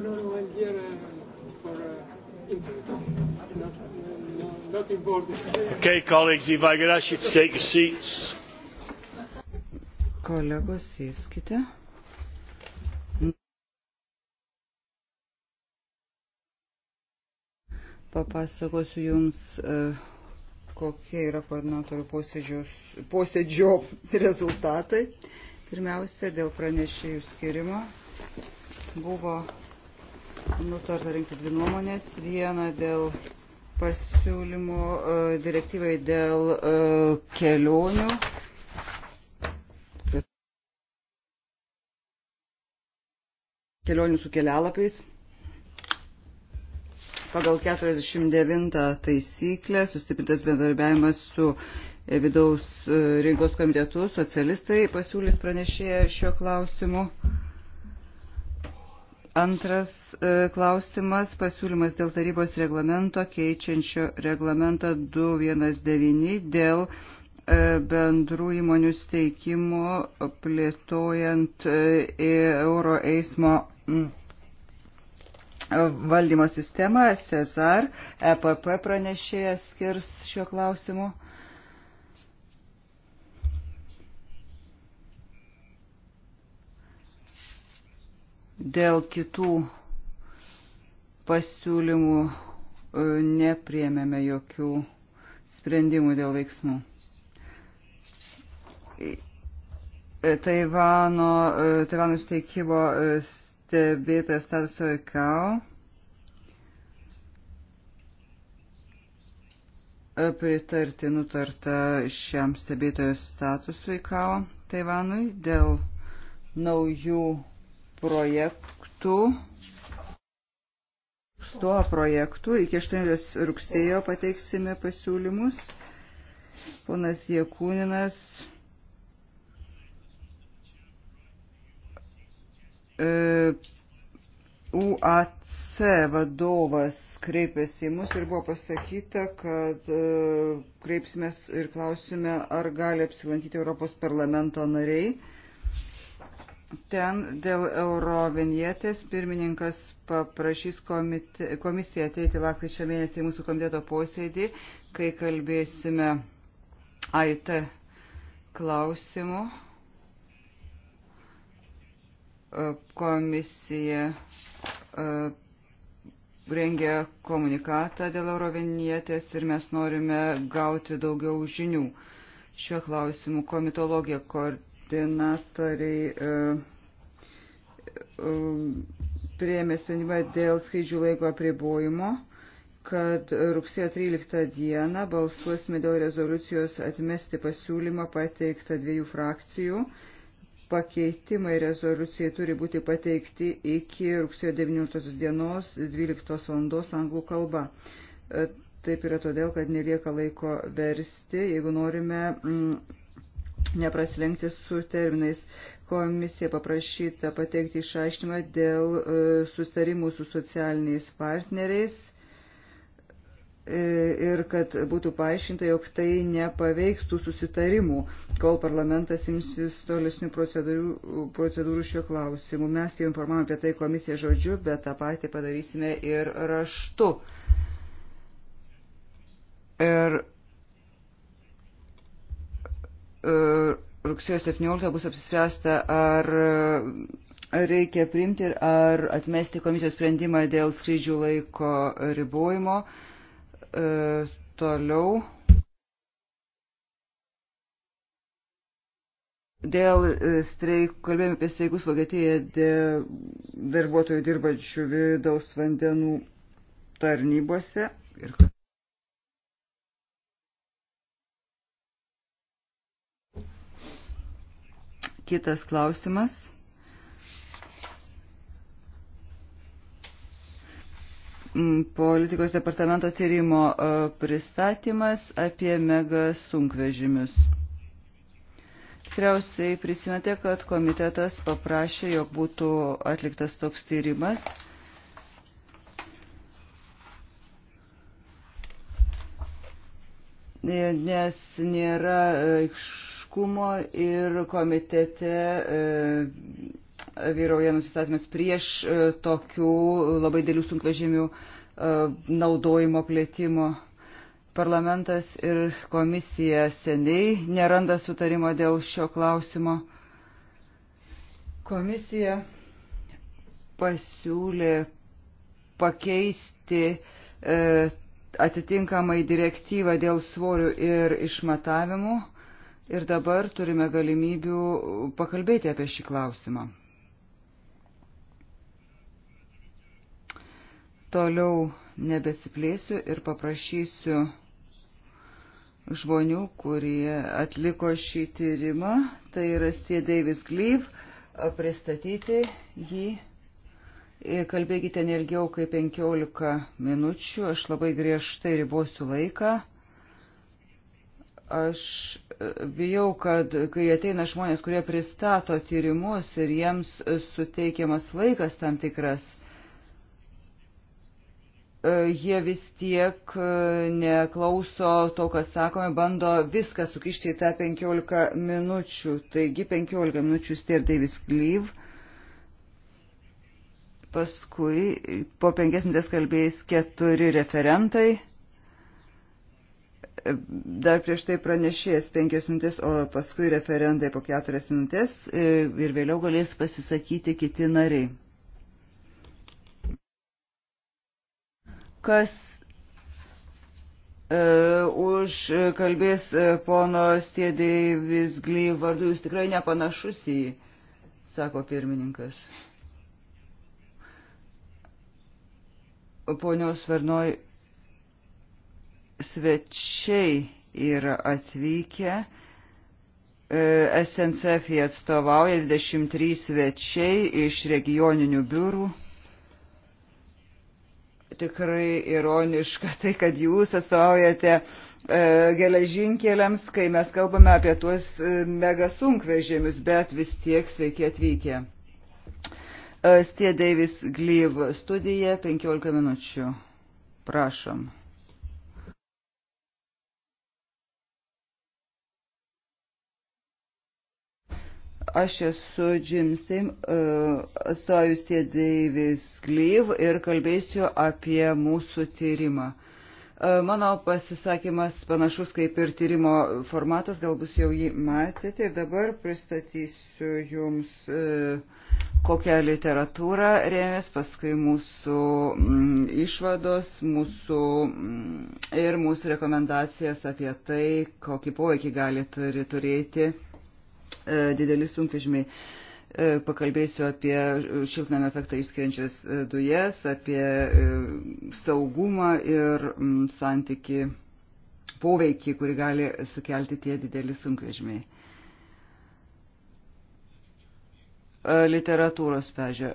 No, no, no. I'm here uh, for uh, interest. Not, uh, not important. Okay, colleagues, if I could ask you to take your seats. Kolegos, sėskite. Papasakosiu Jums, e, kokie yra koordinatorių posėdžio rezultatai. Pirmiausia, dėl pranešėjų skirimo buvo nutarta rinkti dvi nuomonės. Vieną dėl pasiūlymo e, direktyvai dėl e, kelionių. Kelionių su kelialapiais. Pagal 49 taisyklę sustiprintas bendarbiavimas su e, vidaus rinkos komitetu socialistai pasiūlys pranešėję šio klausimu. Antras e, klausimas - pasiūlymas dėl tarybos reglamento keičiančio reglamentą 219 dėl e, bendrų įmonių steigimo plėtojant e, euro eismo valdymo sistemą. Cezar EPP pranešėjas skirs šiuo klausimu. Dėl kitų pasiūlymų e, nepriemėme jokių sprendimų dėl veiksmų. E, Taivano, e, Taivano suteikimo stebėtojas statuso ICAO pritarti nutarta šiam stebėtojo statusui ICAO Taivanui dėl naujų projektų. Tuo projektu iki 8 rugsėjo pateiksime pasiūlymus. Ponas Jekūninas e, UAC vadovas kreipėsi į mus ir buvo pasakyta, kad e, kreipsimės ir klausime, ar gali apsilankyti Europos parlamento nariai. Ten dėl eurovinietės pirmininkas paprašys komite, komisiją ateiti lakryčio mėnesį į mūsų komiteto posėdį, kai kalbėsime AIT klausimų. E, komisija e, rengia komunikatą dėl eurovinietės ir mes norime gauti daugiau žinių šiuo klausimu komitologija koordinatoriai e, e, prieėmė sprendimą dėl skrydžių laiko apribojimo kad rugsėjo 13 dieną balsuosime dėl rezoliucijos atmesti pasiūlymą pateiktą dviejų frakcijų. Pakeitimai rezoliucijai turi būti pateikti iki rugsėjo 19 dienos 12 val. anglų kalba. E, taip yra todėl, kad nelieka laiko versti, jeigu norime mm, neprasilenkti su terminais. Komisija paprašyta pateikti išaiškinimą dėl e, sustarimų su socialiniais partneriais e, ir kad būtų paaiškinta, jog tai nepaveikstų susitarimų, kol parlamentas imsis tolesnių procedūrų, procedūrų šio klausimu. Mes jau informavome apie tai komisiją žodžiu, bet tą patį padarysime ir raštu. Ir E, rugsėjo 17 bus apsispręsta, ar e, reikia priimti ir ar atmesti komisijos sprendimą dėl skrydžių laiko ribojimo. E, toliau. Dėl streikų, kalbėjome apie streikus Vokietijoje, dėl darbuotojų dirbančių vidaus vandenų tarnybose. Ir kad Kitas klausimas. Mm, politikos departamento tyrimo e, pristatymas apie mega sunkvežimius. Tikriausiai prisimete, kad komitetas paprašė, jog būtų atliktas toks tyrimas. Nes nėra e, iš aiškumo ir komitete e, vyrauja nusistatymas prieš e, tokių labai dėlių sunkvežimių e, naudojimo plėtimo. Parlamentas ir komisija seniai neranda sutarimo dėl šio klausimo. Komisija pasiūlė pakeisti e, atitinkamai direktyvą dėl svorių ir išmatavimų. E, ir dabar turime galimybių pakalbėti apie šį klausimą. Toliau nebesiplėsiu ir paprašysiu žmonių, kurie atliko šį tyrimą, tai yra C. Davis Glyv, pristatyti jį. Kalbėkite nelgiau kaip 15 minučių, aš labai griežtai ribosiu laiką. Aš e, bijau, kad kai ateina žmonės, kurie pristato tyrimus ir jiems e, suteikiamas laikas tam tikras, e, jie vis tiek neklauso to, kas sakome, bando viską sukišti į tą 15 minučių. Taigi 15 minučių Stier Davis Klyv, paskui po 5 minutės kalbėjęs keturi referentai dar prieš tai pranešėjas penkias minutės, o paskui referendai po keturias minutės e, ir vėliau galės pasisakyti kiti nariai. Kas e, už e, kalbės pono Stėdė Visgly vardu, jūs tikrai nepanašus į jį, sako pirmininkas. Ponios Vernoj svečiai yra atvykę. E, SNCF jie atstovauja 23 svečiai iš regioninių biurų. Tikrai ironiška tai, kad jūs atstovaujate e, geležinkeliams, kai mes kalbame apie tuos e, megasunkvežimius, bet vis tiek sveiki atvykę. Stie Davis Glyv studija 15 minučių. Prašom. Aš esu Jim Sim, e, atstovauju Stėdeivis Glyv ir kalbėsiu apie mūsų tyrimą. E, mano pasisakymas panašus kaip ir tyrimo formatas, galbūt jau jį matėte ir dabar pristatysiu jums e, kokią literatūrą rėmės, paskui mūsų mm, išvados mūsų, mm, ir mūsų rekomendacijas apie tai, kokį poveikį gali turi turėti E, dideli sunkvežimiai. E, pakalbėsiu apie šiltnamio efektą išskiriančias e, dujas, apie saugumą ir santyki poveikį, kurį gali sukelti tie dideli sunkvežimiai. Literatūros pežė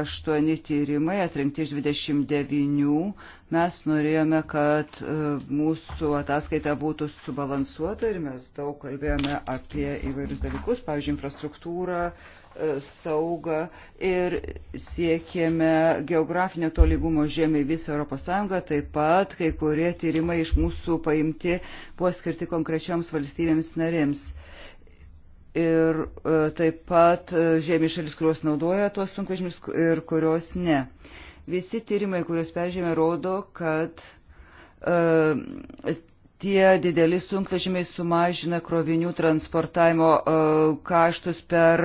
aštuoni tyrimai atrinkti iš 29. Mes norėjome, kad e, mūsų ataskaita būtų subalansuota ir mes daug kalbėjome apie įvairius dalykus, pavyzdžiui, infrastruktūrą, e, saugą ir siekėme geografinio tolygumo žemė visą ES. Taip pat kai kurie tyrimai iš mūsų paimti buvo skirti konkrečioms valstybėms narėms ir e, taip pat e, žemė šalis, kurios naudoja tuos sunkvežimius ir kurios ne. Visi tyrimai, kuriuos peržėmė, rodo, kad e, tie dideli sunkvežimiai sumažina krovinių transportavimo kaštus per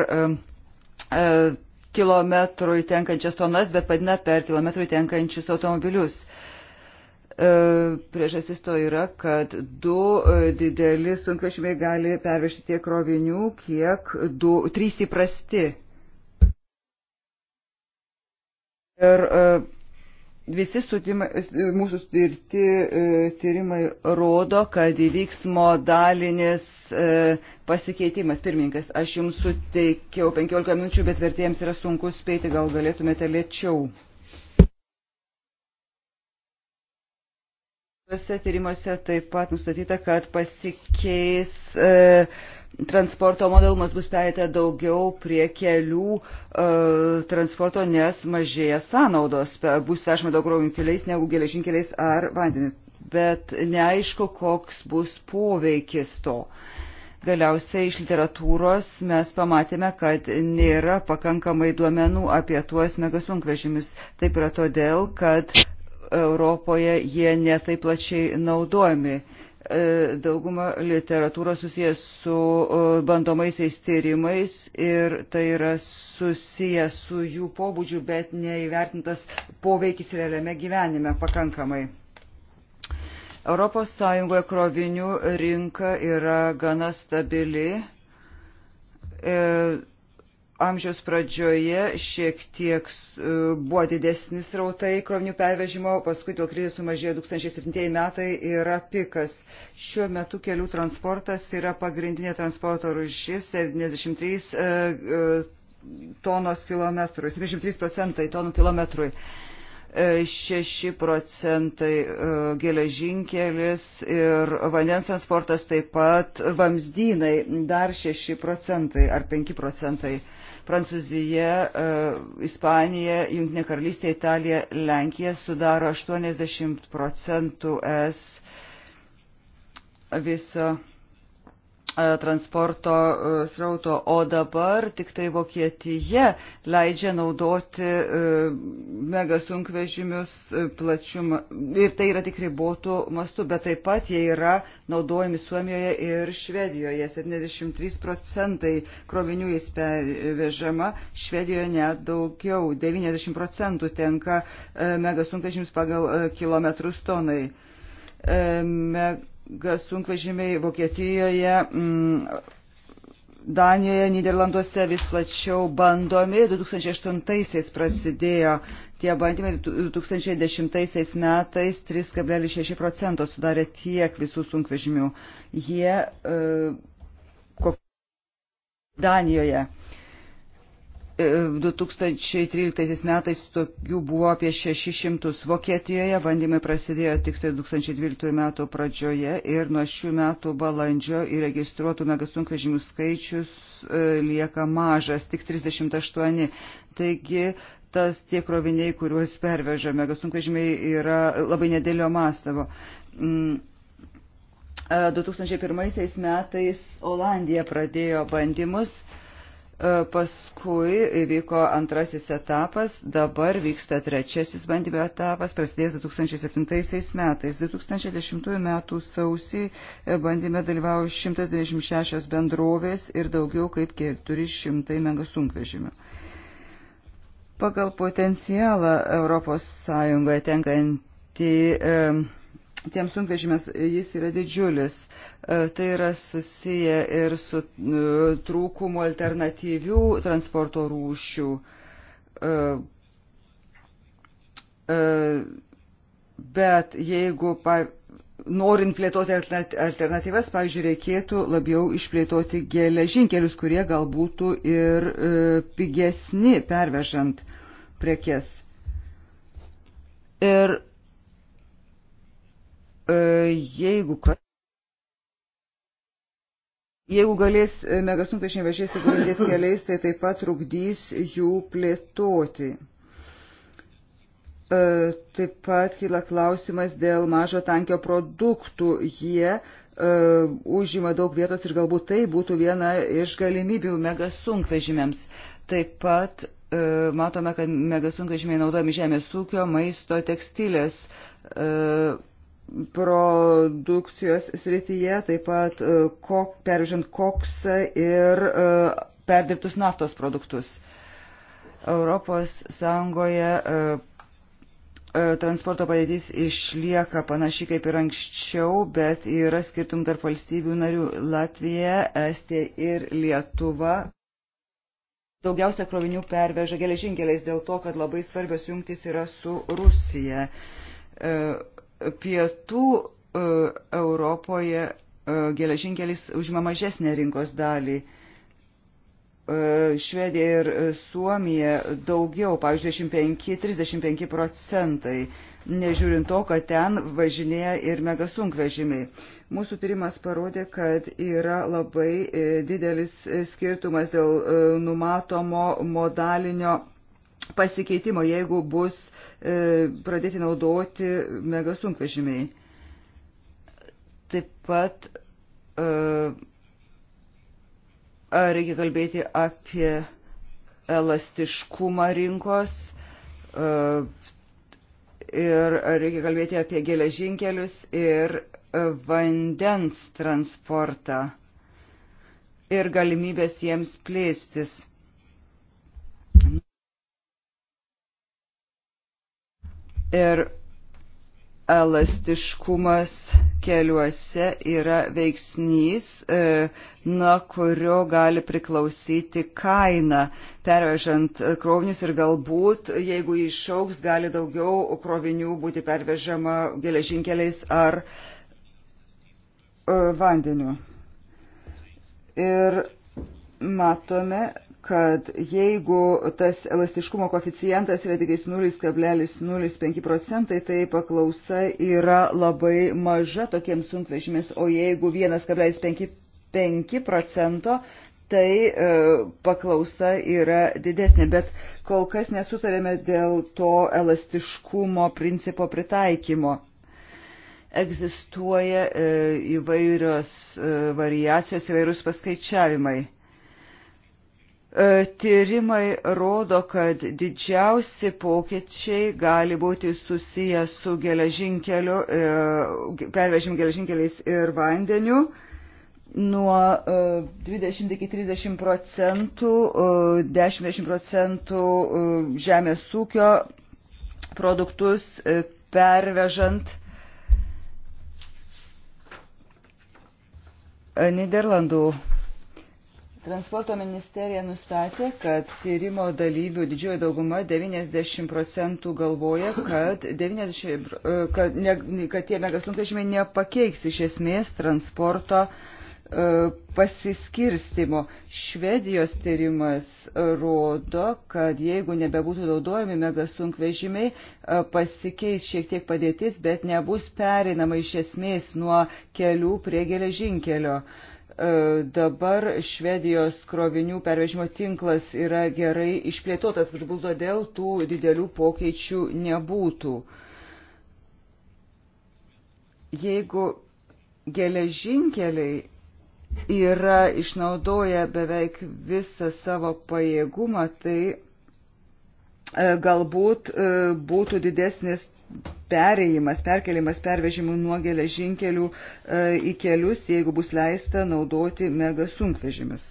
kilometrui tenkančias tonas, bet padina per kilometrui tenkančius automobilius. E, priežastis to yra, kad du e, dideli sunkvežimiai gali pervežti tiek krovinių, kiek du, trys įprasti. Ir e, visi studimai, mūsų tirti, tyrimai rodo, kad įvyks modalinis pasikeitimas. Pirmininkas, aš jums suteikiau 15 minučių, bet vertėjams yra sunku spėti, gal galėtumėte lėčiau. Tuose tyrimuose taip pat nustatyta, kad pasikeis e, transporto modalumas, bus perėta daugiau prie kelių e, transporto, nes mažėja sąnaudos, bus vežama daug krovinių keliais negu geležinkeliais ar vandeniu. Bet neaišku, koks bus poveikis to. Galiausiai iš literatūros mes pamatėme, kad nėra pakankamai duomenų apie tuos megasunkvežimius. Taip yra todėl, kad Europoje jie netai plačiai naudojami. E, dauguma literatūros susijęs su e, bandomaisiais tyrimais ir tai yra susijęs su jų pobūdžiu, bet neįvertintas poveikis realiame gyvenime pakankamai. Europos Sąjungoje krovinių rinka yra gana stabili e, amžiaus pradžioje šiek tiek e, buvo didesnis rautai krovinių pervežimo, paskui dėl krizės sumažėjo 2007 metai yra pikas. Šiuo metu kelių transportas yra pagrindinė transporto rūšis 73 e, e, tonos kilometrui, 73 procentai tonų kilometrui. 6 procentai geležinkelis ir vandens transportas taip pat vamzdynai dar 6 procentai ar 5 procentai. Prancūzija, e, Ispanija, Junktinė karalystė, Italija, Lenkija sudaro 80 procentų es viso E, transporto e, srauto, o dabar tik tai Vokietija leidžia naudoti e, megasunkvežimius plačiumą ir tai yra tik ribotų mastų, bet taip pat jie yra naudojami Suomijoje ir Švedijoje. 73 procentai krovinių jis pervežama, Švedijoje net daugiau, 90 procentų tenka megasunkvežimis pagal kilometrus tonai. Meg sunkvežimiai Vokietijoje, mm, Danijoje, Niderlanduose vis plačiau bandomi. 2008-aisiais prasidėjo tie bandymai, 2010-aisiais metais 3,6 procento sudarė tiek visų sunkvežimių. Jie uh, Danijoje. 2013 e, metais tokių buvo apie 600. Vokietijoje bandymai prasidėjo tik tai 2012 metų pradžioje ir nuo šių metų balandžio įregistruotų megasunkvežimių skaičius e, lieka mažas, tik 38. Taigi tas tie kroviniai, kuriuos perveža megasunkvežimiai, yra labai nedėlio masavo. 2001 mm. e, metais Olandija pradėjo bandymus E, paskui įvyko antrasis etapas, dabar vyksta trečiasis bandymo etapas, prasidėjęs 2007 metais. 2010 metų sausį e, bandyme dalyvavo 196 bendrovės ir daugiau kaip 400 megasunkvežimių. Pagal potencialą ES tenkanti. E, tiems sunkvežimės e, jis yra didžiulis. E, tai yra susiję ir su e, trūkumu alternatyvių transporto rūšių. Bet jeigu, norint plėtoti alternatyvas, pavyzdžiui, reikėtų labiau išplėtoti geležinkelius, kurie gal būtų ir pigesni pervežant prekes. Ir E, jeigu, jeigu galės megasnukvežimiai važiuoti pagrindės keliais, tai taip pat trukdys jų plėtoti. E, taip pat kyla klausimas dėl mažo tankio produktų. Jie uh, užima daug vietos ir galbūt tai būtų viena iš galimybių megasunkvežimiams. Taip pat uh, matome, kad megasunkvežimiai naudojami žemės ūkio, maisto, tekstilės uh, produkcijos srityje, taip pat e, kok, peržiant koksą ir e, perdirbtus naftos produktus. Europos Sąjungoje e, transporto padėtis išlieka panaši kaip ir anksčiau, bet yra skirtum tarp valstybių narių Latvija, Estija ir Lietuva. Daugiausia krovinių perveža geležinkeliais dėl to, kad labai svarbios jungtis yra su Rusija pietų e, Europoje e, geležinkelis užima mažesnę rinkos dalį. E, Švedija ir Suomija daugiau, pavyzdžiui, 25-35 procentai, nežiūrint to, kad ten važinėja ir megasunkvežimiai. Mūsų tyrimas parodė, kad yra labai didelis skirtumas dėl numatomo modalinio pasikeitimo, jeigu bus e, pradėti naudoti mega sunkvežimiai. Taip pat e, reikia kalbėti apie elastiškumą rinkos e, ir reikia kalbėti apie geležinkelius ir vandens transportą ir galimybės jiems plėstis. ir elastiškumas keliuose yra veiksnys, e, nuo kurio gali priklausyti kaina, pervežant krovinius ir galbūt, jeigu išauks, gali daugiau krovinių būti pervežama geležinkeliais ar e, vandeniu. Ir matome, kad jeigu tas elastiškumo koficijantas yra tik 0,05 procentai, tai paklausa yra labai maža tokiems sunkvežimės, o jeigu 1,5 procento, tai e, paklausa yra didesnė. Bet kol kas nesutarėme dėl to elastiškumo principo pritaikymo. Egzistuoja e, įvairios e, variacijos, įvairūs paskaičiavimai. E, tyrimai rodo, kad didžiausi pokyčiai gali būti susiję su geležinkeliu, e, pervežim geležinkeliais ir vandeniu. Nuo 20 e, iki 30 procentų, 10-20 procentų žemės ūkio produktus pervežant Niderlandų Transporto ministerija nustatė, kad tyrimo dalyvių didžioji dauguma 90 procentų galvoja, kad, 90, kad, ne, kad tie megasunkvežimiai nepakeiks iš esmės transporto e, pasiskirstimo. Švedijos tyrimas rodo, kad jeigu nebebūtų naudojami megasunkvežimiai, e, pasikeis šiek tiek padėtis, bet nebus perinama iš esmės nuo kelių prie geležinkelio. Uh, E, dabar Švedijos krovinių pervežimo tinklas yra gerai išplėtotas, galbūt todėl tų didelių pokyčių nebūtų. Jeigu geležinkeliai yra išnaudoję beveik visą savo pajėgumą, tai e, galbūt e, būtų didesnis perėjimas, perkelimas pervežimų nuo geležinkelių e, į kelius, jeigu bus leista naudoti mega sunkvežimis.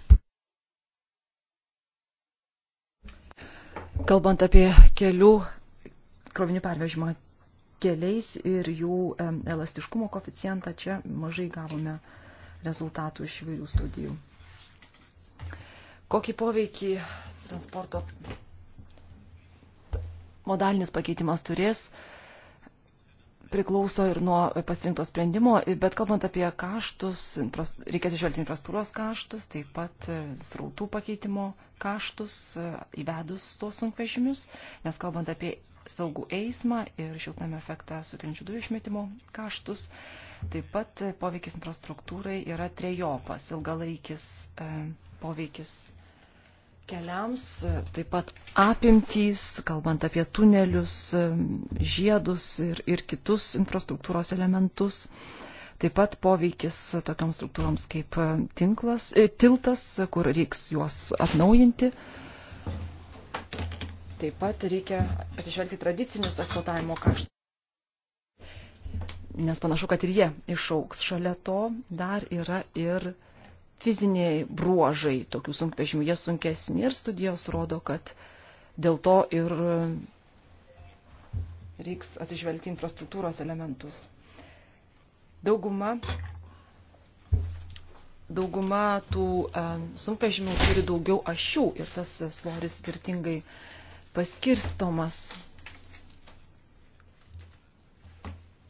Kalbant apie kelių krovinių pervežimą keliais ir jų e, elastiškumo koficijantą, čia mažai gavome rezultatų iš įvairių studijų. Kokį poveikį transporto modalinis pakeitimas turės uh, priklauso ir nuo pasirinkto sprendimo, bet kalbant apie kaštus, reikės išvelgti infrastruktūros kaštus, taip pat e, srautų pakeitimo kaštus e, įvedus tuos sunkvežimius, nes kalbant apie saugų eismą ir šiltnamio efektą sukeliančių dujų išmetimo kaštus, taip pat e, poveikis infrastruktūrai yra trejopas, ilgalaikis poveikis keliams, taip pat apimtys, kalbant apie tunelius, žiedus ir, ir kitus infrastruktūros elementus. Taip pat poveikis tokioms struktūroms kaip tinklas, e, tiltas, kur reiks juos atnaujinti. Taip pat reikia atsižvelgti tradicinius eksploatavimo kaštus. Nes panašu, kad ir jie išauks. Šalia to dar yra ir fiziniai bruožai tokių sunkvežimių, jie sunkesni ir studijos rodo, kad dėl to ir e, reiks atsižvelgti infrastruktūros elementus. Dauguma, dauguma tų um, sunkvežimių turi daugiau ašių ir tas svoris skirtingai paskirstomas.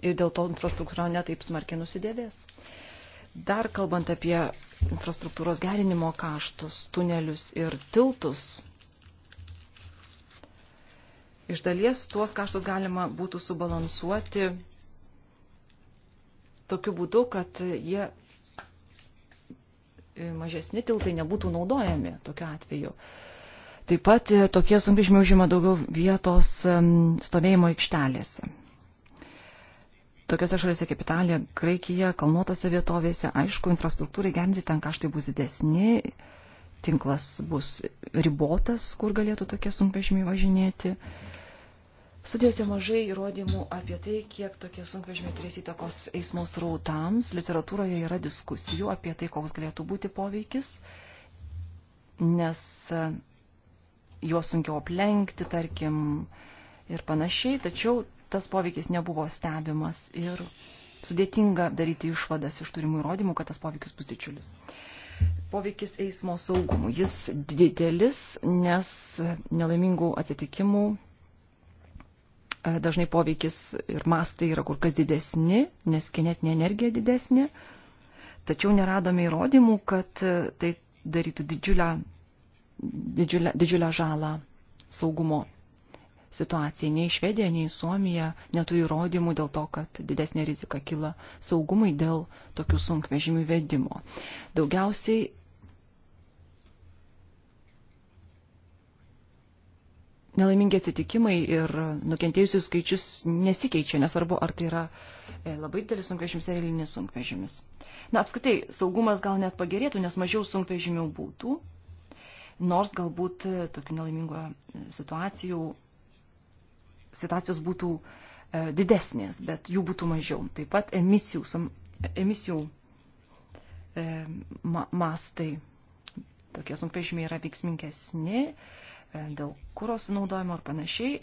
Ir dėl to infrastruktūra netaip smarkiai nusidėvės. Dar kalbant apie infrastruktūros gerinimo kaštus, tunelius ir tiltus. Iš dalies tuos kaštus galima būtų subalansuoti tokiu būdu, kad jie e, mažesni tiltai nebūtų naudojami tokiu atveju. Taip pat e, tokie sunkvežimiai užima daugiau vietos stovėjimo aikštelėse tokiose šalise kaip Italija, Graikija, kalnuotose vietovėse, aišku, infrastruktūrai gendyti ten kaštai bus didesni, tinklas bus ribotas, kur galėtų tokie sunkvežimiai važinėti. Studijose mažai įrodymų apie tai, kiek tokie sunkvežimiai turės įtakos eismo srautams. Literatūroje yra diskusijų apie tai, koks galėtų būti poveikis, nes e, juos sunkiau aplenkti, tarkim, ir panašiai. Tačiau tas poveikis nebuvo stebimas ir sudėtinga daryti išvadas iš turimų įrodymų, kad tas poveikis bus didžiulis. Poveikis eismo saugumui. Jis didelis, nes nelaimingų atsitikimų e, dažnai poveikis ir mastai yra kur kas didesni, nes kinetinė energija didesnė. Tačiau neradome įrodymų, kad e, tai darytų didžiulę, didžiulę, didžiulę žalą saugumo situacijai. Nei Švedija, nei Suomija neturi įrodymų dėl to, kad didesnė rizika kyla saugumui dėl tokių sunkvežimių vedimo. Daugiausiai nelaimingi atsitikimai ir nukentėjusių skaičius nesikeičia, nesvarbu, ar tai yra e, labai didelis sunkvežimis ar eilinis sunkvežimis. Na, apskritai, saugumas gal net pagerėtų, nes mažiau sunkvežimių būtų, nors galbūt tokių nelaimingų e, situacijų situacijos būtų e, didesnės, bet jų būtų mažiau. Taip pat emisijų, emisijų e, ma, mastai, tokie sunkvežimiai yra veiksmingesni e, dėl kūros sunaudojimo ar panašiai.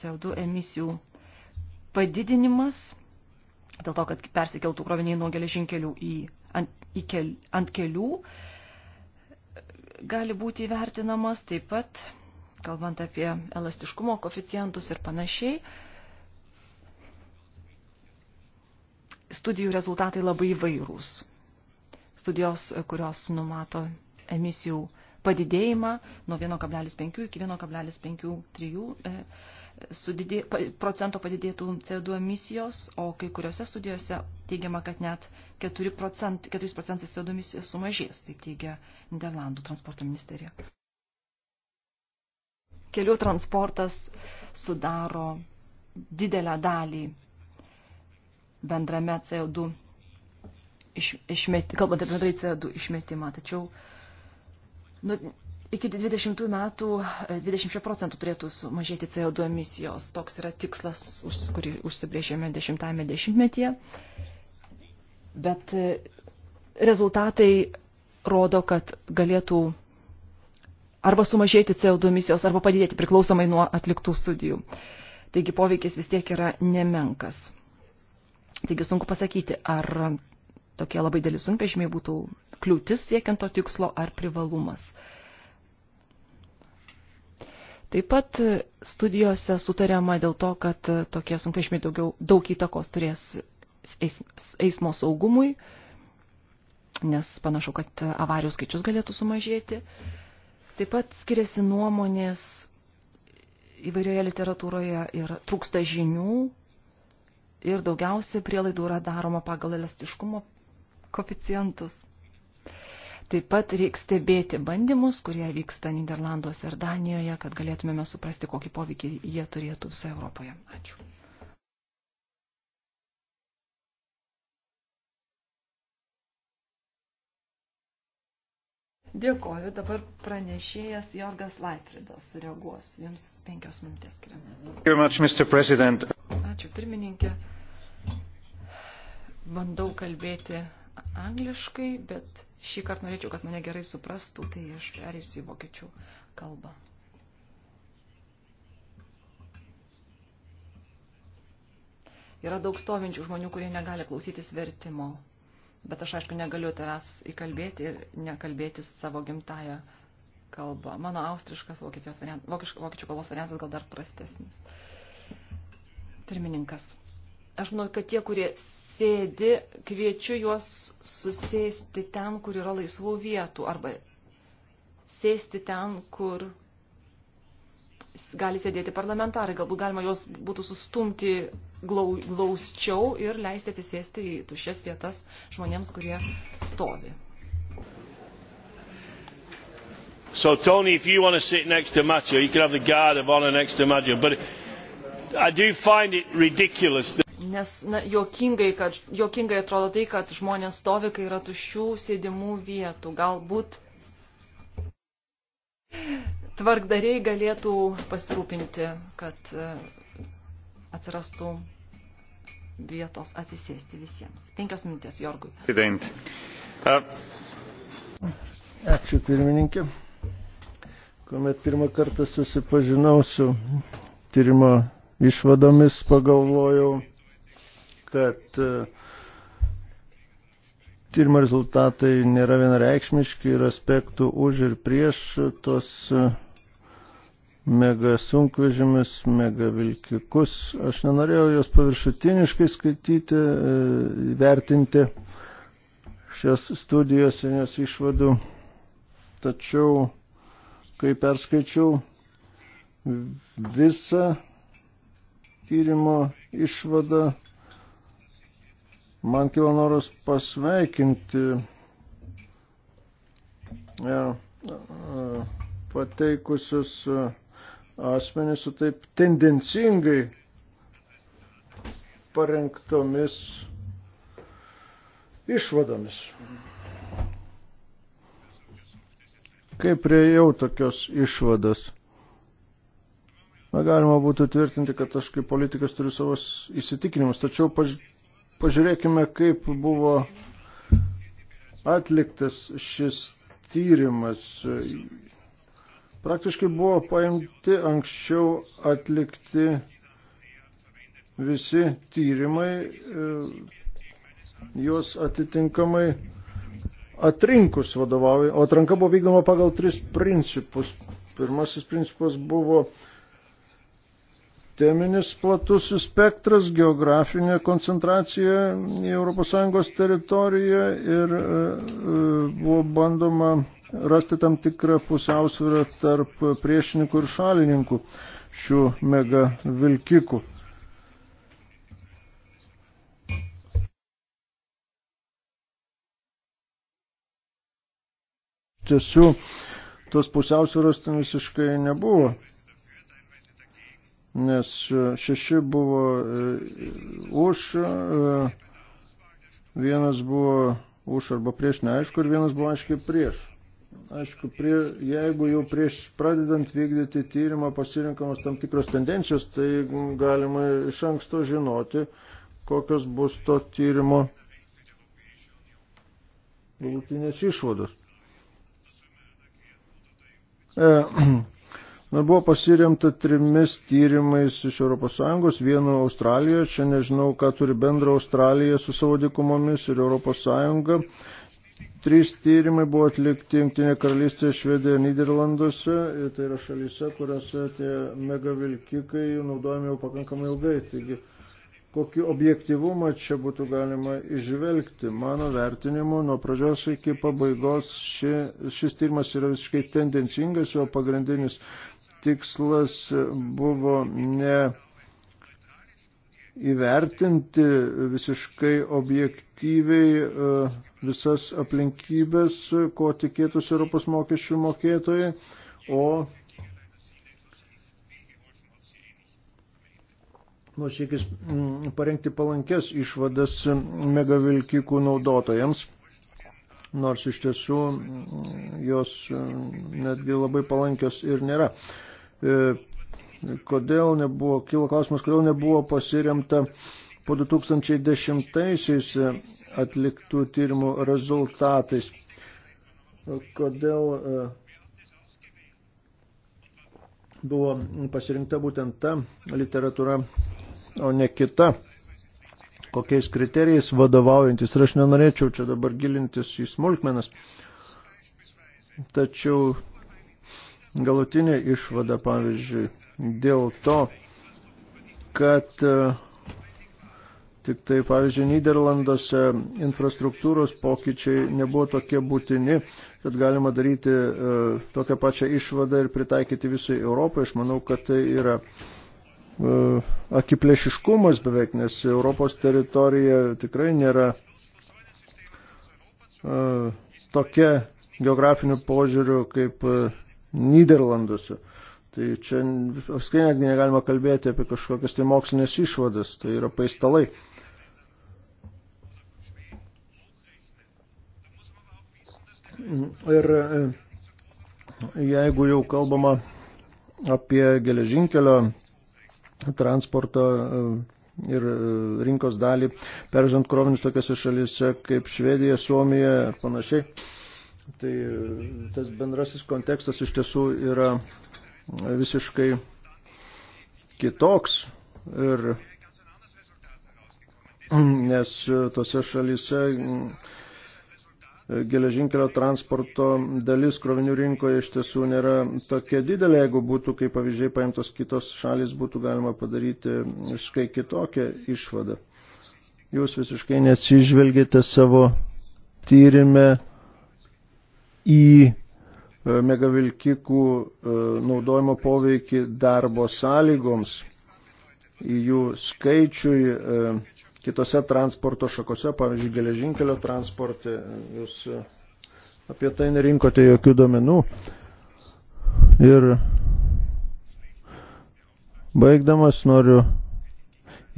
CO2 emisijų padidinimas dėl to, kad persikeltų kroviniai nuo geležinkelių į, ant, į kel, ant kelių e, gali būti įvertinamas taip pat kalbant apie elastiškumo koficijantus ir panašiai. Studijų rezultatai labai įvairūs. Studijos, kurios numato emisijų padidėjimą nuo 1,5 iki 1,53 e, procento padidėtų CO2 emisijos, o kai kuriuose studijose teigiama, kad net 4 procentai procent CO2 emisijos sumažės, taip teigia Niderlandų transporto ministerija kelių transportas sudaro didelę dalį bendrame CO2 iš, išmeti, kalbant apie bendrai CO2 išmetimą. Tačiau nu, iki 20 metų 20 e, procentų turėtų sumažėti CO2 emisijos. Toks yra tikslas, už, kurį užsibrėžėme 10-ame dešimtmetyje. Bet e, rezultatai rodo, kad galėtų arba sumažėti CO2 emisijos, arba padidėti priklausomai nuo atliktų studijų. Taigi poveikis vis tiek yra nemenkas. Taigi sunku pasakyti, ar tokie labai dėlis sunkvežimiai būtų kliūtis siekiant to tikslo ar privalumas. Taip pat studijose sutariama dėl to, kad tokie sunkvežimiai daugiau, daug įtakos turės eismo saugumui, nes panašu, kad avarijų skaičius galėtų sumažėti. Mhm Taip pat skiriasi nuomonės įvairioje literatūroje ir trūksta žinių ir daugiausia prielaidų yra daroma pagal elastiškumo koficijantus. Taip pat reikia stebėti bandymus, kurie vyksta Niderlanduose ir Danijoje, kad galėtumėme suprasti, kokį poveikį jie turėtų visoje Europoje. Ačiū. Dėkoju, dabar pranešėjas Jorgas Laitridas sureaguos. Jums penkios minutės skiriamas. Ačiū pirmininkė. Bandau kalbėti angliškai, bet šį kartą norėčiau, kad mane gerai suprastų, tai aš perėsiu į vokiečių kalbą. Yra daug stovinčių žmonių, kurie negali klausytis vertimo bet aš aišku negaliu tavęs įkalbėti ir nekalbėti savo gimtają kalbą. Mano austriškas variant, vokiš, vokiečių kalbos variantas gal dar prastesnis. Pirmininkas. Aš manau, kad tie, kurie sėdi, kviečiu juos susėsti ten, kur yra laisvų vietų, arba sėsti ten, kur gali sėdėti parlamentarai. Galbūt galima juos būtų sustumti glau, glausčiau ir leisti atsisėsti į tuščias vietas žmonėms, kurie stovi. So Tony, if you want to sit next to Matthew, you can have the guard of honor next to Matthew. But I do find it ridiculous. That Nes na, jokingai, kad, jokingai atrodo tai, kad žmonės stovi, kai yra tuščių sėdimų vietų. Galbūt tvarkdariai galėtų pasirūpinti, kad e, atsirastų vietos atsisėsti visiems. Penkios minutės, Jorgui. Uh, Ačiū pirmininkė. Kuomet pirmą kartą susipažinau su tyrimo išvadomis, pagalvojau, kad e, tyrimo rezultatai nėra vienareikšmiški ir aspektų už ir prieš tos e, mega sunkvežimis, mega vilkikus. Aš nenorėjau jos paviršutiniškai skaityti, e, vertinti šios studijos ir jos išvadų. Tačiau, kai perskaičiau visą tyrimo išvadą, man kilo noras pasveikinti ja, e, e, pateikusius ja, asmenys su taip tendencingai parengtomis išvadomis. Kaip priejau tokios išvadas? Na, galima būtų tvirtinti, kad aš kaip politikas turiu savas įsitikinimus, tačiau paž pažiūrėkime, kaip buvo atliktas šis tyrimas. Praktiškai buvo paimti anksčiau atlikti visi tyrimai, e, juos atitinkamai atrinkus vadovauja, o atranka buvo vykdoma pagal tris principus. Pirmasis principas buvo teminis platus spektras, geografinė koncentracija į ES teritoriją ir e, e, buvo bandoma rasti tam tikrą pusiausvyrą tarp priešininkų ir šalininkų šių mega vilkikų. Tiesių, tos pusiausvėros ten visiškai nebuvo, nes šeši buvo e, už, e, vienas buvo už arba prieš neaišku ir vienas buvo aiškiai prieš. Aišku, prie, jeigu jau prieš pradedant vykdyti tyrimą pasirinkamos tam tikros tendencijos, tai galima iš anksto žinoti, kokios bus to tyrimo galutinės išvados. E, Na, buvo pasiremta trimis tyrimais iš ES, vienu Australijoje, čia nežinau, ką turi bendra Australija su savo dikumomis ir ES. Trys tyrimai buvo atlikti Junktinė karalystė, Švedija, Niderlanduose, tai yra šalyse, kuriuose tie mega vilkikai naudojami jau pakankamai ilgai. Taigi, kokį objektivumą čia būtų galima išvelgti? Mano vertinimu, nuo pradžios iki pabaigos ši, šis tyrimas yra visiškai tendencingas, jo pagrindinis tikslas buvo ne įvertinti visiškai objektyviai e, visas aplinkybės, ko tikėtųsi Europos mokesčių mokėtojai, o nusikis mm, parengti palankės išvadas megavilkikų naudotojams, nors iš tiesų mm, jos mm, netgi labai palankios ir nėra e, kodėl nebuvo, kilo klausimas, kodėl nebuvo pasiremta po 2010-aisiais atliktų tyrimų rezultatais. Kodėl e, buvo pasirinkta būtent ta literatūra, o ne kita, kokiais kriterijais vadovaujantis. Ir aš nenorėčiau čia dabar gilintis į smulkmenas, tačiau galutinė išvada, pavyzdžiui, dėl to, kad e, tik tai, pavyzdžiui, Niderlanduose infrastruktūros pokyčiai nebuvo tokie būtini, kad galima daryti e, tokią pačią išvadą ir pritaikyti visai Europai. Aš manau, kad tai yra e, akiplėšiškumas beveik, nes Europos teritorija tikrai nėra tokia geografiniu požiūriu kaip Niderlanduose. Tai čia apskritai netgi negalima kalbėti apie kažkokias tai mokslinės išvadas, tai yra paistalai. Ir e, jeigu jau kalbama apie geležinkelio transporto e, ir e, rinkos dalį, peržant krovinius tokiose šalyse kaip Švedija, Suomija ir panašiai, tai tas bendrasis kontekstas iš tiesų yra visiškai kitoks. Ir nes tose šalyse geležinkelio transporto dalis krovinių rinkoje iš tiesų nėra tokia didelė. Jeigu būtų, kaip pavyzdžiai, paimtos kitos šalis, būtų galima padaryti visiškai kitokią išvadą. Jūs visiškai neatsižvelgėte savo tyrimę į E, megavilkikų e, naudojimo poveikį darbo sąlygoms, jų skaičiui e, kitose transporto šakose, pavyzdžiui, geležinkelio transporte. Jūs apie tai nerinkote jokių domenų. Ir baigdamas noriu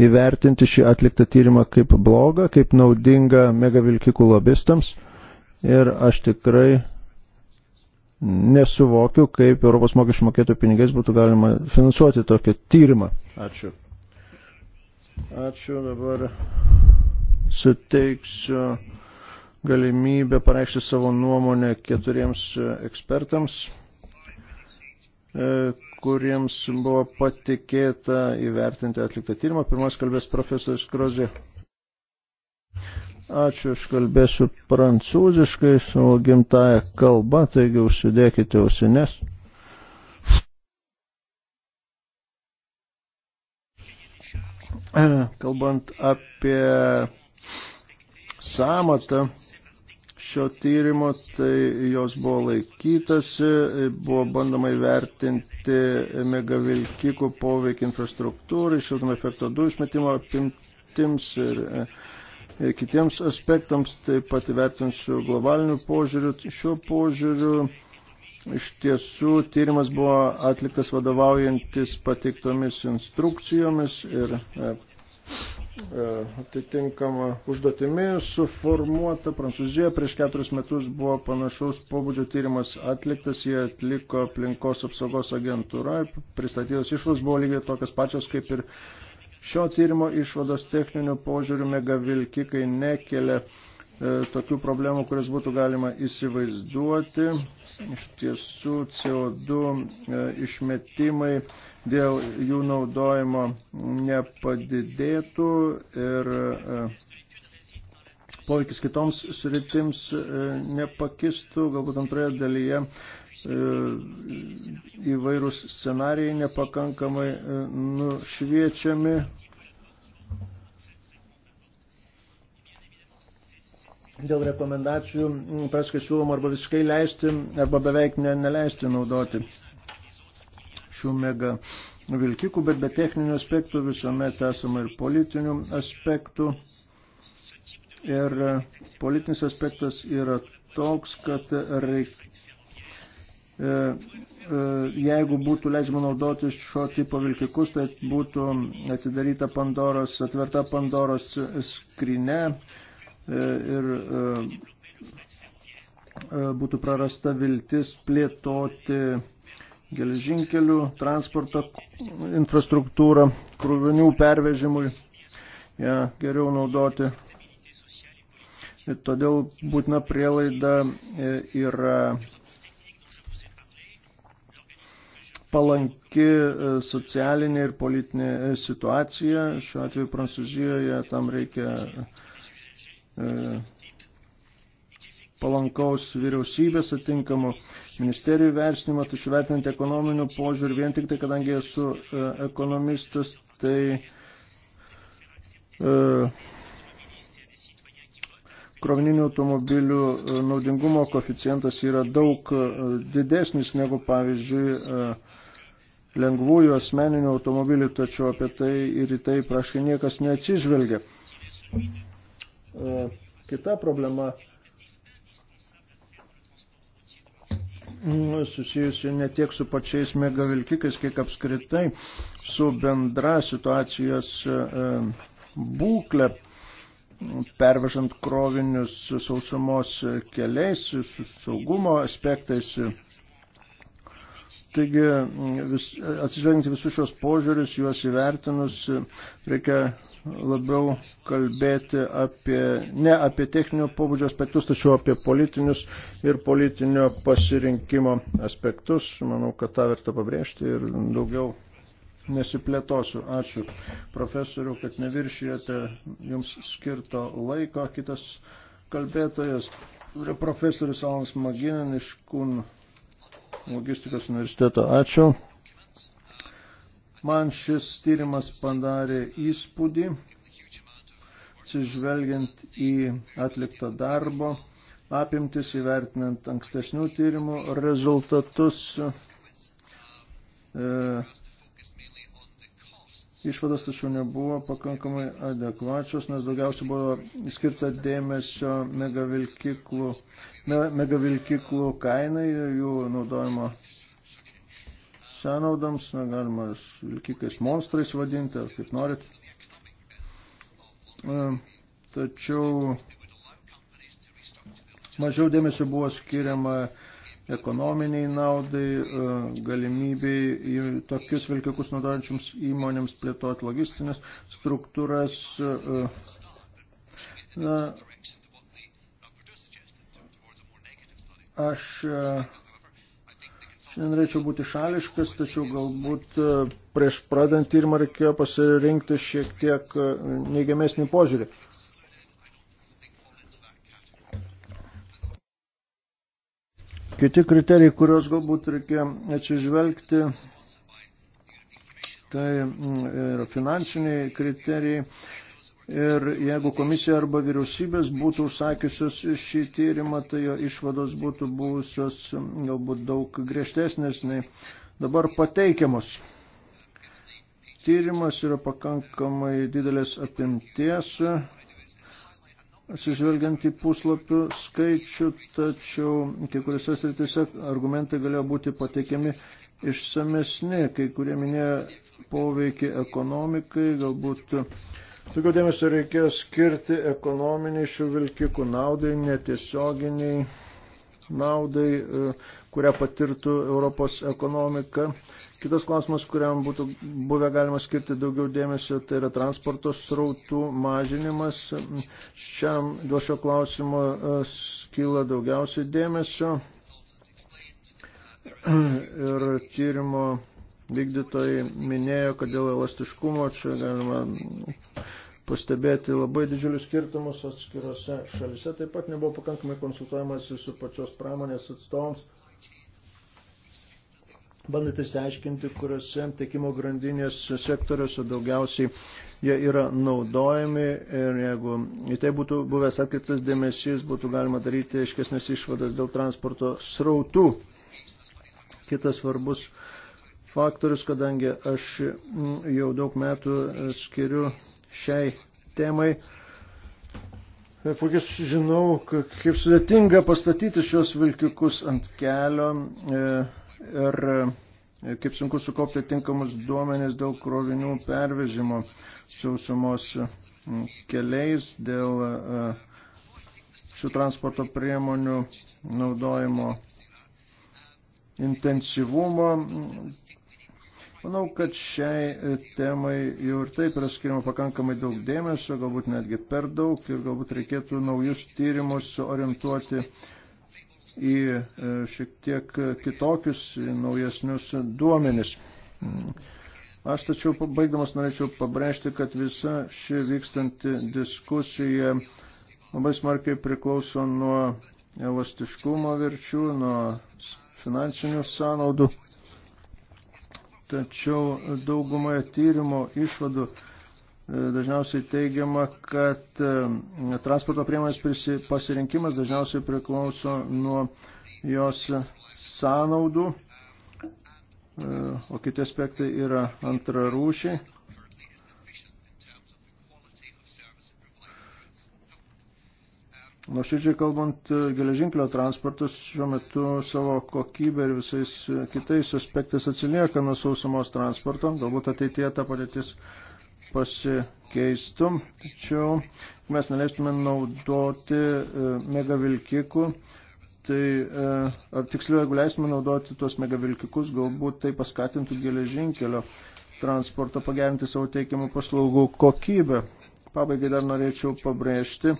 įvertinti šį atliktą tyrimą kaip blogą, kaip naudingą megavilkikų lobistams. Ir aš tikrai nesuvokiu, kaip Europos mokesčių mokėtojų pinigais būtų galima finansuoti tokį tyrimą. Ačiū. Ačiū dabar suteiksiu galimybę pareikšti savo nuomonę keturiems ekspertams, e, kuriems buvo patikėta įvertinti atliktą tyrimą. Pirmas kalbės profesorius Krozė. Ačiū, aš kalbėsiu prancūziškai savo gimtają kalbą, taigi užsidėkite ausines. Kalbant apie samatą šio tyrimo, tai jos buvo laikytasi, buvo bandoma įvertinti megavilkikų poveikį infrastruktūrai, šiltnamio efekto dujų išmetimo apimtims ir E, kitiems aspektams, taip pat įvertinsiu globaliniu požiūriu. Šiuo požiūriu iš tiesų tyrimas buvo atliktas vadovaujantis pateiktomis instrukcijomis ir e, e, atitinkama užduotimi suformuota Prancūzija. Prieš keturis metus buvo panašaus pobūdžio tyrimas atliktas, jie atliko aplinkos apsaugos agentūra, pristatytos išvados buvo lygiai tokios pačios kaip ir Šio tyrimo išvados techninių požiūrių mega vilkikai nekelia e, tokių problemų, kuris būtų galima įsivaizduoti. Iš tiesų CO2 e, išmetimai dėl jų naudojimo nepadidėtų ir e, poveikis kitoms sritims nepakistų. Galbūt antroje dalyje E, įvairūs scenarijai nepakankamai e, nušviečiami. Dėl rekomendacijų praškai siūloma arba visiškai leisti, arba beveik ne, neleisti naudoti šių mega vilkikų, bet be techninių aspektų visuomet esama ir politinių aspektų. Ir e, politinis aspektas yra toks, kad reikia E, e, jeigu būtų leidžiama naudoti šio tipo vilkikus, tai būtų atidaryta Pandoros, atverta Pandoros skrinė e, ir būtų prarasta viltis plėtoti geležinkelių, transporto infrastruktūrą, krūvinių pervežimui, ją ja, geriau naudoti. Ir todėl būtina prielaida yra palanki e, socialinė ir politinė e, situacija. Šiuo atveju Prancūzijoje tam reikia e, palankaus vyriausybės atinkamo ministerijų versinimo, tačiau vertinant ekonominių požiūrį, vien tik tai, kadangi esu ekonomistas, tai krovininių automobilių naudingumo koficijantas yra daug didesnis negu, pavyzdžiui, lengvųjų asmeninių automobilių, tačiau apie tai ir į tai praškai niekas neatsižvelgia. E, kita problema mm, susijusi ne tiek su pačiais megavilkikais, kiek apskritai su bendra situacijos e, būklė pervežant krovinius sausumos keliais, su saugumo aspektais Taigi, vis, atsižvelgiant visus šios požiūrius, juos įvertinus, reikia labiau kalbėti apie, ne apie techninio pobūdžio aspektus, tačiau apie politinius ir politinio pasirinkimo aspektus. Manau, kad tą verta pabrėžti ir daugiau nesiplėtosiu. Ačiū profesoriu, kad neviršijate jums skirto laiko. Kitas kalbėtojas yra profesorius Alanas Maginin iš Kūnų logistikos universiteto. Ačiū. Man šis tyrimas padarė įspūdį, atsižvelgiant į atliktą darbo apimtis, įvertinant ankstesnių tyrimų rezultatus. E, išvados tačiau nebuvo pakankamai adekvačios, nes daugiausiai buvo skirta dėmesio megavilkiklų megavilkiklų kainai, jų naudojimo sąnaudoms, na, galima vilkikais monstrais vadinti, ar kaip norit. E, tačiau mažiau dėmesio buvo skiriama ekonominiai naudai, e, galimybei tokius vilkikus naudojančiams įmonėms plėtoti logistinės struktūras. E, na, Aš e, šiandien norėčiau būti šališkas, tačiau galbūt e, prieš pradant tyrimą reikėjo pasirinkti šiek tiek e, neigiamesnį požiūrį. Kiti kriterijai, kuriuos galbūt reikia atsižvelgti, tai mm, yra finansiniai kriterijai, Ir jeigu komisija arba vyriausybės būtų užsakiusios šį tyrimą, tai jo išvados būtų buvusios galbūt daug griežtesnės nei dabar pateikiamos. Tyrimas yra pakankamai didelės apimties, atsižvelgiant į puslapių skaičių, tačiau kai kuriuose srityse argumentai galėjo būti pateikiami išsamesni, kai kurie minėjo poveikį ekonomikai, galbūt Daugiau dėmesio reikėjo skirti ekonominiai šių vilkikų naudai, netiesioginiai naudai, e, kurią patirtų Europos ekonomika. Kitas klausimas, kuriam būtų buvę galima skirti daugiau dėmesio, tai yra transporto srautų mažinimas. Šiam dėl šio klausimo e, skyla daugiausiai dėmesio. Ir tyrimo vykdytojai minėjo, kad dėl elastiškumo čia galima pastebėti labai didžiulius skirtumus atskirose šalise. Taip pat nebuvo pakankamai konsultuojamas su pačios pramonės atstovams. Bandant įsiaiškinti, kuriuose tiekimo grandinės sektoriuose daugiausiai jie yra naudojami ir jeigu į tai būtų buvęs atkreiptas dėmesys, būtų galima daryti aiškesnės išvadas dėl transporto srautų. Kitas svarbus uh, faktorius, kadangi aš mm, jau daug metų e, skiriu šiai temai. E, puikiai žinau, kaip sudėtinga pastatyti šios vilkikus ant kelio e, ir kaip sunku sukaupti tinkamus duomenis dėl krovinių pervežimo sausumos keliais, dėl šių transporto priemonių naudojimo intensyvumo Manau, kad šiai e, temai jau ir taip yra skiriama pakankamai daug dėmesio, galbūt netgi per daug ir galbūt reikėtų naujus tyrimus orientuoti į e, šiek tiek kitokius, naujesnius duomenis. Aš tačiau baigdamas norėčiau pabrėžti, kad visa ši vykstanti diskusija labai smarkiai priklauso nuo elastiškumo verčių, nuo finansinių sąnaudų tačiau daugumoje tyrimo išvadų e, dažniausiai teigiama, kad e, transporto priemonės pasirinkimas dažniausiai priklauso nuo jos sąnaudų, e, o kiti aspektai yra antrarūšiai. Nuoširdžiai kalbant, e, geležinkelio transportas šiuo metu savo kokybę ir visais e, kitais aspektais atsilieka nuo sausumos transporto. Galbūt ateityje ta padėtis pasikeistų, tačiau mes neleistume naudoti e, megavilkikų. Tai, ar tiksliau, jeigu leistume naudoti tuos megavilkikus, galbūt tai paskatintų geležinkelio transporto pagerinti savo teikiamų paslaugų kokybę. Pabaigai dar norėčiau pabrėžti,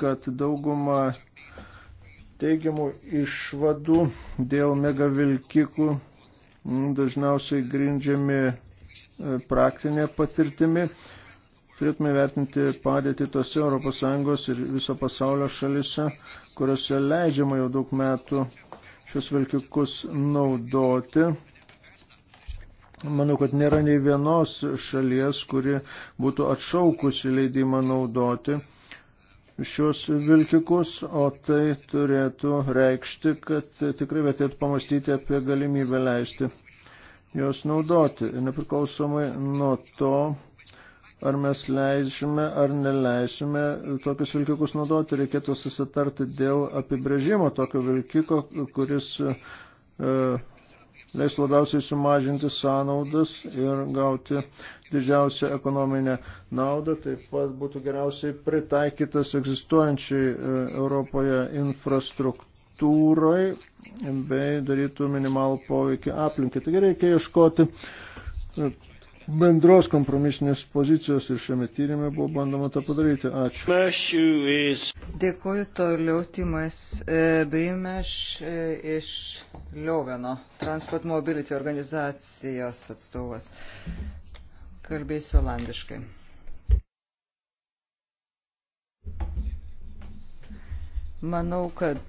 kad dauguma teigiamų išvadų dėl megavilkikų dažniausiai grindžiami e, praktinė patirtimi. Turėtume vertinti padėtį tose ES ir viso pasaulio šalise, kuriuose leidžiama jau daug metų šios vilkikus naudoti. Manau, kad nėra nei vienos šalies, kuri būtų atšaukusi leidimą naudoti šios vilkikus, o tai turėtų reikšti, kad tikrai vertėtų pamastyti apie galimybę leisti juos naudoti. Ir nepriklausomai nuo to, ar mes leisime ar neleisime tokius vilkikus naudoti, reikėtų susitarti dėl apibrėžimo tokio vilkiko, kuris e, leis labiausiai sumažinti sąnaudas ir gauti didžiausią ekonominę naudą, taip pat būtų geriausiai pritaikytas egzistuojančiai e, Europoje infrastruktūrai bei darytų minimalų poveikį aplinkai. Taigi reikia ieškoti e, bendros kompromisinės pozicijos ir šiame tyrimė buvo bandoma tą padaryti. Ačiū. Dėkuoju toliau Timas e, Brimeš e, iš Lioveno, Transport Mobility organizacijos atstovas. Kalbėsiu olandiškai. Manau, kad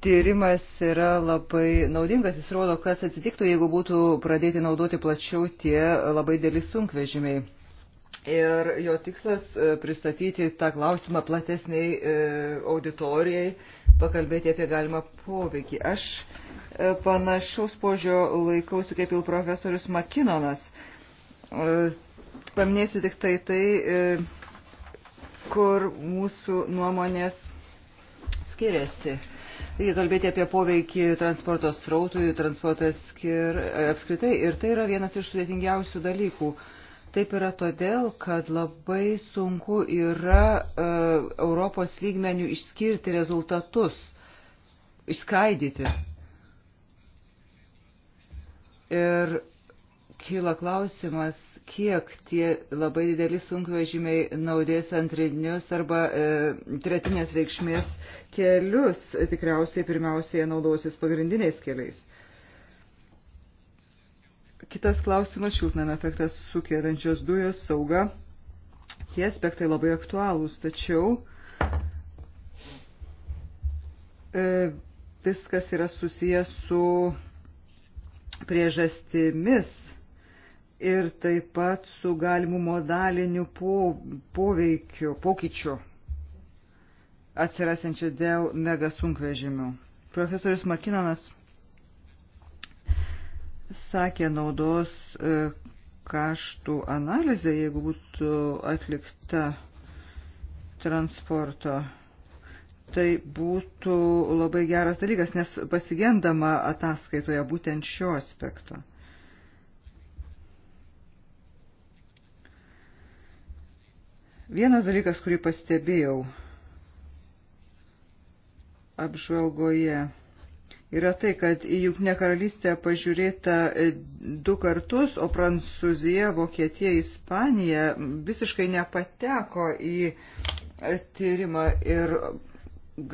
tyrimas yra labai naudingas. Jis rodo, kas atsitiktų, jeigu būtų pradėti naudoti plačiau tie labai dėlis sunkvežimiai. Ir jo tikslas e, pristatyti tą klausimą platesniai e, auditorijai, pakalbėti apie galimą poveikį. Aš e, panašaus požio laikausi kaip ir profesorius Makinonas. Paminėsiu tik tai tai, kur mūsų nuomonės skiriasi. Reikia kalbėti apie poveikį transporto srautui, transportas skir... apskritai. Ir tai yra vienas iš sudėtingiausių dalykų. Taip yra todėl, kad labai sunku yra uh, Europos lygmenių išskirti rezultatus, išskaidyti. Ir kyla klausimas, kiek tie labai dideli sunkvežimiai naudės antrinius arba e, tretinės reikšmės kelius, tikriausiai pirmiausiai naudosis pagrindiniais keliais. Kitas klausimas - šiltnamio efektas sukeliančios dujos, sauga. Tie aspektai labai aktualūs, tačiau e, viskas yra susijęs su priežastimis ir taip pat su galimu modaliniu po, poveikiu, pokyčiu atsirasančiu dėl megasunkvežimių. Profesorius Makinanas sakė naudos e, kaštų analizė, jeigu būtų atlikta transporto. Tai būtų labai geras dalykas, nes pasigendama ataskaitoje būtent šio aspekto. Vienas dalykas, kurį pastebėjau apžvalgoje, yra tai, kad į Junktinę karalystę pažiūrėta e, du kartus, o Prancūzija, Vokietija, Ispanija visiškai nepateko į e, tyrimą ir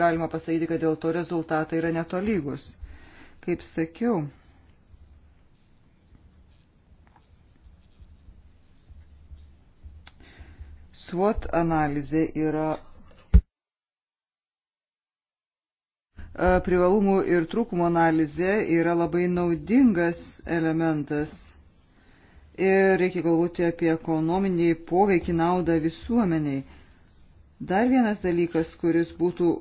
galima pasakyti, kad dėl to rezultatai yra netolygus. Kaip sakiau, SWOT analizė yra e, privalumų ir trūkumų analizė yra labai naudingas elementas. Ir reikia galvoti apie ekonominį poveikį naudą visuomeniai. Dar vienas dalykas, kuris būtų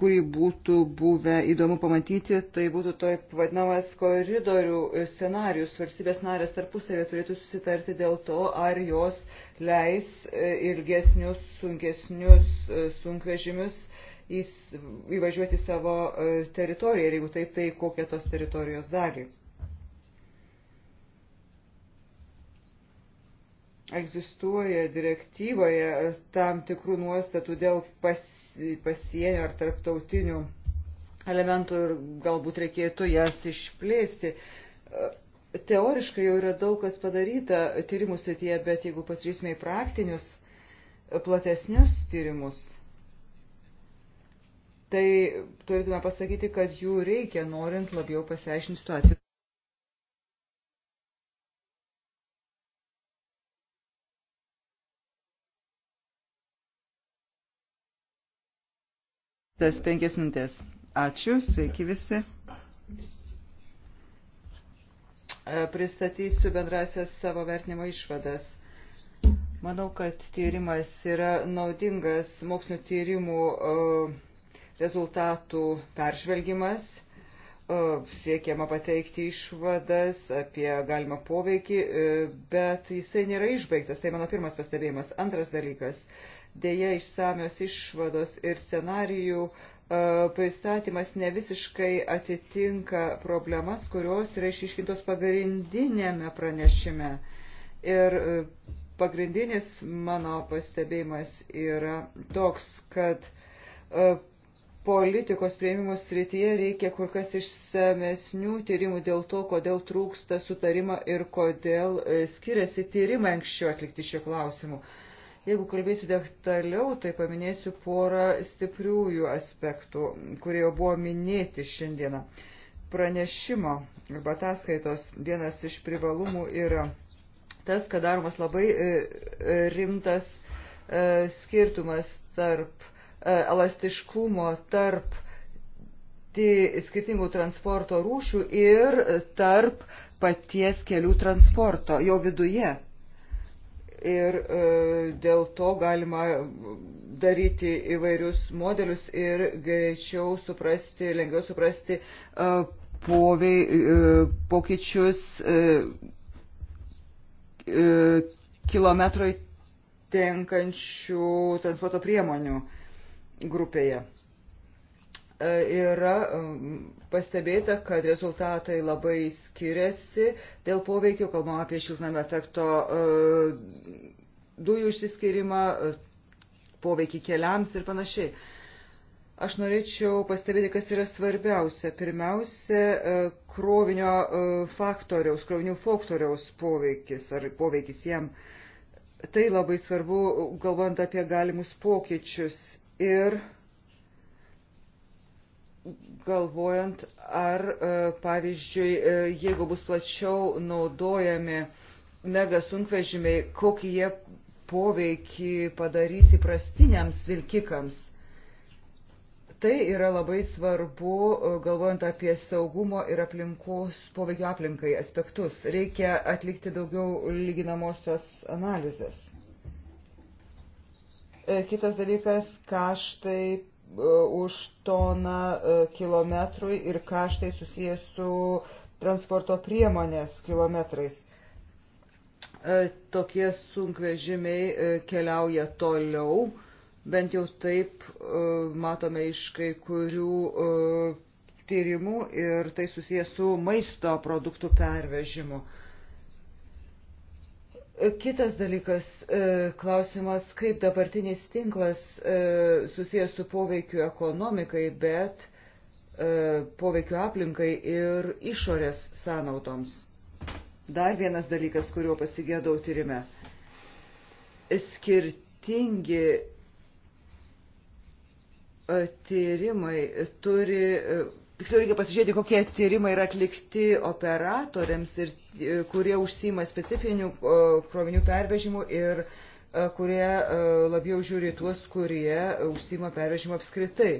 kurį būtų buvę įdomu pamatyti, tai būtų taip vadinamas koridorių scenarius. Valstybės narės tarpusavė turėtų susitarti dėl to, ar jos leis e, ilgesnius, sunkesnius e, sunkvežimius įvažiuoti savo e, teritoriją ir jeigu taip, tai kokią tos teritorijos dalį. egzistuoja direktyvoje tam tikrų nuostatų dėl pas, pasienio ar tarptautinių elementų ir galbūt reikėtų jas išplėsti. Teoriškai jau yra daug kas padaryta tyrimų srityje, bet jeigu pasižiūrėsime į praktinius, platesnius tyrimus, tai turėtume pasakyti, kad jų reikia, norint labiau pasiaiškinti situaciją. tas penkias minutės. Ačiū, sveiki visi. E, pristatysiu bendrasias savo vertinimo išvadas. Manau, kad tyrimas yra naudingas mokslinio tyrimų e, rezultatų peržvelgimas. E, siekiama pateikti išvadas apie galimą poveikį, bet jisai nėra išbaigtas. Tai mano pirmas pastebėjimas. Antras dalykas Deja, išsamios išvados ir scenarijų e, pristatymas ne visiškai atitinka problemas, kurios yra išiškintos pagrindinėme pranešime. Ir e, pagrindinis mano pastebėjimas yra toks, kad e, politikos prieimimo srityje reikia kur kas išsamesnių tyrimų dėl to, kodėl trūksta sutarimo ir kodėl skiriasi tyrimai anksčiau atlikti šio klausimu. Jeigu kalbėsiu detaliau, tai paminėsiu porą stipriųjų aspektų, kurie jau buvo minėti šiandieną. Pranešimo arba ataskaitos vienas iš privalumų yra tas, kad daromas labai e, e, rimtas e, skirtumas tarp elastiškumo, tarp skirtingų transporto rūšių ir tarp paties kelių transporto, jo viduje ir e, dėl to galima daryti įvairius modelius ir greičiau suprasti, lengviau suprasti e, povei, e, pokyčius kilometrui tenkančių transporto priemonių grupėje. E, yra e, pastebėta, kad rezultatai labai skiriasi dėl poveikio, kalbam apie šiltnamio efekto e, dujų išsiskirimą, poveikį keliams ir panašiai. Aš norėčiau pastebėti, kas yra svarbiausia. Pirmiausia, krovinio faktoriaus, krovinių faktoriaus poveikis ar poveikis jam. Tai labai svarbu, galvant apie galimus pokyčius. Ir galvojant, ar, e, pavyzdžiui, e, jeigu bus plačiau naudojami mega sunkvežimiai, kokį jie poveikį padarys įprastiniams vilkikams. Tai yra labai svarbu, e, galvojant apie saugumo ir aplinkos poveikio aplinkai aspektus. Reikia atlikti daugiau lyginamosios analizės. Kitas dalykas - kaštai E, už toną e, kilometrui ir kaštai susijęs su transporto priemonės kilometrais. E, tokie sunkvežimiai keliauja toliau, bent jau taip matome iš kai kurių tyrimų ir tai susijęs su maisto produktų pervežimu. E, kitas dalykas, e, klausimas, kaip dabartinis tinklas e, susijęs su poveikiu ekonomikai, bet poveikiu aplinkai ir išorės sąnaudoms. Dar vienas dalykas, kurio pasigėdau tyrime. Skirtingi tyrimai turi Tiksliau reikia pasižiūrėti, kokie tyrimai yra atlikti operatoriams, ir, e, kurie užsima specifinių e, krovinių pervežimų ir e, kurie labiau žiūri tuos, kurie užsima pervežimą apskritai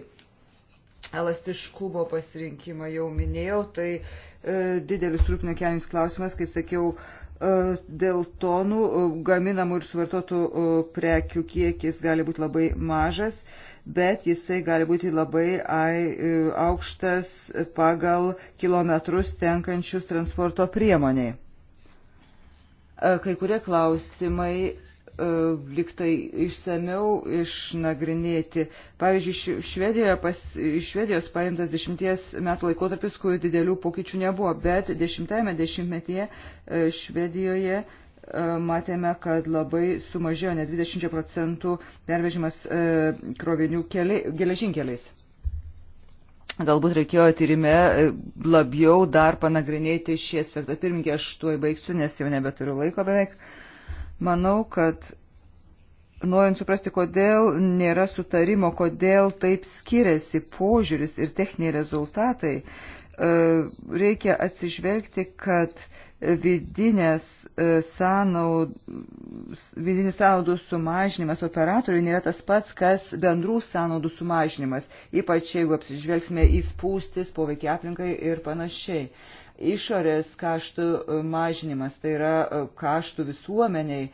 elastiškumo pasirinkimą jau minėjau, tai e, didelis rūpinio kelinis klausimas, kaip sakiau, e, dėl tonų e, gaminamų ir suvartotų e, prekių kiekis gali būti labai mažas. E, bet jisai gali būti labai e, aukštas pagal kilometrus tenkančius transporto priemoniai. E, kai kurie klausimai e, liktai išsameu išnagrinėti. Pavyzdžiui, Švedijoje pas, iš Švedijos paimtas dešimties metų laikotarpis, kur didelių pokyčių nebuvo, bet dešimtajame dešimtmetyje Švedijoje uh, E, matėme, kad labai sumažėjo net 20 procentų pervežimas e, krovinių geležinkeliais. Galbūt reikėjo tyrime e, labiau dar panagrinėti šį aspektą. Pirmininkė, aš tuoj baigsiu, nes jau nebeturiu laiko beveik. Manau, kad norint suprasti, kodėl nėra sutarimo, kodėl taip skiriasi požiūris ir techniniai rezultatai, reikia atsižvelgti, kad vidinės e, sąnaudos, vidinis sąnaudų sumažinimas operatoriui nėra tas pats, kas bendrų sąnaudų sumažinimas, ypač jeigu apsižvelgsime į spūstis, poveikį aplinkai ir panašiai. Išorės kaštų e, mažinimas, tai yra e, kaštų visuomeniai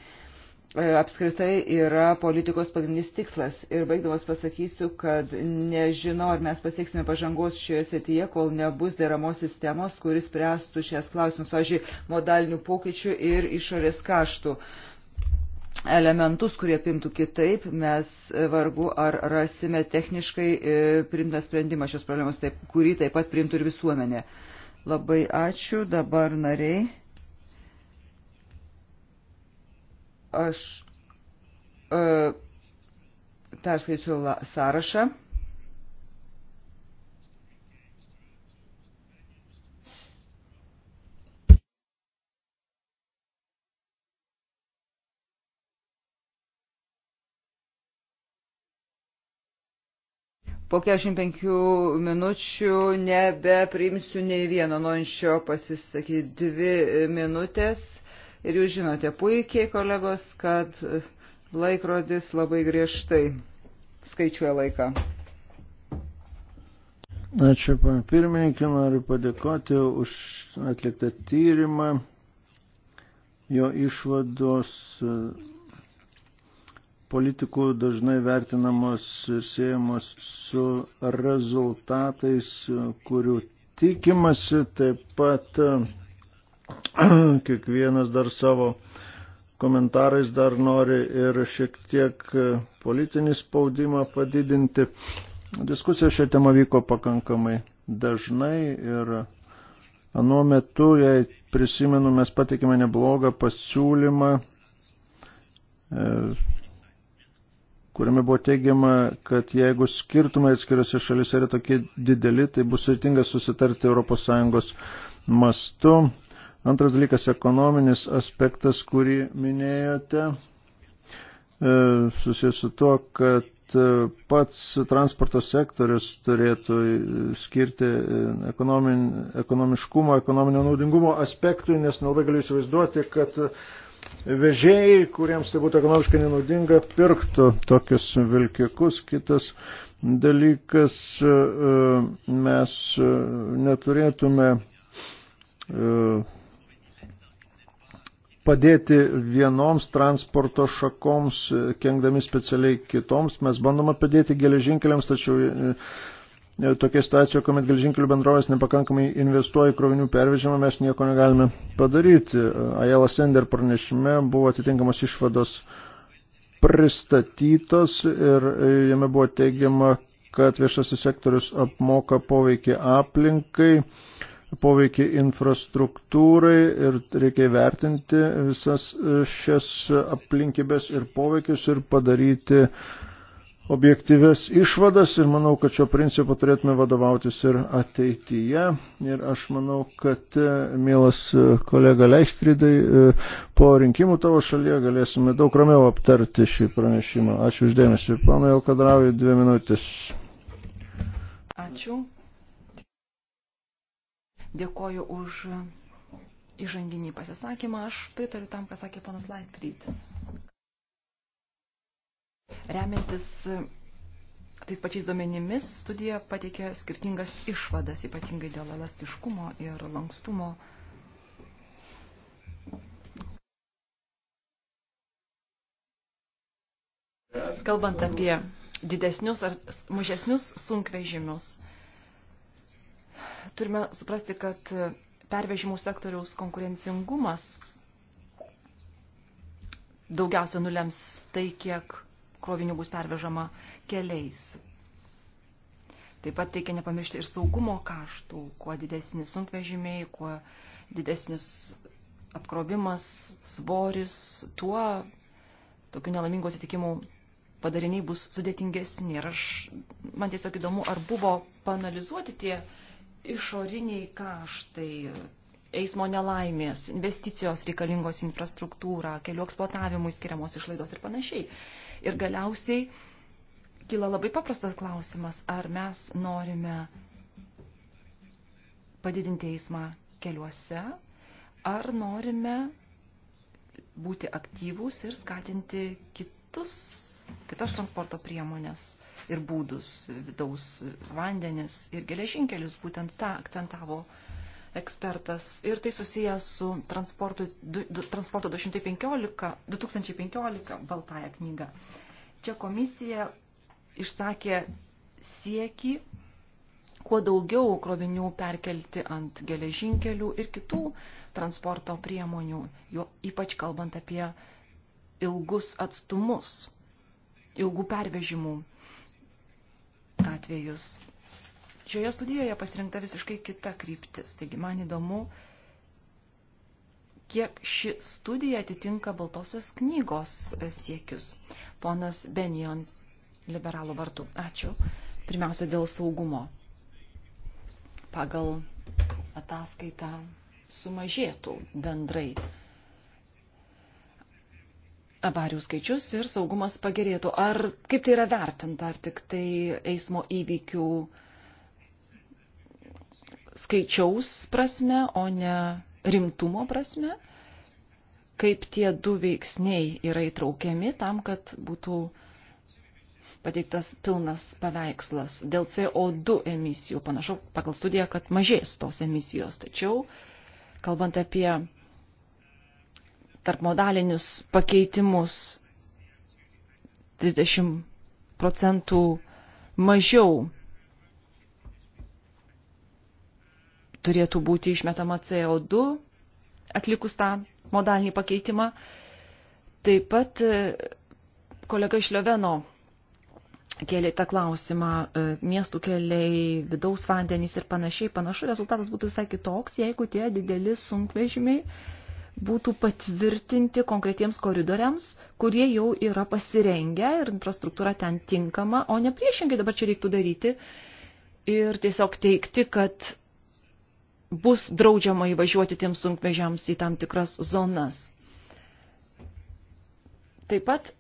E, apskritai yra politikos pagrindinis tikslas. Ir baigdamas pasakysiu, kad nežinau, ar mes pasieksime pažangos šioje srityje, kol nebus deramos sistemos, kuris spręstų šias klausimus, pavyzdžiui, modalinių pokyčių ir išorės kaštų. Elementus, kurie pimtų kitaip, mes e, vargu ar rasime techniškai e, primtą sprendimą šios problemos, taip, kurį taip pat primtų ir visuomenė. Labai ačiū dabar nariai. Aš e, perskaičiu la, sąrašą. po 45 minučių nebeprimsiu nei vieno norinčio pasisakyti dvi minutės ir jūs žinote puikiai, kolegos, kad laikrodis labai griežtai skaičiuoja laiką. Ačiū, pan pirmininkė, noriu padėkoti už atliktą tyrimą. Jo išvados e, politikų dažnai vertinamos ir siejamos su rezultatais, kurių tikimasi. Taip pat e, kiekvienas dar savo komentarais dar nori ir šiek tiek e, politinį spaudimą padidinti. Diskusija šią temą vyko pakankamai dažnai ir anuo metu, jei prisimenu, mes patikime neblogą pasiūlymą, e, kuriame buvo teigiama, kad jeigu skirtumai atskiriuose šalise yra tokie dideli, tai bus sudėtinga susitarti ES mastu. Antras dalykas - ekonominis aspektas, kurį minėjote, e, susijęs su tuo, kad e, pats transporto sektorius turėtų skirti e, ekonomin, ekonomiškumo, ekonominio naudingumo aspektui, nes nelabai galiu įsivaizduoti, kad vežėjai, kuriems tai būtų ekonomiškai nenaudinga, pirktų tokius vilkikus. Kitas dalykas, mes neturėtume padėti vienoms transporto šakoms, e, kengdami specialiai kitoms. Mes bandome padėti geležinkeliams, tačiau e, e, tokia situacija, kuomet gelžinkelių bendrovės nepakankamai investuoja į krovinių pervežimą, mes nieko negalime padaryti. Ajala Sender pranešime buvo atitinkamos išvados pristatytos ir jame buvo teigiama, kad viešasis sektorius apmoka poveikį aplinkai poveikį infrastruktūrai ir reikia vertinti visas e, šias aplinkybės ir poveikius ir padaryti objektyves išvadas ir manau, kad šio principo turėtume vadovautis ir ateityje. Ir aš manau, kad, e, mielas e, kolega Leichtridai, po rinkimų tavo šalyje galėsime daug ramiau aptarti šį pranešimą. Ačiū uždėmesi. Pana jau kadrauju dvi minutės. Ačiū. Dėkoju už įžanginį pasisakymą. Aš pritariu tam, ką sakė ponas Laistryt. Remiantis tais pačiais duomenimis, studija pateikė skirtingas išvadas, ypatingai dėl elastiškumo ir lankstumo. Kalbant apie didesnius ar mažesnius sunkvežimius, turime suprasti, kad pervežimų sektoriaus konkurencingumas daugiausia nulems tai, kiek krovinių bus pervežama keliais. Taip pat reikia nepamiršti ir saugumo kaštų. Kuo didesnis sunkvežimiai, kuo didesnis apkrovimas, svoris, tuo tokių nelaimingų atsitikimų padariniai bus sudėtingesni. Ir aš, man tiesiog įdomu, ar buvo panalizuoti tie uh, išoriniai kaštai, eismo nelaimės, investicijos reikalingos infrastruktūrą, kelių eksploatavimui skiriamos išlaidos ir panašiai. Ir galiausiai kyla labai paprastas klausimas, ar mes norime padidinti eismą keliuose, ar norime būti aktyvūs ir skatinti kitus, kitas transporto priemonės ir būdus - vidaus vandenis ir geležinkelis. Būtent tą akcentavo ekspertas. Ir tai susijęs su transporto, du, transporto 215, 2015 baltąją knygą. Čia komisija išsakė sieki kuo daugiau krovinių perkelti ant geležinkelių ir kitų transporto priemonių, jo, ypač kalbant apie ilgus atstumus, ilgų pervežimų atvejus. Šioje studijoje pasirinkta visiškai kita kryptis, taigi man įdomu, kiek ši studija atitinka Baltosios knygos e, siekius. Ponas Benion, liberalų vartų. Ačiū. Pirmiausia, dėl saugumo. Pagal ataskaitą sumažėtų bendrai avarijų skaičius ir saugumas pagerėtų. Ar kaip tai yra vertinta, ar tik tai eismo įvykių skaičiaus prasme, o ne rimtumo prasme? Kaip tie du veiksniai yra įtraukiami tam, kad būtų pateiktas pilnas paveikslas. Dėl CO2 emisijų panašu pagal studiją, kad mažės tos emisijos. Tačiau, kalbant apie tarpmodalinius pakeitimus 30 procentų mažiau turėtų būti išmetama CO2 atlikus tą modalinį pakeitimą. Taip pat e, kolega iš Lioveno kėlė tą klausimą, e, miestų keliai, vidaus vandenys ir panašiai, panašu rezultatas būtų visai kitoks, jeigu tie dideli sunkvežimiai būtų patvirtinti konkretiems koridoriams, kurie jau yra pasirengę ir infrastruktūra ten tinkama, o ne priešingai dabar čia reiktų daryti ir tiesiog teikti, kad bus draudžiama įvažiuoti tiems sunkvežiams į tam tikras zonas. Taip pat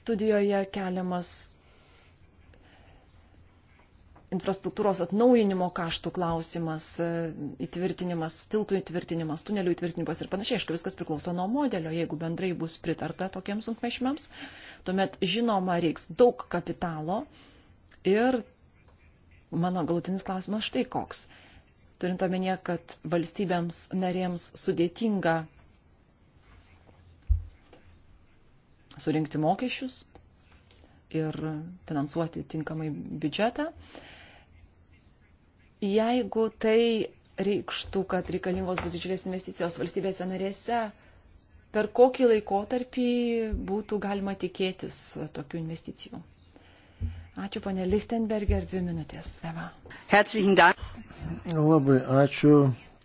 studijoje keliamas infrastruktūros atnaujinimo kaštų klausimas, e, įtvirtinimas, tiltų įtvirtinimas, tunelių įtvirtinimas ir panašiai. Aišku, viskas priklauso nuo modelio. Jeigu bendrai bus pritarta tokiems sunkvežimiams, tuomet žinoma reiks daug kapitalo ir mano galutinis klausimas štai koks. Turint omenyje, kad valstybėms narėms sudėtinga surinkti mokesčius ir finansuoti tinkamai biudžetą, Jeigu tai reikštų, kad reikalingos bus didžiulės investicijos valstybėse narėse, per kokį laikotarpį būtų galima tikėtis tokių investicijų? Ačiū, ponė Lichtenberger, dvi minutės. Eva. Labai ačiū,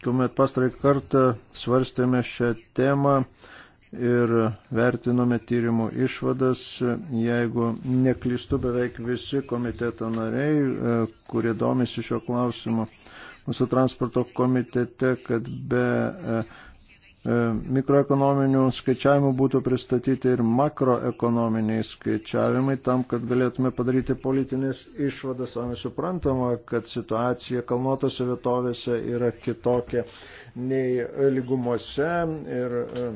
kuomet pastarąjį kartą svarstėme šią temą ir vertinome tyrimų išvadas, jeigu neklistu beveik visi komiteto nariai, e, kurie domisi šio klausimu mūsų transporto komitete, kad be e, e, mikroekonominių skaičiavimų būtų pristatyti ir makroekonominiai skaičiavimai tam, kad galėtume padaryti politinės išvadas. Savame suprantama, kad situacija kalnuotose vietovėse yra kitokia nei lygumose ir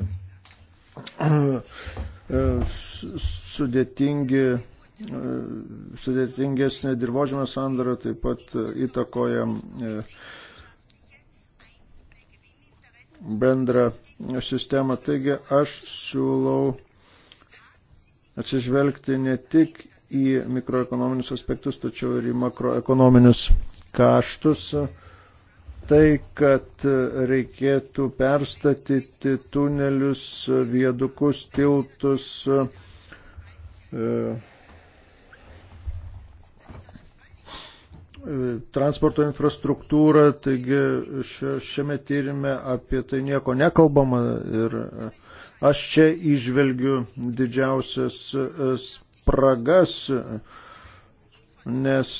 sudėtingi, sudėtingesnė dirbožėmio sandara taip pat įtakoja e, bendrą sistemą. Taigi aš siūlau atsižvelgti ne tik į mikroekonominius aspektus, tačiau ir į makroekonominius kaštus tai, kad reikėtų perstatyti tunelius, viedukus, tiltus, e, e, transporto infrastruktūrą, taigi šiame tyrime apie tai nieko nekalbama ir aš čia išvelgiu didžiausias spragas, nes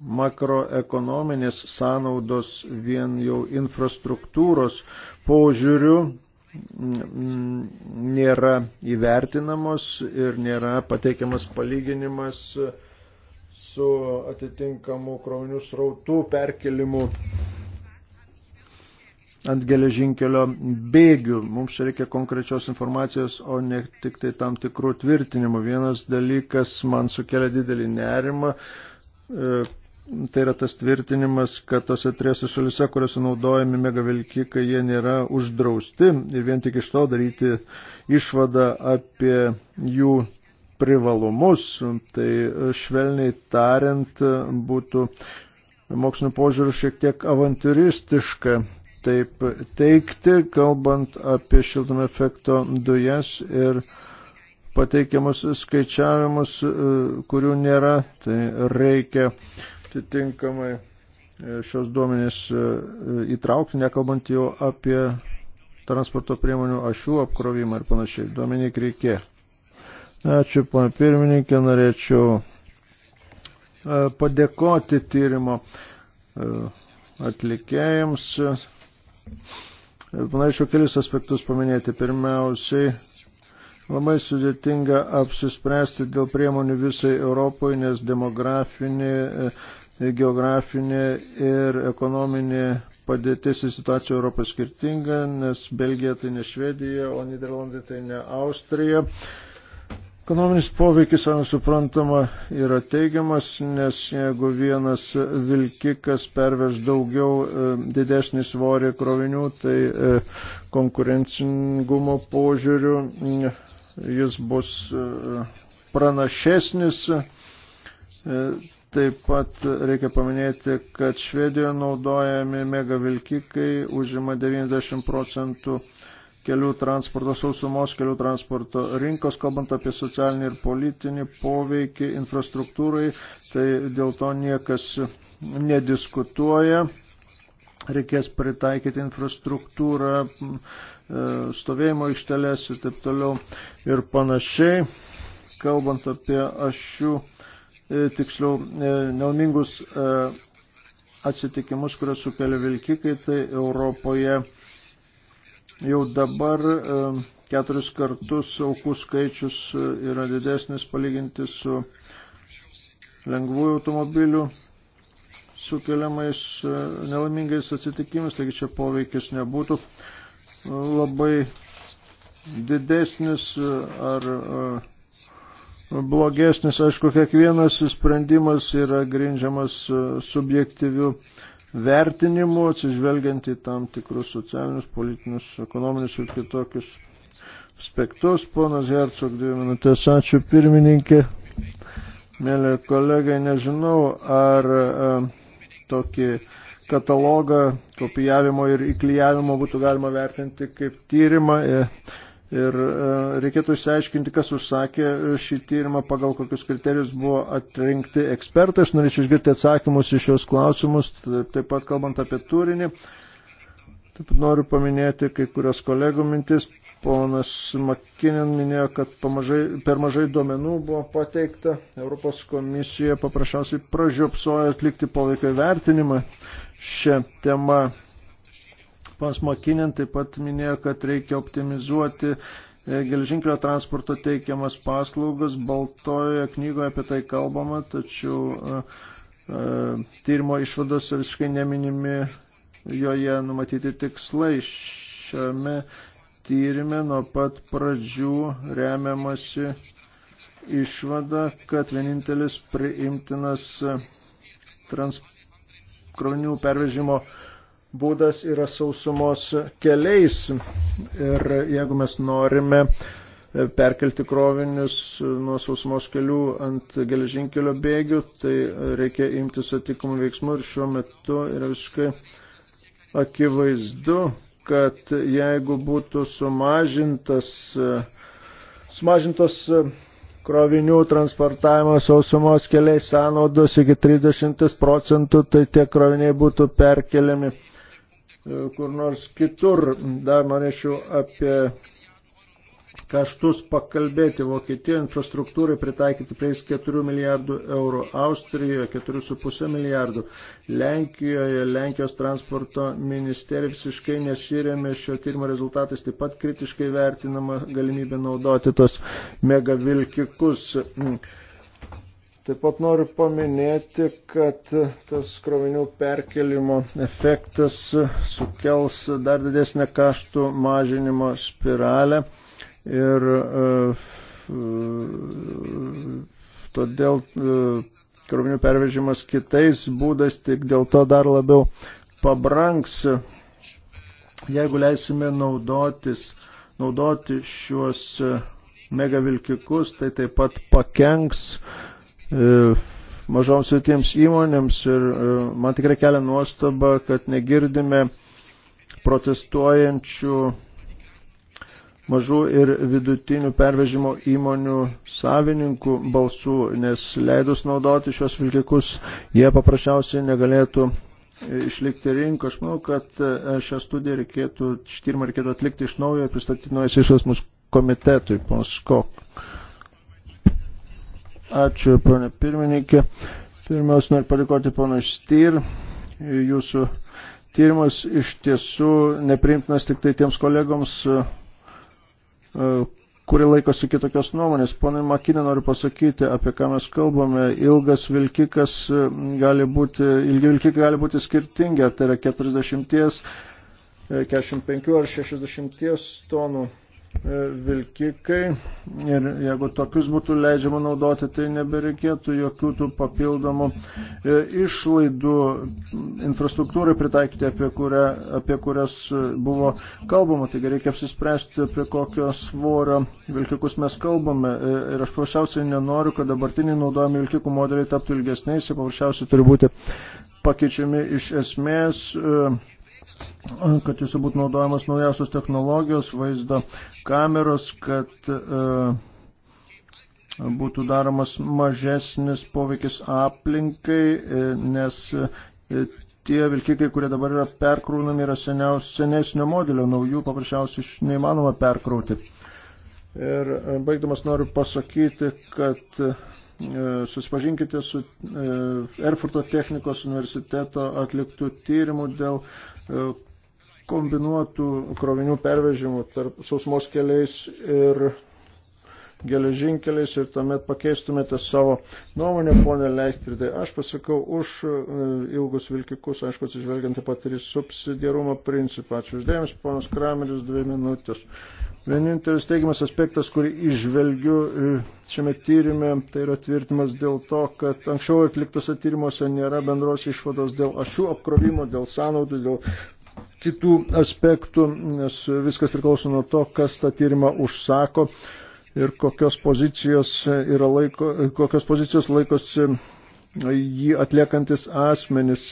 makroekonominės sąnaudos vien jau infrastruktūros požiūrių nėra įvertinamos ir nėra pateikiamas palyginimas su atitinkamu krovinių srautų perkelimu ant geležinkelio bėgių. Mums čia reikia konkrečios informacijos, o ne tik tai tam tikrų tvirtinimų. Vienas dalykas man sukelia didelį nerimą, e, tai yra tas tvirtinimas, kad tose trijose šalise, kuriuose naudojami megavilkikai, jie nėra uždrausti ir vien tik iš to daryti išvadą apie jų privalumus, tai švelniai tariant būtų mokslinio požiūrių šiek tiek avantūristiška taip teikti, kalbant apie šiltumo efekto dujas ir pateikiamus skaičiavimus, kurių nėra, tai reikia atitinkamai e, šios duomenys e, įtraukti, nekalbant jau apie transporto priemonių ašių apkrovimą ir panašiai. Dominik reikė. Ačiū, pana pirmininkė, norėčiau e, padėkoti tyrimo atlikėjams. Norėčiau kelis aspektus paminėti. Pirmiausiai, Labai sudėtinga apsispręsti dėl priemonių visai Europai, nes demografinė, e, geografinė ir ekonominė padėtis ir situacija Europoje skirtinga, nes Belgija tai ne Švedija, o Niderlandai tai ne Austrija. Ekonominis poveikis, savai suprantama, yra teigiamas, nes jeigu vienas vilkikas perveš daugiau e, didesnį svorį krovinių, tai e, konkurencingumo požiūrių e, jis bus e, pranašesnis. E, taip pat reikia paminėti, kad Švedijoje naudojami megavilkikai užima 90 procentų kelių transporto, sausumos kelių transporto rinkos, kalbant apie socialinį ir politinį poveikį infrastruktūrai, tai dėl to niekas nediskutuoja. Reikės pritaikyti infrastruktūrą E, stovėjimo aikštelės ir taip toliau ir panašiai. Kalbant apie ašių, e, tiksliau, e, nelmingus atsitikimus, kurios sukelia vilkikai, tai Europoje jau dabar keturis kartus aukų skaičius yra didesnis palyginti su lengvųjų automobilių sukeliamais nelaimingais atsitikimais, taigi čia poveikis nebūtų labai didesnis ar blogesnis. Aišku, kiekvienas sprendimas yra grindžiamas subjektyviu vertinimu, atsižvelgiant į tam tikrus socialinius, politinius, ekonominius ir kitokius aspektus. Ponas Hercog, dvi minutės, ačiū pirmininkė. Mėly kolegai, nežinau, ar a, tokį katalogą kopijavimo ir įklyjavimo būtų galima vertinti kaip tyrimą. Ir e, reikėtų išsiaiškinti, kas užsakė šį tyrimą, pagal kokius kriterijus buvo atrinkti ekspertai. Aš norėčiau išgirti atsakymus iš šios klausimus, taip pat kalbant apie turinį. Taip pat noriu paminėti kai kurios kolegų mintis. Ponas Makinin minėjo, kad pamažai, per mažai duomenų buvo pateikta. Europos komisija paprasčiausiai pražiopsojo atlikti poveikio vertinimą šią temą. Pas Makinin taip pat minėjo, kad reikia optimizuoti e, gelžinkelio transporto teikiamas paslaugas. Baltojoje knygoje apie tai kalbama, tačiau e, e, tyrimo išvados visiškai neminimi joje numatyti tikslai. Šiame tyrimė nuo pat pradžių remiamasi išvada, kad vienintelis priimtinas transportas krovinių pervežimo būdas yra sausumos keliais. Ir jeigu mes norime perkelti krovinius nuo sausumos kelių ant geležinkelio bėgių, tai reikia imtis atitinkamų veiksmų ir šiuo metu yra visiškai akivaizdu, kad jeigu būtų sumažintas, sumažintos krovinių transportavimo sausumos keliai sąnaudos iki 30 procentų, tai tie kroviniai būtų perkeliami e, kur nors kitur. Dar norėčiau apie kaštus pakalbėti. Vokietijoje infrastruktūrai pritaikyti prieis 4 milijardų eurų, Austrijoje 4,5 milijardų, Lenkijoje Lenkijos transporto ministerija visiškai nesirėmė šio tyrimo rezultatais, taip pat kritiškai vertinama galimybė naudoti tos megavilkikus. Taip pat noriu paminėti, kad tas krovinių perkelimo efektas sukels dar didesnę kaštų mažinimo spiralę Ir e, todėl e, krovinių pervežimas kitais būdais tik dėl to dar labiau pabranks, jeigu leisime naudotis, naudoti šiuos e, megavilkikus, tai taip pat pakenks e, mažoms vietiems įmonėms ir e, man tikrai kelia nuostaba, kad negirdime protestuojančių mažų ir vidutinių pervežimo įmonių savininkų balsų, nes leidus naudoti šios vilkikus, jie paprasčiausiai negalėtų e, išlikti rinką. Aš manau, kad e, šią studiją reikėtų, šį tyrimą reikėtų atlikti iš naujo ir pristatyti naujas išvas mūsų komitetui, pons Kok. Ačiū, ponė pirmininkė. Pirmiausia, noriu padėkoti ponui Styr. Jūsų tyrimas iš tiesų nepriimtinas tik tai tiems kolegoms, E, kuri laikosi kitokios nuomonės. Pone Makinė, noriu pasakyti, apie ką mes kalbame. Ilgas vilkikas e, gali būti, ilgi vilkikai gali būti skirtingi, ar tai yra 40, 45 e, ar 60 tonų E, vilkikai ir jeigu tokius būtų leidžiama naudoti, tai nebereikėtų jokių tų papildomų e, išlaidų infrastruktūrai pritaikyti, apie, kurią, apie kurias buvo kalbama. Taigi reikia apsispręsti, apie kokio svorio vilkikus mes kalbame. E, ir aš paprasčiausiai nenoriu, kad dabartiniai naudojami vilkikų modeliai taptų ilgesniais, jie paprasčiausiai turi būti pakeičiami iš esmės. E, kad jis būtų naudojamas naujausios technologijos, vaizdo kameros, kad e, būtų daromas mažesnis poveikis aplinkai, e, nes e, tie vilkikai, kurie dabar yra perkrūnami, yra seniaus, senesnio modelio, naujų paprasčiausiai neįmanoma perkrauti. Ir baigdamas noriu pasakyti, kad susipažinkite su Erfurto technikos universiteto atliktų tyrimų dėl E, kombinuotų krovinių pervežimų tarp sausmos keliais ir geležinkeliais ir tuomet pakeistumėte savo nuomonę, ponė Leistridai. Aš pasakau už e, ilgus vilkikus, aišku, atsižvelgiant taip pat ir į subsidiarumo principą. Ačiū uždėjimus, ponas Kramelis, dvi minutės. Vienintelis teigiamas aspektas, kurį išvelgiu e, šiame tyrimė, tai yra tvirtimas dėl to, kad anksčiau atliktose tyrimuose nėra bendros išvados dėl ašių apkrovimo, dėl sąnaudų, dėl kitų aspektų, nes viskas priklauso nuo to, kas tą tyrimą užsako ir kokios pozicijos, laiko, kokios pozicijos laikosi jį atliekantis asmenis.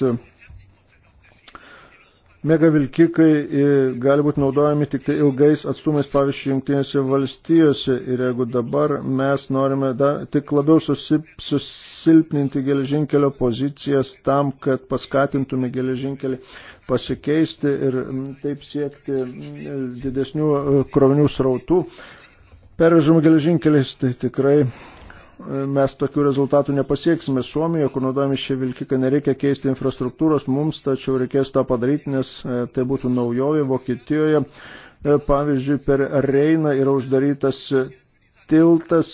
Mega vilkikai gali būti naudojami tik tai ilgais atstumais, pavyzdžiui, jungtinėse valstijose. Ir jeigu dabar mes norime da, tik labiau susip, susilpninti geležinkelio pozicijas tam, kad paskatintume geležinkelį pasikeisti ir taip siekti didesnių e, krovinių srautų, pervežama geležinkeliais, tai tikrai e, mes tokių rezultatų nepasieksime. Suomijoje, kur naudojami šie vilkikai, nereikia keisti infrastruktūros mums, tačiau reikės tą padaryti, nes e, tai būtų naujovė Vokietijoje. E, pavyzdžiui, per Reiną yra uždarytas tiltas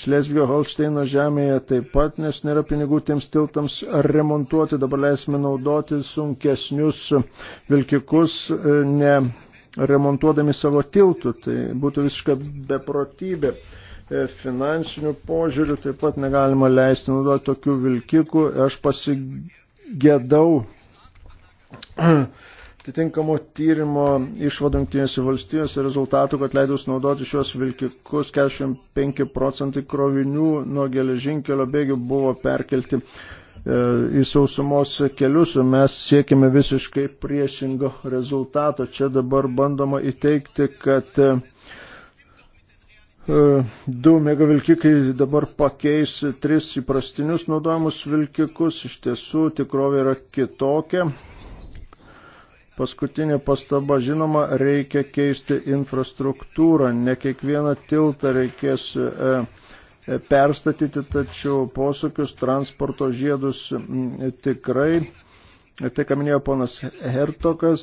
Šlesvio Holšteino žemėje taip pat, nes nėra pinigų tiems tiltams remontuoti. Dabar leisime naudoti sunkesnius vilkikus, ne remontuodami savo tiltų. Tai būtų visiška beprotybė. E, finansinių požiūrių taip pat negalima leisti naudoti tokių vilkikų. Aš pasigėdau atitinkamo tyrimo išvadų jungtinėse valstijose rezultatų, kad leidus naudoti šios vilkikus 45 procentai krovinių nuo geležinkelio bėgių buvo perkelti E, į sausumos kelius, o mes siekime visiškai priešingo rezultato. Čia dabar bandoma įteikti, kad e, e, du megavilkikai dabar pakeis tris įprastinius naudojamus vilkikus. Iš tiesų tikrovė yra kitokia. Paskutinė pastaba, žinoma, reikia keisti infrastruktūrą. Ne kiekvieną tiltą reikės. E, perstatyti, tačiau posūkius transporto žiedus tikrai. Tai, ką minėjo ponas Hertokas,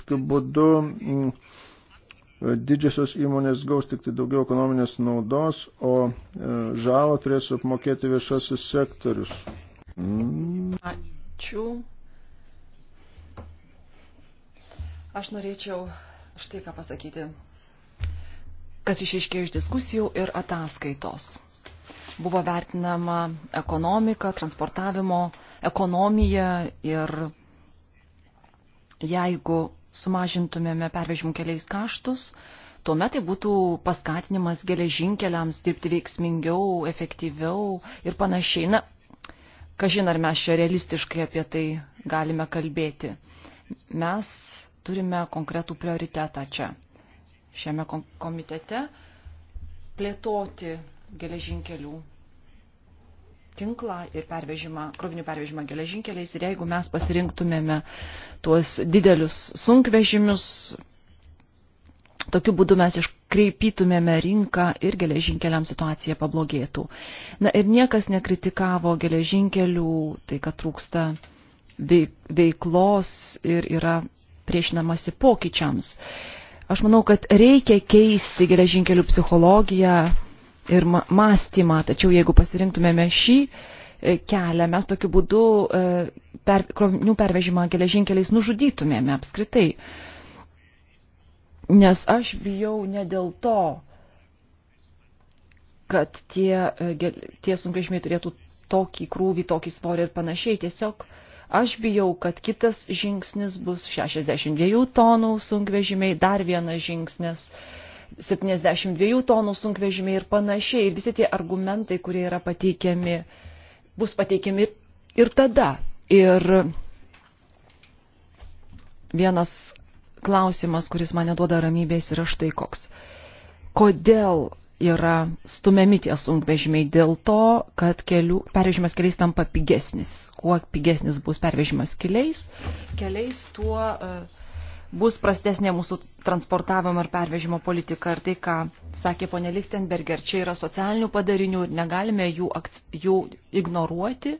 tokiu būdu didžiosios įmonės gaus tik tai daugiau ekonominės naudos, o e, žalą turės apmokėti viešasis sektorius. Ačiū. Aš norėčiau štai ką pasakyti kas išaiškėjo iš diskusijų ir ataskaitos. Buvo vertinama ekonomika, transportavimo ekonomija ir jeigu sumažintumėme pervežimų keliais kaštus, tuomet tai būtų paskatinimas geležinkeliams dirbti veiksmingiau, efektyviau ir panašiai. Na, kažin ar mes čia realistiškai apie tai galime kalbėti. Mes turime konkretų prioritetą čia šiame komitete plėtoti geležinkelių tinklą ir pervežimą, krovinių pervežimą geležinkeliais. Ir jeigu mes pasirinktumėme tuos didelius sunkvežimius, tokiu būdu mes iškreipytumėme rinką ir geležinkeliam situacija pablogėtų. Na ir niekas nekritikavo geležinkelių, tai kad trūksta veiklos ir yra priešinamasi pokyčiams. Aš manau, kad reikia keisti geležinkelių psichologiją ir mąstymą, tačiau jeigu pasirinktumėme šį e, kelią, mes tokiu būdu e, per, krovinių pervežimą geležinkeliais nužudytumėme apskritai. Nes aš bijau ne dėl to, kad tie, e, tie sunkvežimiai turėtų tokį krūvį, tokį svorį ir panašiai. Tiesiog uh, Aš bijau, kad kitas žingsnis bus 62 tonų sunkvežimiai, dar vienas žingsnis 72 tonų sunkvežimiai ir panašiai. Ir visi tie argumentai, kurie yra pateikiami, bus pateikiami ir tada. Ir vienas klausimas, kuris mane duoda ramybės, yra štai koks. Kodėl yra stumiami tie sunkvežimiai dėl to, kad kelių, pervežimas keliais tampa pigesnis. Kuo pigesnis bus pervežimas keliais, keliais tuo uh, bus prastesnė mūsų transportavimo ir pervežimo politika. Ir tai, ką sakė ponė Lichtenberger, čia yra socialinių padarinių ir negalime jų, jų ignoruoti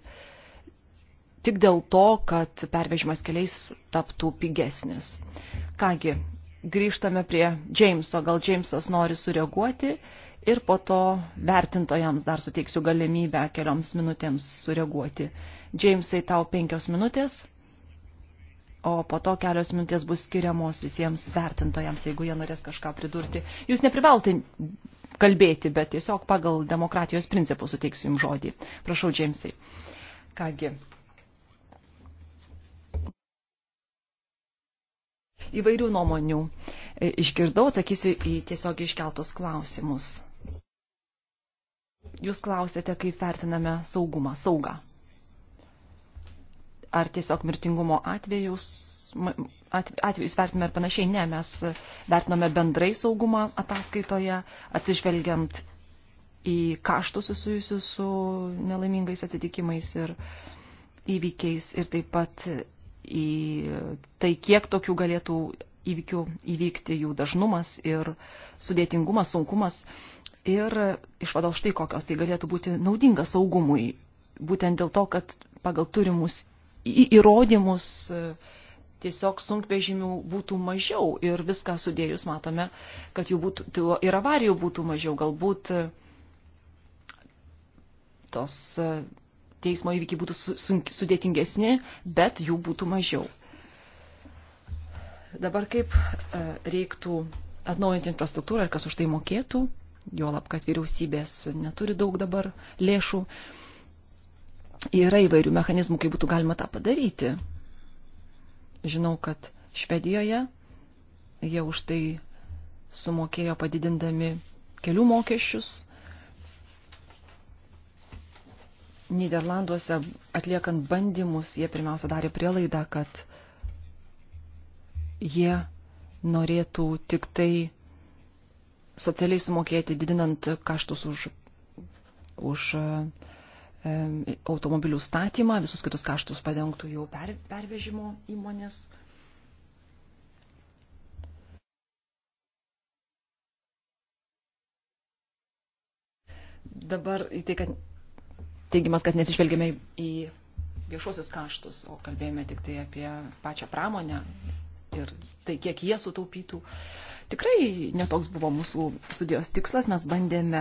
tik dėl to, kad pervežimas keliais taptų pigesnis. Kągi, grįžtame prie Jameso. Gal Jamesas nori sureaguoti? Uh, ir po to vertintojams dar suteiksiu galimybę kelioms minutėms sureaguoti. Džeimsai tau penkios minutės, o po to kelios minutės bus skiriamos visiems vertintojams, jeigu jie norės kažką pridurti. Jūs neprivalote kalbėti, bet tiesiog pagal demokratijos principus suteiksiu jums žodį. Prašau, Džeimsai. Kągi. Įvairių nuomonių e, išgirdau, atsakysiu į tiesiog iškeltus klausimus. Jūs klausėte, kaip vertiname saugumą, saugą. Ar tiesiog mirtingumo atvejus, atvejus vertiname ir panašiai? Ne, mes vertiname bendrai saugumą ataskaitoje, atsižvelgiant į kaštus susijusius su nelaimingais atsitikimais ir įvykiais ir taip pat į tai, kiek tokių galėtų įvykių įvykti, jų dažnumas ir sudėtingumas, sunkumas ir išvados štai kokios tai galėtų būti naudinga saugumui, būtent dėl to, kad pagal turimus įrodymus e, tiesiog sunkvežimių būtų mažiau ir viską sudėjus matome, kad jų būtų ir avarijų būtų mažiau, galbūt e, tos e, teismo įvykiai būtų sudėtingesni, bet jų būtų mažiau. Dabar kaip reiktų atnaujinti infrastruktūrą ir kas už tai mokėtų? juolab, kad vyriausybės neturi daug dabar lėšų. Yra įvairių mechanizmų, kaip būtų galima tą padaryti. Žinau, kad Švedijoje jie už tai sumokėjo padidindami kelių mokesčius. Niderlanduose atliekant bandymus, jie pirmiausia darė prielaidą, kad jie norėtų tik tai socialiai sumokėti, didinant kaštus už, už e, e, automobilių statymą, visus kitus kaštus padengtų jau per, pervežimo įmonės. Dabar į tai, kad teigimas, kad nesižvelgėme į viešuosius kaštus, o kalbėjome tik tai apie pačią pramonę ir tai, kiek jie sutaupytų. Uh, Tikrai netoks buvo mūsų studijos tikslas, mes bandėme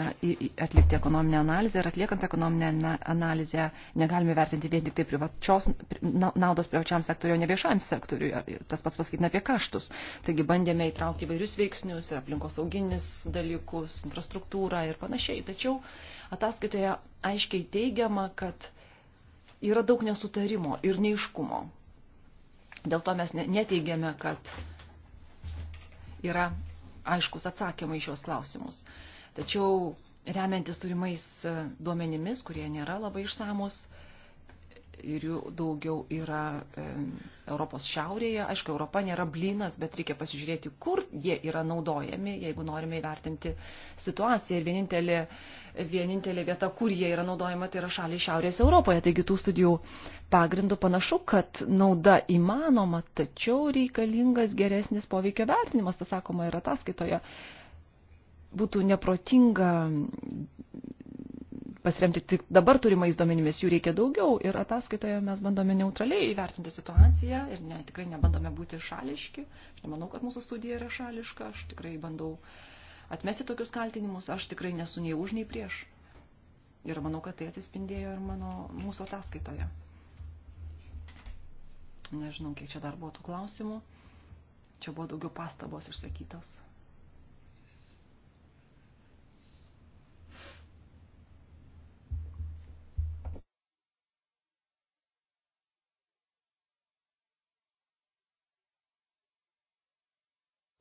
atlikti ekonominę analizę ir atliekant ekonominę analizę negalime vertinti vien tik tai privačios naudos privačiam sektoriu, o ne viešam sektoriu, tas pats pasakytina apie kaštus. Taigi bandėme įtraukti įvairius veiksnius ir aplinkosauginis dalykus, infrastruktūrą ir panašiai. Tačiau ataskaitoje aiškiai teigiama, kad yra daug nesutarimo ir neiškumo. Dėl to mes neteigiame, kad yra aiškus atsakymai šios klausimus. Tačiau remiantis turimais duomenimis, kurie nėra labai išsamus, ir jų daugiau yra e, Europos šiaurėje. Aišku, Europa nėra blinas, bet reikia pasižiūrėti, kur jie yra naudojami, jeigu norime įvertinti situaciją. Ir vienintelė, vienintelė vieta, kur jie yra naudojama, tai yra šaliai šiaurės Europoje. Taigi tų studijų pagrindų panašu, kad nauda įmanoma, tačiau reikalingas geresnis poveikio vertinimas, tas sakoma, yra ataskaitoje. Būtų neprotinga pasiremti tik dabar turimais duomenimis, jų reikia daugiau ir ataskaitoje mes bandome neutraliai įvertinti situaciją ir ne, tikrai nebandome būti šališki. Aš nemanau, kad mūsų studija yra šališka, aš tikrai bandau atmesti tokius kaltinimus, aš tikrai nesu nei už, nei prieš. Ir manau, kad tai atsispindėjo ir mano, mūsų ataskaitoje. Nežinau, kiek čia dar buvo tų klausimų. Čia buvo daugiau pastabos išsakytos.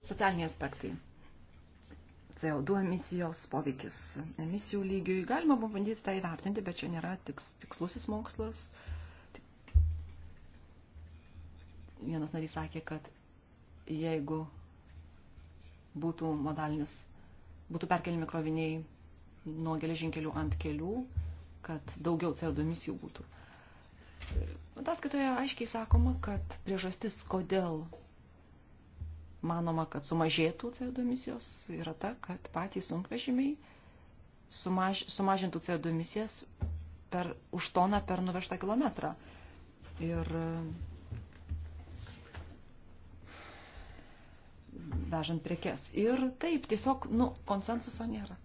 Socialiniai aspektai. CO2 emisijos poveikis emisijų lygiui. Galima pabandyti tą įvertinti, bet čia nėra tiks, tikslusis mokslas. Vienas narys sakė, kad jeigu būtų modalinis, būtų perkeliami kroviniai nuo geležinkelių ant kelių, kad daugiau CO2 emisijų būtų. Ataskaitoje aiškiai sakoma, kad priežastis, kodėl manoma, kad sumažėtų CO2 emisijos, yra ta, kad patys sunkvežimiai sumaž, sumažintų CO2 emisijas per, už toną per nuvežtą kilometrą. Ir e, vežant prekes. Ir taip, tiesiog, nu, konsensuso nėra.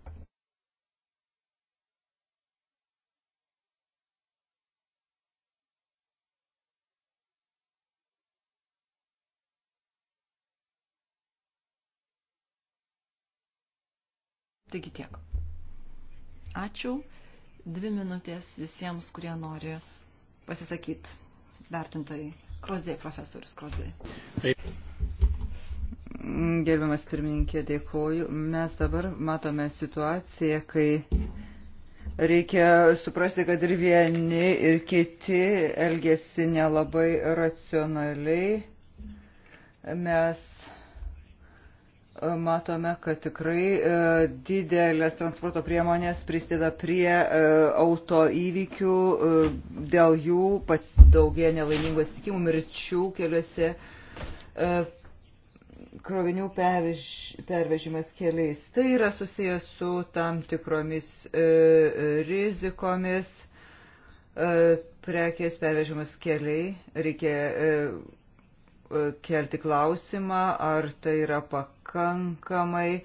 Taigi tiek. Ačiū. Dvi minutės visiems, kurie nori pasisakyti. Vertintojai. Krozė, profesorius Krozė. Taip. Gerbiamas pirmininkė, dėkoju. Mes dabar matome situaciją, kai reikia suprasti, kad ir vieni, ir kiti elgesi nelabai racionaliai. Mes matome, kad tikrai e, didelės transporto priemonės prisideda prie e, auto įvykių, e, dėl jų daugėja nelaimingų atsitikimų, mirčių keliuose, krovinių pervež, pervežimas keliais. Tai yra susijęs su tam tikromis rizikomis, prekės pervežimas keliai, reikia E, kelti klausimą, ar tai yra pakankamai,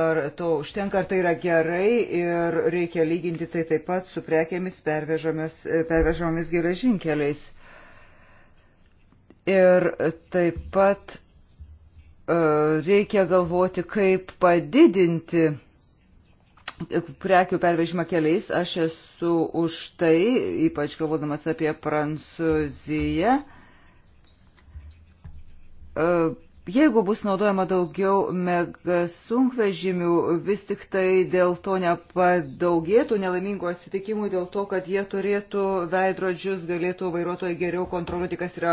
ar to užtenka, ar tai yra gerai ir reikia lyginti tai taip pat su prekėmis pervežomis e, geležinkeliais. Ir taip pat e, reikia galvoti, kaip padidinti prekių pervežimą keliais. Aš esu už tai, ypač galvodamas apie Prancūziją. E, jeigu bus naudojama daugiau megasunkvežimių, vis tik tai dėl to nepadaugėtų nelaimingų atsitikimų, dėl to, kad jie turėtų veidrodžius, galėtų vairuotojai geriau kontroliuoti, kas yra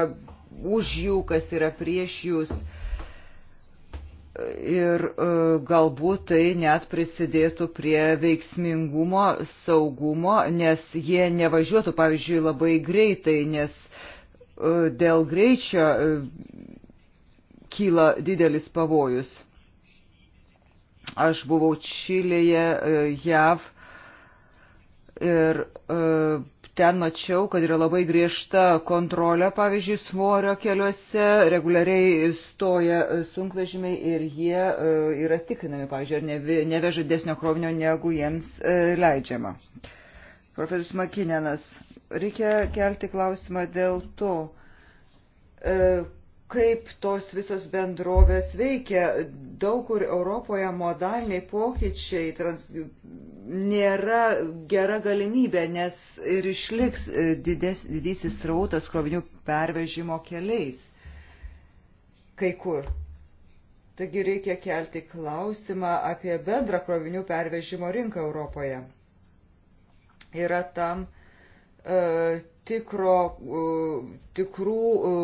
už jų, kas yra prieš jūs. Ir e, galbūt tai net prisidėtų prie veiksmingumo, saugumo, nes jie nevažiuotų, pavyzdžiui, labai greitai, nes e, dėl greičio kyla didelis pavojus. Aš buvau Čilėje, e, JAV ir e, ten mačiau, kad yra labai griežta kontrolė, pavyzdžiui, svorio keliuose, reguliariai stoja sunkvežimiai ir jie e, yra tikrinami, pavyzdžiui, ar neveža desnio krovinio, negu jiems leidžiama. Profesorius Makinenas, reikia kelti klausimą dėl to, kaip tos visos bendrovės veikia. Daug kur Europoje modaliniai pokyčiai trans, nėra gera galimybė, nes ir išliks e, dides, didysis rautas krovinių pervežimo keliais. Kai kur. Taigi reikia kelti klausimą apie bendrą krovinių pervežimo rinką Europoje. Yra tam e, tikro, e, tikrų e,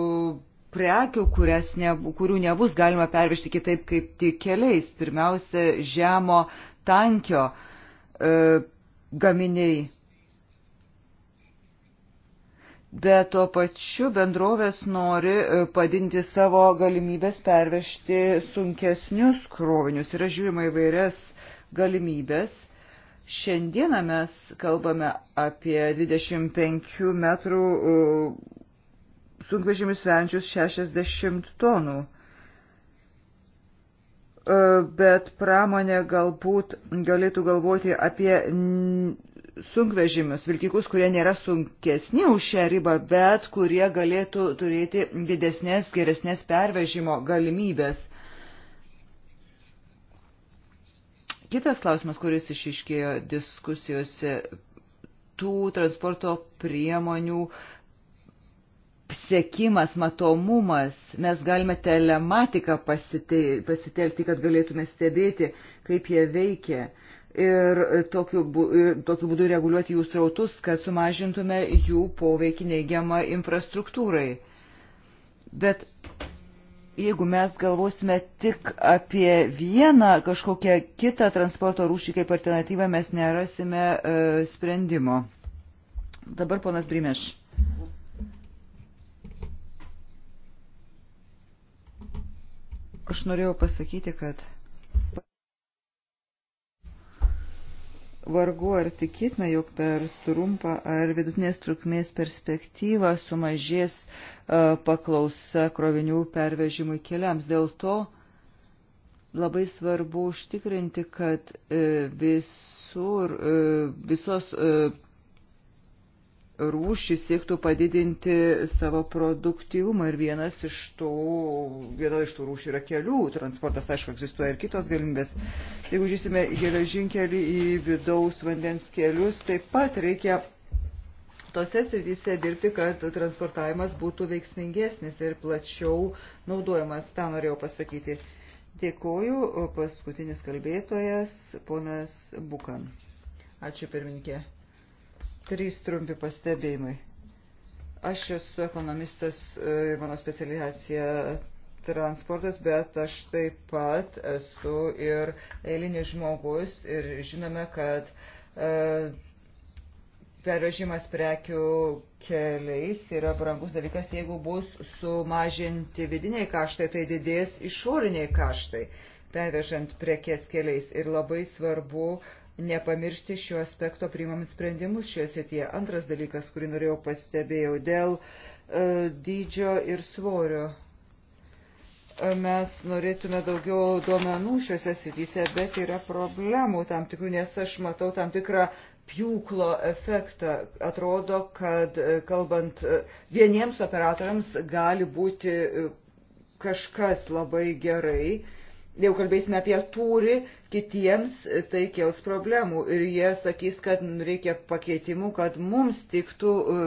prekių, ne, kurių nebus galima pervežti kitaip kaip tik keliais. Pirmiausia, žemo tankio e, gaminiai. Bet tuo pačiu bendrovės nori e, padinti savo galimybės pervežti sunkesnius krovinius. Yra žiūrima įvairias galimybės. Šiandieną mes kalbame apie 25 metrų e, sunkvežimius sveriančius 60 tonų. E, bet pramonė galbūt galėtų galvoti apie sunkvežimius, vilkikus, kurie nėra sunkesni už šią ribą, bet kurie galėtų turėti didesnės, geresnės pervežimo galimybės. Kitas klausimas, kuris išiškėjo diskusijose, tų transporto priemonių uh, sekimas, matomumas, mes galime telematiką pasitelkti, kad galėtume stebėti, kaip jie veikia. Ir tokiu, ir tokiu būdu reguliuoti jų srautus, kad sumažintume jų poveikį neigiamą infrastruktūrai. Bet jeigu mes galvosime tik apie vieną kažkokią kitą transporto rūšį kaip alternatyvą, mes nerasime e, sprendimo. Dabar ponas Brimeš. Aš norėjau pasakyti, kad vargu ar tikitina, jog per trumpą ar vidutinės trukmės perspektyvą sumažės e, paklausa krovinių pervežimui keliams. Dėl to labai svarbu užtikrinti, kad e, visur, e, visos rūšys siektų padidinti savo produktyvumą ir vienas iš tų, viena iš tų rūšių yra kelių transportas, aišku, egzistuoja ir kitos galimybės. Jeigu žiūrėsime geležinkelį į vidaus vandens kelius, taip pat reikia tose srityse dirbti, kad transportavimas būtų veiksmingesnis ir plačiau naudojamas, tą norėjau pasakyti. Dėkoju, paskutinis kalbėtojas, ponas Bukan. Ačiū pirminkė. Trys trumpi pastebėjimai. Aš esu ekonomistas e, ir mano specializacija transportas, bet aš taip pat esu ir eilinis žmogus ir žinome, kad e, pervežimas prekių keliais yra brangus dalykas, jeigu bus sumažinti vidiniai kaštai, tai didės išoriniai kaštai pervežant prekės keliais. Ir labai svarbu nepamiršti šio aspekto priimant sprendimus šioje srityje. Antras dalykas, kurį norėjau pastebėjau, dėl e, dydžio ir svorio. E, mes norėtume daugiau duomenų šiuose srityse, bet yra problemų tam tikrų, nes aš matau tam tikrą pjūklo efektą. Atrodo, kad e, kalbant e, vieniems operatoriams gali būti kažkas labai gerai, jau kalbėsime apie tūrį, kitiems tai kels problemų ir jie sakys, kad reikia pakeitimų, kad mums tiktų e,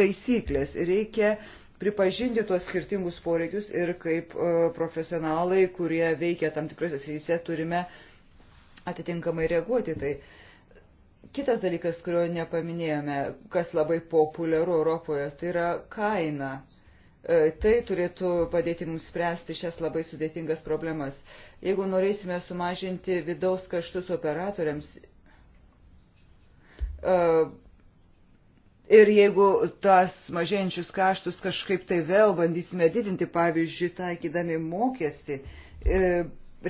taisyklės ir reikia pripažinti tuos skirtingus poreikius ir kaip e, profesionalai, kurie veikia tam tikrose srityse, turime atitinkamai reaguoti. Tai kitas dalykas, kurio nepaminėjome, kas labai populiaru Europoje, tai yra kaina E, tai turėtų padėti mums spręsti šias labai sudėtingas problemas. Jeigu norėsime sumažinti vidaus kaštus operatoriams e, ir jeigu tas mažėjančius kaštus kažkaip tai vėl bandysime didinti, pavyzdžiui, taikydami mokestį, e,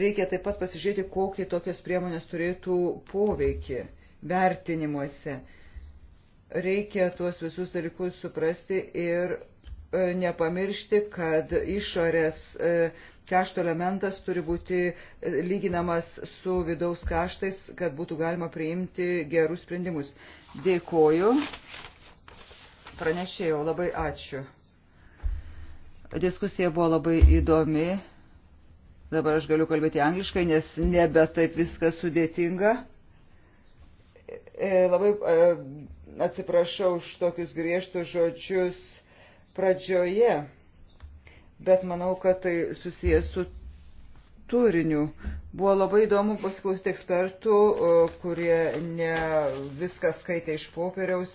reikia taip pat pasižiūrėti, kokį tokios priemonės turėtų poveikį vertinimuose reikia tuos visus dalykus suprasti ir E, nepamiršti, kad išorės e, kašto elementas turi būti e, lyginamas su vidaus kaštais, kad būtų galima priimti gerus sprendimus. Dėkoju. Pranešėjau, labai ačiū. Diskusija buvo labai įdomi. Dabar aš galiu kalbėti angliškai, nes nebe taip viskas sudėtinga. Labai atsiprašau už tokius griežtus žodžius pradžioje, bet manau, kad tai susijęs su turiniu. Buvo labai įdomu pasiklausyti ekspertų, kurie ne viską skaitė iš popieriaus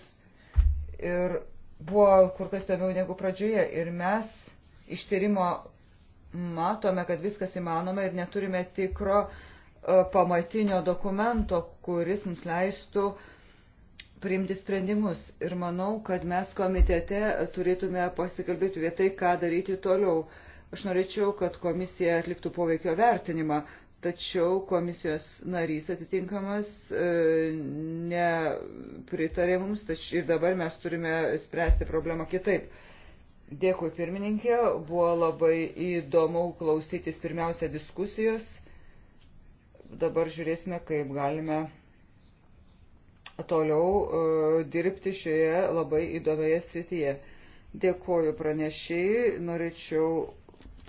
ir buvo kur kas įdomiau negu pradžioje. Ir mes iš tyrimo matome, kad viskas įmanoma ir neturime tikro pamatinio dokumento, kuris mums leistų uh, priimti sprendimus. Ir manau, kad mes komitete turėtume pasikalbėti apie tai, ką daryti toliau. Aš norėčiau, kad komisija atliktų poveikio vertinimą, tačiau komisijos narys atitinkamas e, nepritarė mums tačiau, ir dabar mes turime spręsti problemą kitaip. Dėkui pirmininkė, buvo labai įdomu klausytis pirmiausia diskusijos. Dabar žiūrėsime, kaip galime toliau e, dirbti šioje labai įdomioje srityje. Dėkoju pranešėjai, norėčiau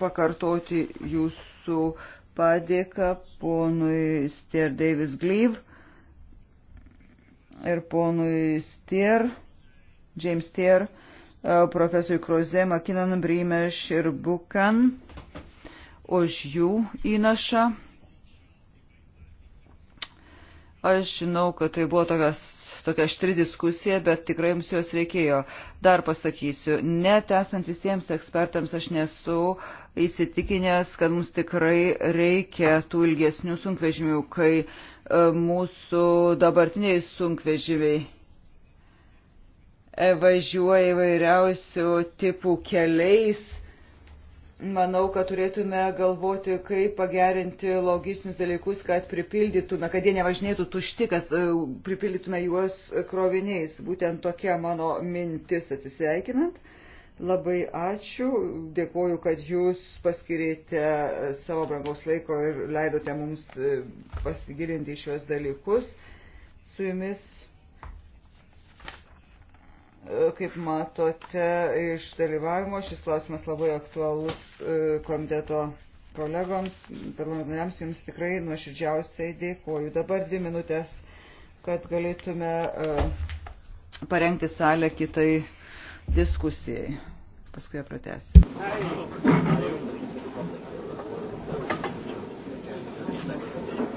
pakartoti jūsų padėką ponui Stier Davis Glyv ir ponui Stier, James Stier, e, profesoriui Kroze, Makinon Brimeš ir Bukan už jų įnašą Aš žinau, kad tai buvo tokios, tokia aštri diskusija, bet tikrai jums jos reikėjo. Dar pasakysiu, net esant visiems ekspertams, aš nesu įsitikinęs, kad mums tikrai reikia tų ilgesnių sunkvežimių, kai e, mūsų dabartiniai sunkvežimiai važiuoja įvairiausių tipų keliais manau, kad turėtume galvoti, kaip pagerinti logistinius dalykus, kad pripildytume, kad jie nevažinėtų tušti, kad e, pripildytume juos kroviniais. Būtent tokia mano mintis atsisveikinant. Labai ačiū, dėkoju, kad jūs paskirėte savo brangaus laiko ir leidote mums e, pasigilinti šios dalykus. Su jumis Kaip matote, iš dalyvavimo šis klausimas labai aktualus komiteto kolegoms, parlamentariams, jums tikrai nuoširdžiausiai dėkoju. Dabar dvi minutės, kad galėtume parengti salę kitai diskusijai. Paskui ją pratęsiu.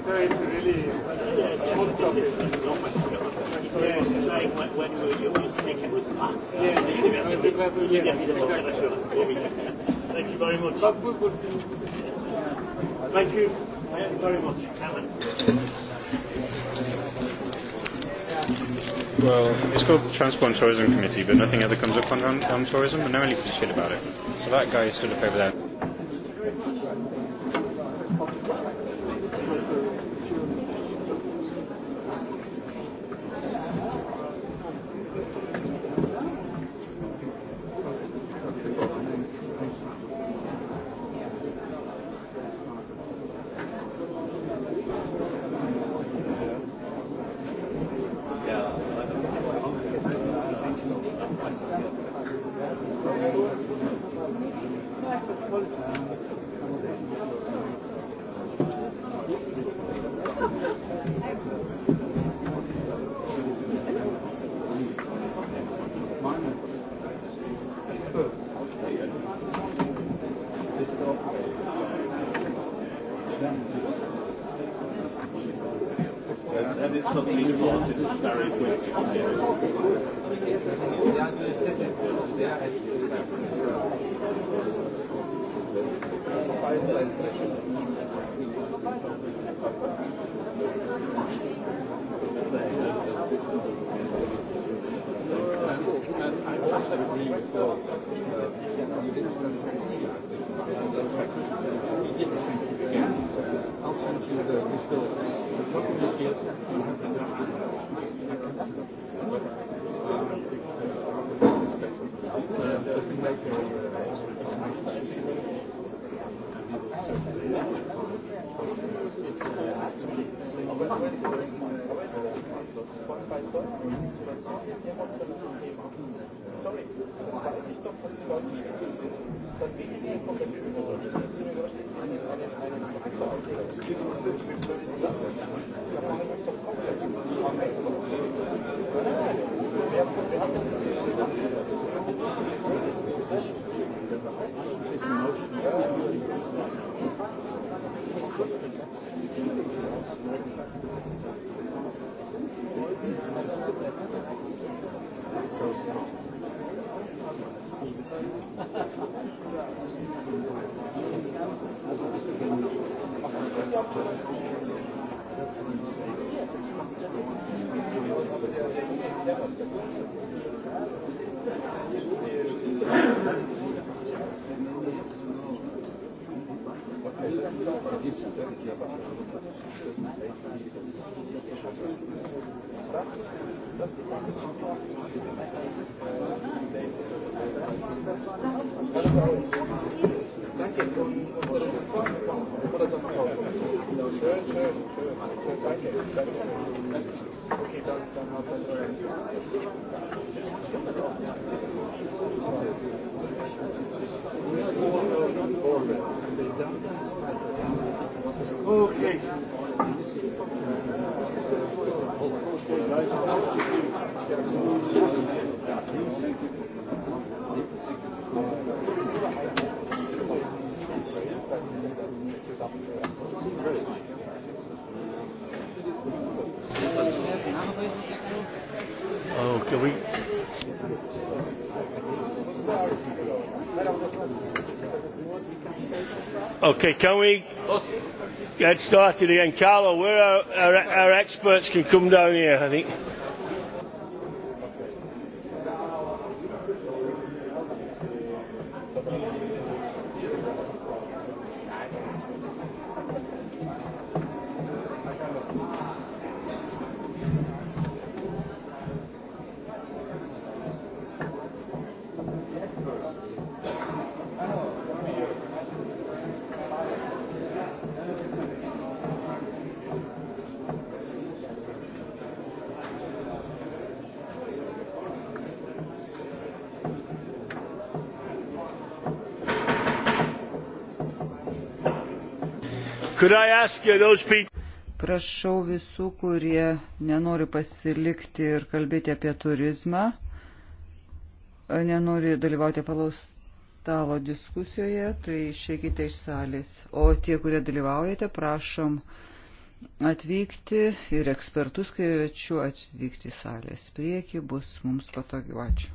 So it's really like when, when you, you were speaking with France yeah, and the university. university yes, exactly. Thank you very much. Thank you. Thank you very much, Cameron. Well, it's called Transport and Tourism Committee, but nothing ever comes up on, on, on tourism, and no one really gives a shit about it. So that guy stood up over there. Okay, can we get started again? Carlo, where our, uh, our, our experts can come down here, I think. Prašau visų, kurie nenori pasilikti ir kalbėti apie turizmą, nenori dalyvauti palaus stalo diskusijoje, tai išeikite iš salės. O tie, kurie dalyvaujate, prašom atvykti ir ekspertus kviečiu atvykti į salės priekį, bus mums patogiau. Ačiū.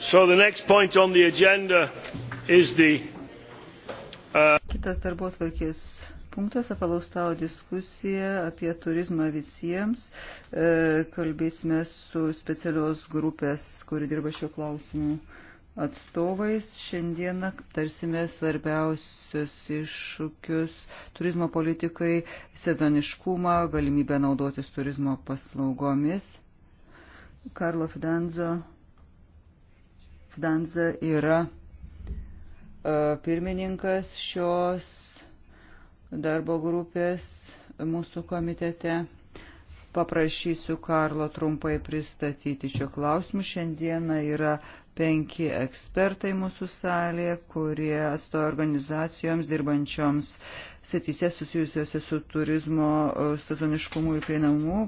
So the next point on the agenda is the uh, Kitas darbo tvarkės punktas - apalaustau diskusija apie turizmą visiems. E, kalbėsime su specialios grupės, kuri dirba šiuo klausimu atstovais. Šiandieną tarsime svarbiausius iššūkius turizmo politikai, sezoniškumą, galimybę naudotis turizmo paslaugomis. Karlo Fidanzo. Fidanza yra E, pirmininkas šios darbo grupės mūsų komitete. Paprašysiu Karlo trumpai pristatyti šio klausimu. Šiandieną yra penki ekspertai mūsų salėje, kurie atstovauja organizacijoms dirbančioms sėtyse susijusiuose su turizmo e, sezoniškumu ir prieinamumu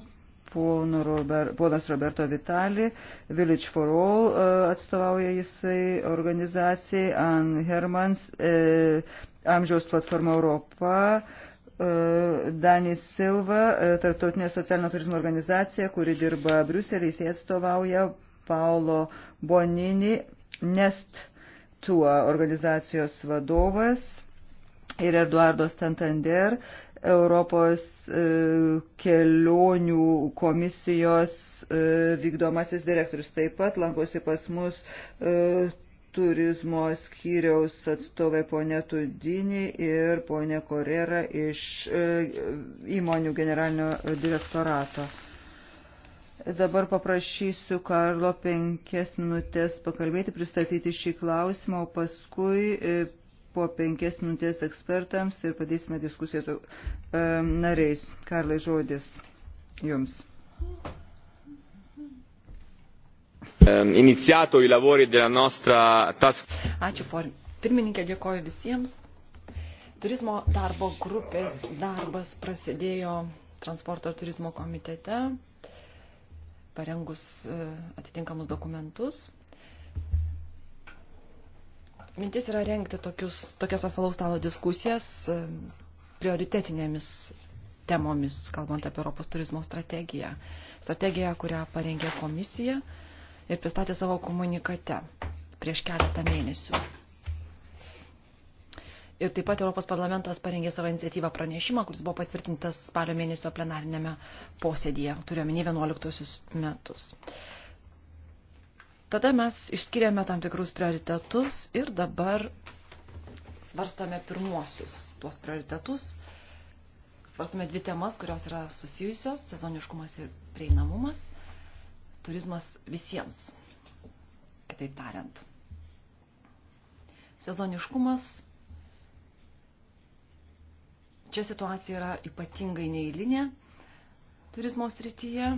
ponas Roberto Vitali, Village for All e, atstovauja jisai organizacijai, Ann Hermans, e, Amžiaus platforma Europa, e, Danis Silva, Tarptautinė socialinio turizmo organizacija, kuri dirba Briuselį, jisai atstovauja Paulo Bonini, Nest Tua organizacijos vadovas ir Eduardo Santander, Europos e, kelionių komisijos e, vykdomasis direktorius. Taip pat lankosi pas mus e, turizmo skyriaus atstovai ponė Tudinį ir ponė Korera iš įmonių generalinio direktorato. Dabar paprašysiu Karlo penkias minutės pakalbėti, pristatyti šį klausimą, o paskui po penkias minutės ekspertams ir padėsime diskusiją su e, nariais. Karlai, žodis jums. Iniciato i lavori della nostra task. Ačiū, Form. Pirmininkė, dėkoju visiems. Turizmo darbo grupės darbas prasidėjo transporto ir turizmo komitete, parengus e, atitinkamus dokumentus. Mintis yra rengti tokius, tokias apvalaus stalo diskusijas e, prioritetinėmis temomis, kalbant apie Europos turizmo strategiją. Strategiją, kurią parengė komisija ir pristatė savo komunikate prieš keletą mėnesių. Ir taip pat Europos parlamentas parengė savo iniciatyvą pranešimą, kuris buvo patvirtintas spalio mėnesio plenarinėme posėdėje, turiuomenį 11 metus. Tada mes išskiriame tam tikrus prioritetus ir dabar svarstame pirmuosius tuos prioritetus. Svarstame dvi temas, kurios yra susijusios - sezoniškumas ir prieinamumas. Turizmas visiems, kitaip tariant. Sezoniškumas. Čia situacija yra ypatingai neįlinė turizmo srityje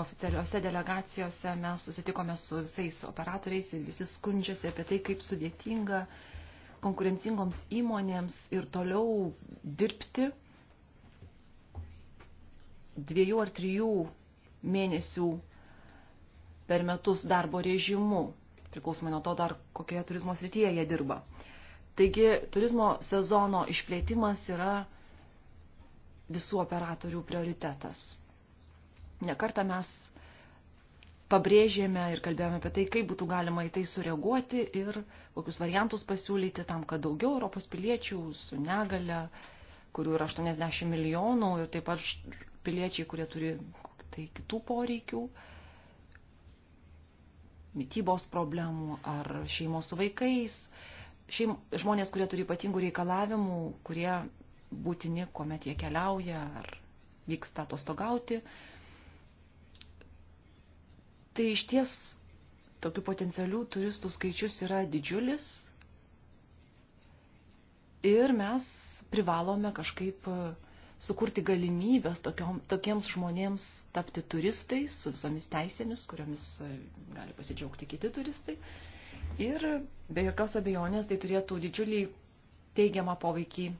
oficialiuose delegacijose mes susitikome su visais operatoriais ir visi skundžiasi apie tai, kaip sudėtinga konkurencingoms įmonėms ir toliau dirbti dviejų ar trijų mėnesių per metus darbo režimu, priklausomai nuo to dar kokioje turizmo srityje jie dirba. Taigi turizmo sezono išplėtimas yra visų operatorių prioritetas. Nekartą mes pabrėžėme ir kalbėjome apie tai, kaip būtų galima į tai sureaguoti ir kokius variantus pasiūlyti tam, kad daugiau Europos piliečių su negale, kurių yra 80 milijonų ir taip pat piliečiai, kurie turi tai kitų poreikių, mytybos problemų ar šeimos su vaikais, šeim, žmonės, kurie turi ypatingų reikalavimų, kurie būtini, kuomet jie keliauja ar vyksta atostogauti, gauti Tai iš ties tokių potencialių turistų skaičius yra didžiulis ir mes privalome kažkaip e, sukurti galimybės tokiom, tokiems žmonėms tapti turistais su visomis teisėmis, kuriomis e, gali pasidžiaugti kiti turistai. Ir be jokios abejonės tai turėtų didžiulį teigiamą poveikį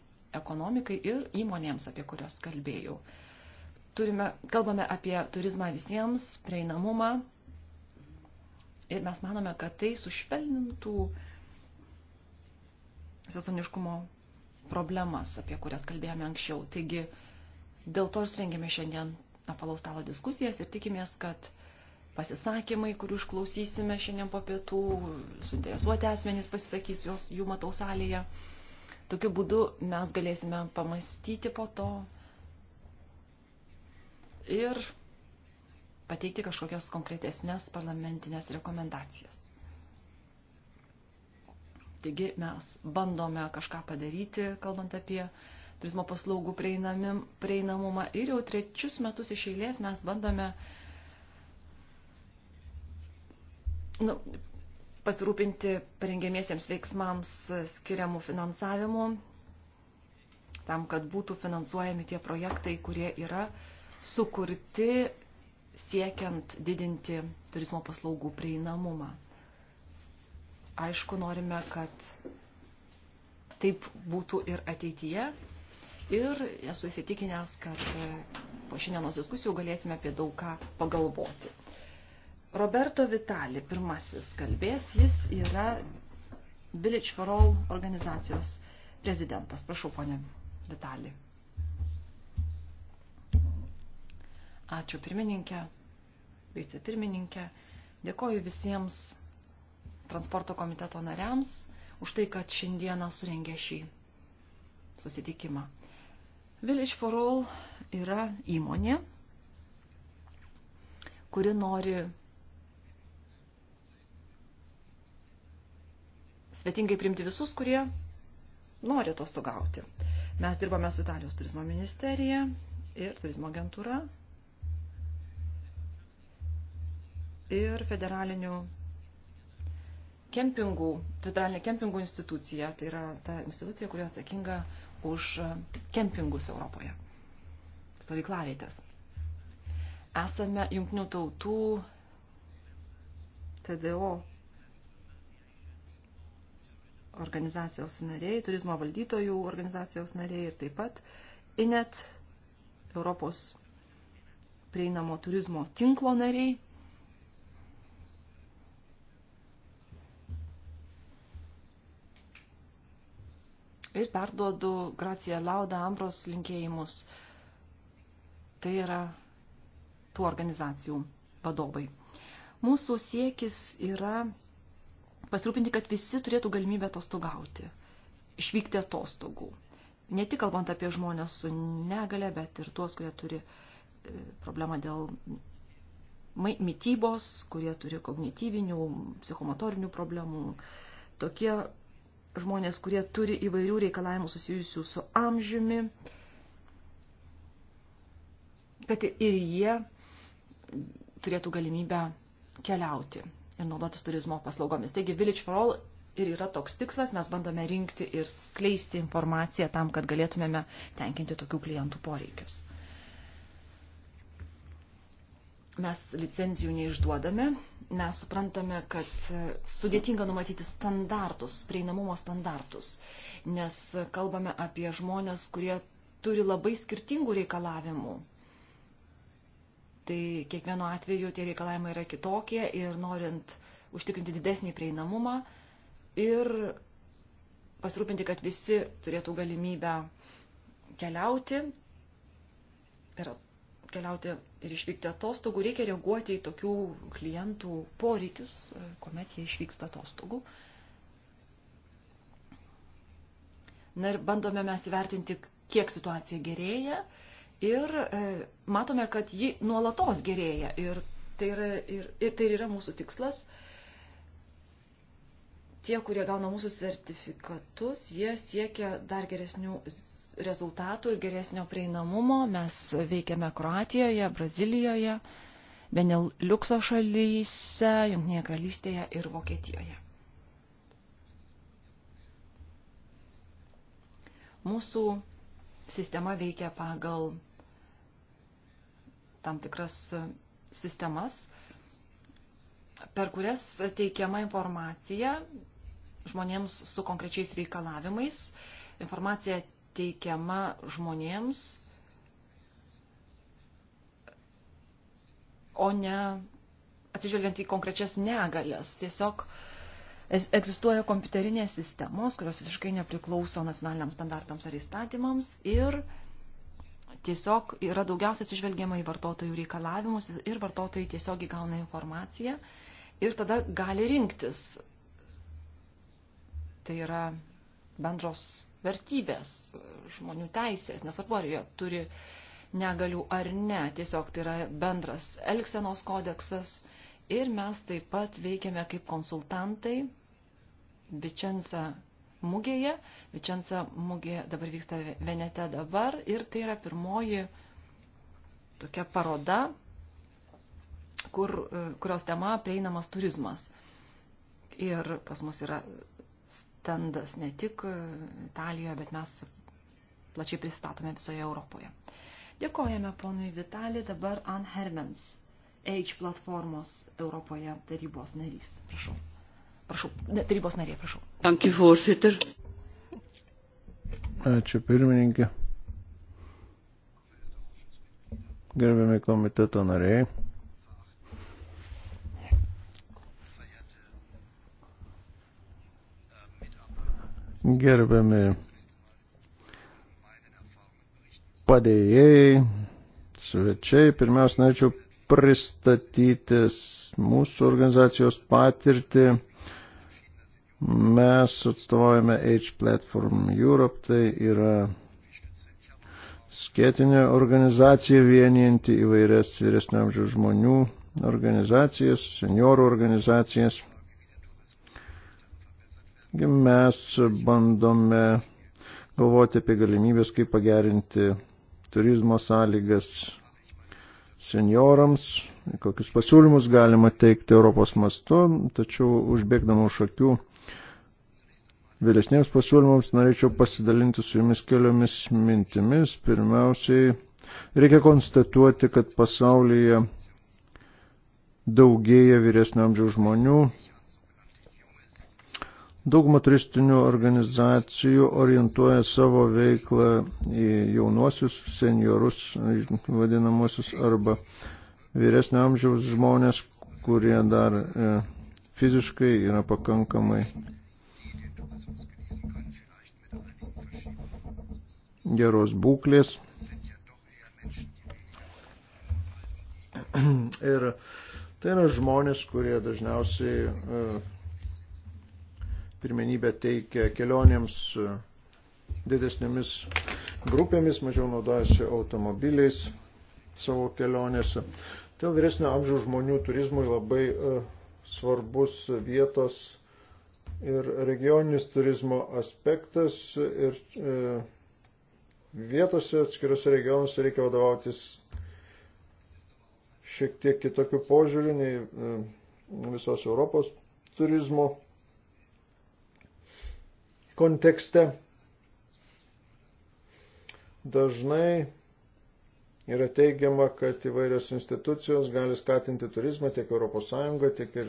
ekonomikai ir įmonėms, apie kurias kalbėjau. Turime, kalbame apie turizmą visiems, prieinamumą, Ir mes manome, kad tai sušvelnintų sezoniškumo problemas, apie kurias kalbėjome anksčiau. Taigi dėl to ir surengėme šiandien apalaus stalo diskusijas ir tikimės, kad pasisakymai, kurių išklausysime šiandien po pietų, suinteresuoti asmenys pasisakys, jos, jų matau salėje. Tokiu būdu mes galėsime pamastyti po to ir pateikti kažkokias konkretesnės parlamentinės rekomendacijas. Taigi mes bandome kažką padaryti, kalbant apie turizmo paslaugų prieinamumą ir jau trečius metus iš eilės mes bandome nu, pasirūpinti parengiamiesiems veiksmams skiriamų finansavimų, tam, kad būtų finansuojami tie projektai, kurie yra sukurti siekiant didinti turizmo paslaugų prieinamumą. Aišku, norime, kad taip būtų ir ateityje. Ir esu įsitikinęs, kad e, po šiandienos diskusijų galėsime apie daug ką pagalvoti. Roberto Vitali pirmasis kalbės, jis yra Village for All organizacijos prezidentas. Prašau, ponė Vitali. Ačiū pirmininkė, vicepirmininkė. Dėkoju visiems transporto komiteto nariams už tai, kad šiandieną surengė šį susitikimą. Village for All yra įmonė, kuri nori svetingai primti visus, kurie nori atostogauti. Mes dirbame su Italijos turizmo ministerija ir turizmo agentūra ir federalinių kempingų, federalinė kempingų institucija. Tai yra ta institucija, kuri atsakinga už kempingus Europoje, stovyklavietės. Esame jungtinių tautų TDO organizacijos nariai, turizmo valdytojų organizacijos nariai ir taip pat INET Europos prieinamo turizmo tinklo nariai ir perduodu Graciją Laudą Ambros linkėjimus. Tai yra tų organizacijų vadovai. Mūsų siekis yra pasirūpinti, kad visi turėtų galimybę atostogauti, išvykti atostogų. Ne tik kalbant apie žmonės su negale, bet ir tuos, kurie turi e, problemą dėl mytybos, kurie turi kognityvinių, psichomotorinių problemų. Tokie žmonės, kurie turi įvairių reikalavimų susijusių su amžiumi, kad ir jie turėtų galimybę keliauti ir naudotis turizmo paslaugomis. Taigi Village for All ir yra toks tikslas, mes bandome rinkti ir skleisti informaciją tam, kad galėtumėme tenkinti tokių klientų poreikius mes licenzijų neišduodame, mes suprantame, kad sudėtinga numatyti standartus, prieinamumo standartus, nes kalbame apie žmonės, kurie turi labai skirtingų reikalavimų. Tai kiekvieno atveju tie reikalavimai yra kitokie ir norint užtikrinti didesnį prieinamumą ir pasirūpinti, kad visi turėtų galimybę keliauti, yra keliauti ir išvykti atostogų, reikia reaguoti į tokių klientų poreikius, e, kuomet jie išvyksta atostogų. Na ir bandome mes vertinti, kiek situacija gerėja ir e, matome, kad ji nuolatos gerėja ir tai yra, ir, ir tai yra mūsų tikslas. Tie, kurie gauna mūsų sertifikatus, jie siekia dar geresnių rezultatų ir geresnio prieinamumo. Mes veikiame Kroatijoje, Brazilijoje, Beneliukso šalyse, Junktinėje karalystėje ir Vokietijoje. Mūsų sistema veikia pagal tam tikras sistemas, per kurias teikiama informacija žmonėms su konkrečiais reikalavimais. Informacija teikiama žmonėms, o ne atsižvelgiant į konkrečias negalės. Tiesiog egzistuoja kompiuterinės sistemos, kurios visiškai nepriklauso nacionaliniams standartams ar įstatymams ir tiesiog yra daugiausia atsižvelgiama į vartotojų reikalavimus ir vartotojai tiesiog įgauna informaciją ir tada gali rinktis. Tai yra bendros vertybės, žmonių teisės, nesvarbu, ar jie turi negalių ar ne, tiesiog tai yra bendras Elksenos kodeksas ir mes taip pat veikiame kaip konsultantai Vicenza mugėje. Vicenza mugė dabar vyksta Venete dabar ir tai yra pirmoji tokia paroda, kur, kurios tema prieinamas turizmas. Ir pas mus yra tendas ne tik Italijoje, bet mes plačiai pristatome visoje Europoje. Dėkojame ponui Vitali, dabar Ann Hermans, H platformos Europoje tarybos narys. Prašau. Prašau, ne, tarybos narė, prašau. Dankiu, voorzitter. Ačiū pirmininkė. Gerbiami komiteto nariai. gerbiami padėjėjai, svečiai. Pirmiausia, norėčiau pristatyti mūsų organizacijos patirtį. Mes atstovaujame H Platform Europe, tai yra skėtinė organizacija vienijanti įvairias vyresnio amžiaus žmonių organizacijas, seniorų organizacijas. Mes bandome galvoti apie galimybės, kaip pagerinti turizmo sąlygas seniorams, kokius pasiūlymus galima teikti Europos mastu, tačiau užbėgdama už akių vėlesniems pasiūlymams norėčiau pasidalinti su jumis keliomis mintimis. Pirmiausiai, reikia konstatuoti, kad pasaulyje daugėja vyresnio amžiaus žmonių, Dauguma turistinių organizacijų orientuoja savo veiklą į jaunuosius, seniorus, vadinamosius, arba vyresnio amžiaus žmonės, kurie dar e, fiziškai yra pakankamai geros būklės. Ir tai yra žmonės, kurie dažniausiai e, pirmenybę teikia kelionėms e, didesnėmis grupėmis, mažiau naudojasi automobiliais savo kelionėse. Dėl vyresnio amžiaus žmonių turizmui labai e, svarbus vietos ir regioninis turizmo aspektas ir e, vietose atskiriuose regionuose reikia vadovautis šiek tiek kitokių požiūrių nei visos Europos turizmo kontekste dažnai yra teigiama, kad įvairios institucijos gali skatinti turizmą tiek ES, tiek ir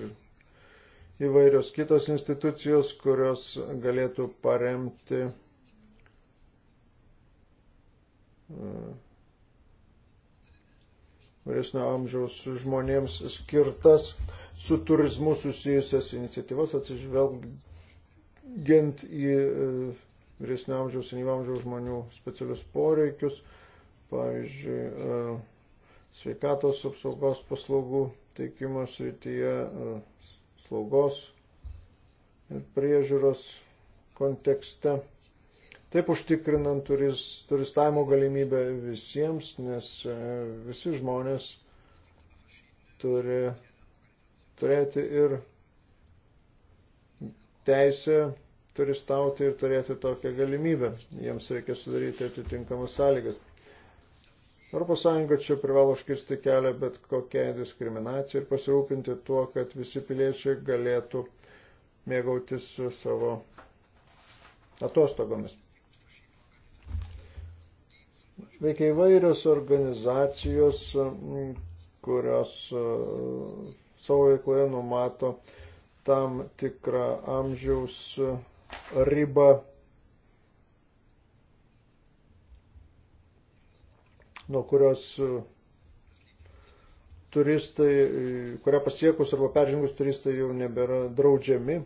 įvairios kitos institucijos, kurios galėtų paremti e, vyresnio amžiaus žmonėms skirtas su turizmu susijusias iniciatyvas atsižvelgiant atsižvelgiant į e, vyresnio amžiaus, senyvo amžiaus žmonių specialius poreikius, pavyzdžiui, e, sveikatos apsaugos paslaugų teikimo srityje, e, slaugos ir priežiūros kontekste. Taip užtikrinant turist, turistavimo galimybę visiems, nes visi žmonės turi turėti ir teisę turistauti ir turėti tokią galimybę. Jiems reikia sudaryti atitinkamas sąlygas. ES čia privalo užkirsti kelią bet kokiai diskriminacijai ir pasirūpinti tuo, kad visi piliečiai galėtų mėgautis savo atostogomis. Veikia įvairios organizacijos, kurios e, savo veikloje numato uh, tam tikrą amžiaus ribą. nuo kurios e, turistai, e, kurią pasiekus arba peržengus turistai jau nebėra draudžiami.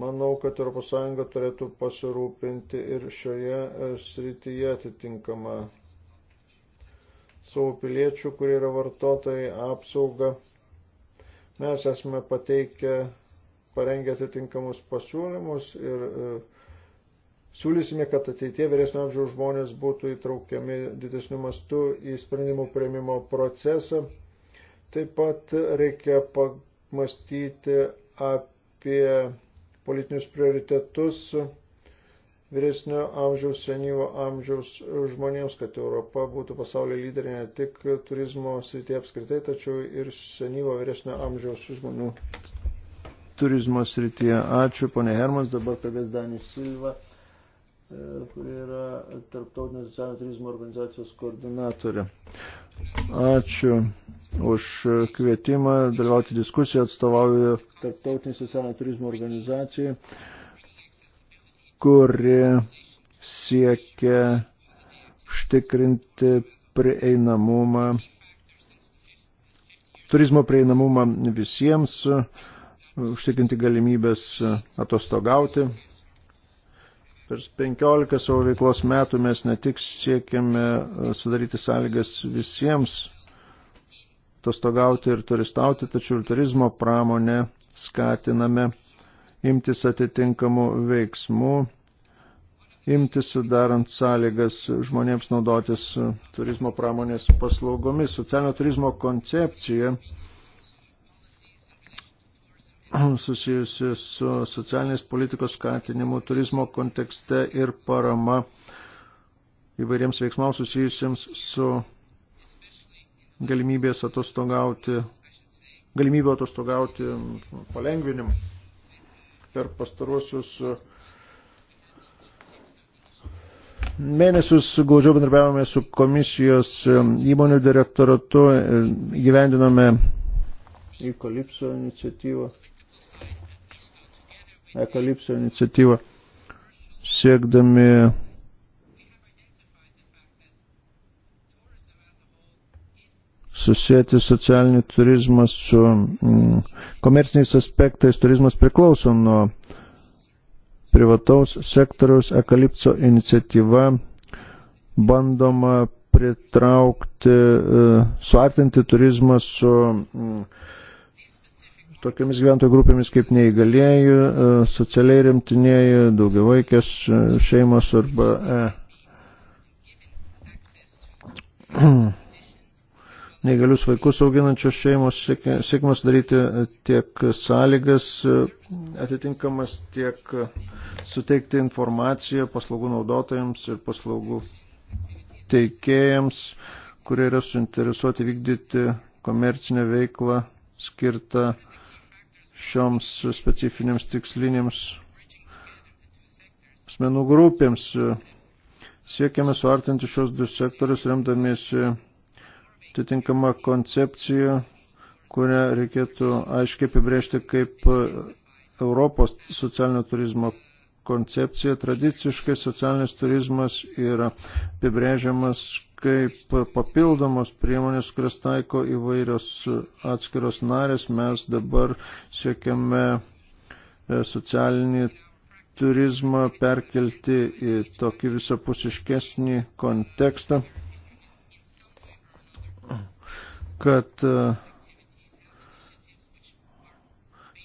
Manau, kad ES turėtų pasirūpinti ir šioje e, srityje atitinkamą savo piliečių, kurie yra vartotojai, apsaugą. Mes esame pateikę, parengę atitinkamus pasiūlymus ir e, siūlysime, kad ateitie vyresnio amžiaus žmonės būtų įtraukiami didesniu mastu į sprendimų prieimimo procesą. Taip pat reikia pamastyti apie politinius prioritetus vyresnio amžiaus, senyvo amžiaus žmonėms, kad Europa būtų pasaulio lyderė ne tik turizmo srityje apskritai, tačiau ir senyvo vyresnio amžiaus žmonių turizmo srityje. Ačiū, ponė Hermas, dabar kalbės Danis Silva, e, kuri yra Tarptautinio socialinio turizmo organizacijos koordinatorė. Ačiū už kvietimą dalyvauti diskusiją, atstovauju Tarptautinį socialinio turizmo organizacijai kuri siekia užtikrinti prieinamumą, turizmo prieinamumą visiems, užtikrinti galimybės atostogauti. Per 15 savo veiklos metų mes ne tik siekiame sudaryti sąlygas visiems atostogauti ir turistauti, tačiau ir turizmo pramonę skatiname imtis atitinkamų veiksmų, imtis sudarant sąlygas žmonėms naudotis turizmo pramonės paslaugomis. Socialinio turizmo koncepcija susijusi su socialinės politikos skatinimu turizmo kontekste ir parama įvairiems veiksmams susijusiems su galimybės atostogauti, galimybė atostogauti palengvinimu per pastaruosius e, mėnesius glaudžiau bendrabiavome su komisijos e, įmonių direktoratu ir e, gyvendinome Ekolipso iniciatyvą. Ekolipso iniciatyvą siekdami susijęti socialinį turizmą su mm, komerciniais aspektais. Turizmas priklauso nuo privataus sektoriaus Ekalipso iniciatyva bandoma pritraukti, e, suartinti turizmą su mm, tokiamis gyventojų grupėmis kaip neįgalėjai, e, socialiai remtinėjai, daugiavaikės e, šeimos arba e, negalius vaikus auginančios šeimos sėkimas daryti tiek sąlygas atitinkamas, tiek suteikti informaciją paslaugų naudotojams ir paslaugų teikėjams, kurie yra suinteresuoti vykdyti komercinę veiklą skirtą šioms specifinėms tikslinėms asmenų grupėms. Siekiame suartinti šios du sektorius remdamiesi atitinkama koncepcija, kurią reikėtų aiškiai apibrėžti kaip Europos socialinio turizmo koncepcija. Tradiciškai socialinis turizmas yra apibrėžiamas kaip papildomos priemonės, kurias taiko įvairios atskiros narės. Mes dabar siekiame e, socialinį turizmą perkelti į tokį visapusiškesnį kontekstą kad e,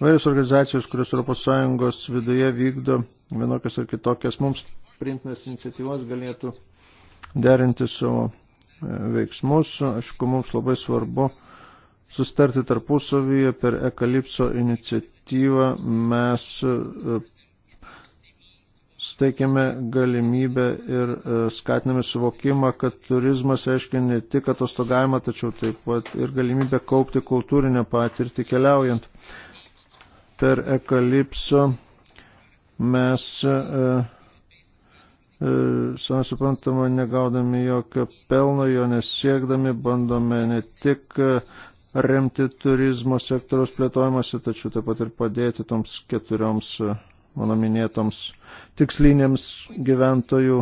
vairios organizacijos, kurios ES viduje vykdo vienokias ar kitokias mums priimtinas iniciatyvas, galėtų derinti savo e, veiksmus. Aišku, mums labai svarbu sustarti tarpusavyje per Ekalipso iniciatyvą. Mes e, suteikiame galimybę ir e, skatiname suvokimą, kad turizmas reiškia ne tik atostogavimą, tačiau taip pat ir galimybę kaupti kultūrinę patirtį keliaujant. Per ekalipso mes, e, e, savai suprantama, negaudami jokio pelno, jo nesiekdami, bandome ne tik remti turizmo sektoriaus plėtojimuose, tačiau taip pat ir padėti toms keturioms mano minėtoms tikslinėms gyventojų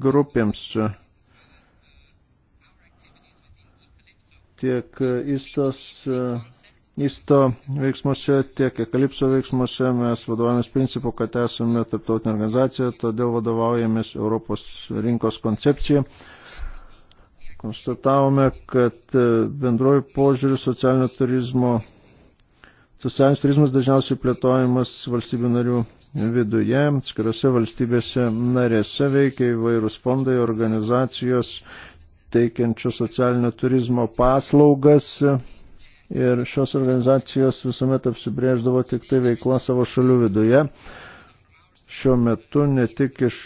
grupėms. Tiek įstos, įsto veiksmuose, tiek ekalipso veiksmuose mes vadovavomės principu, kad esame tarptautinė organizacija, todėl vadovaujamės Europos rinkos koncepcija konstatavome, kad bendroji požiūrį socialinio turizmo, socialinis turizmas dažniausiai plėtojamas valstybių narių viduje, skiriose valstybėse narėse veikia įvairūs fondai, organizacijos teikiančio socialinio turizmo paslaugas ir šios organizacijos visuomet apsibrėždavo tik tai veiklą savo šalių viduje. Šiuo metu ne tik iš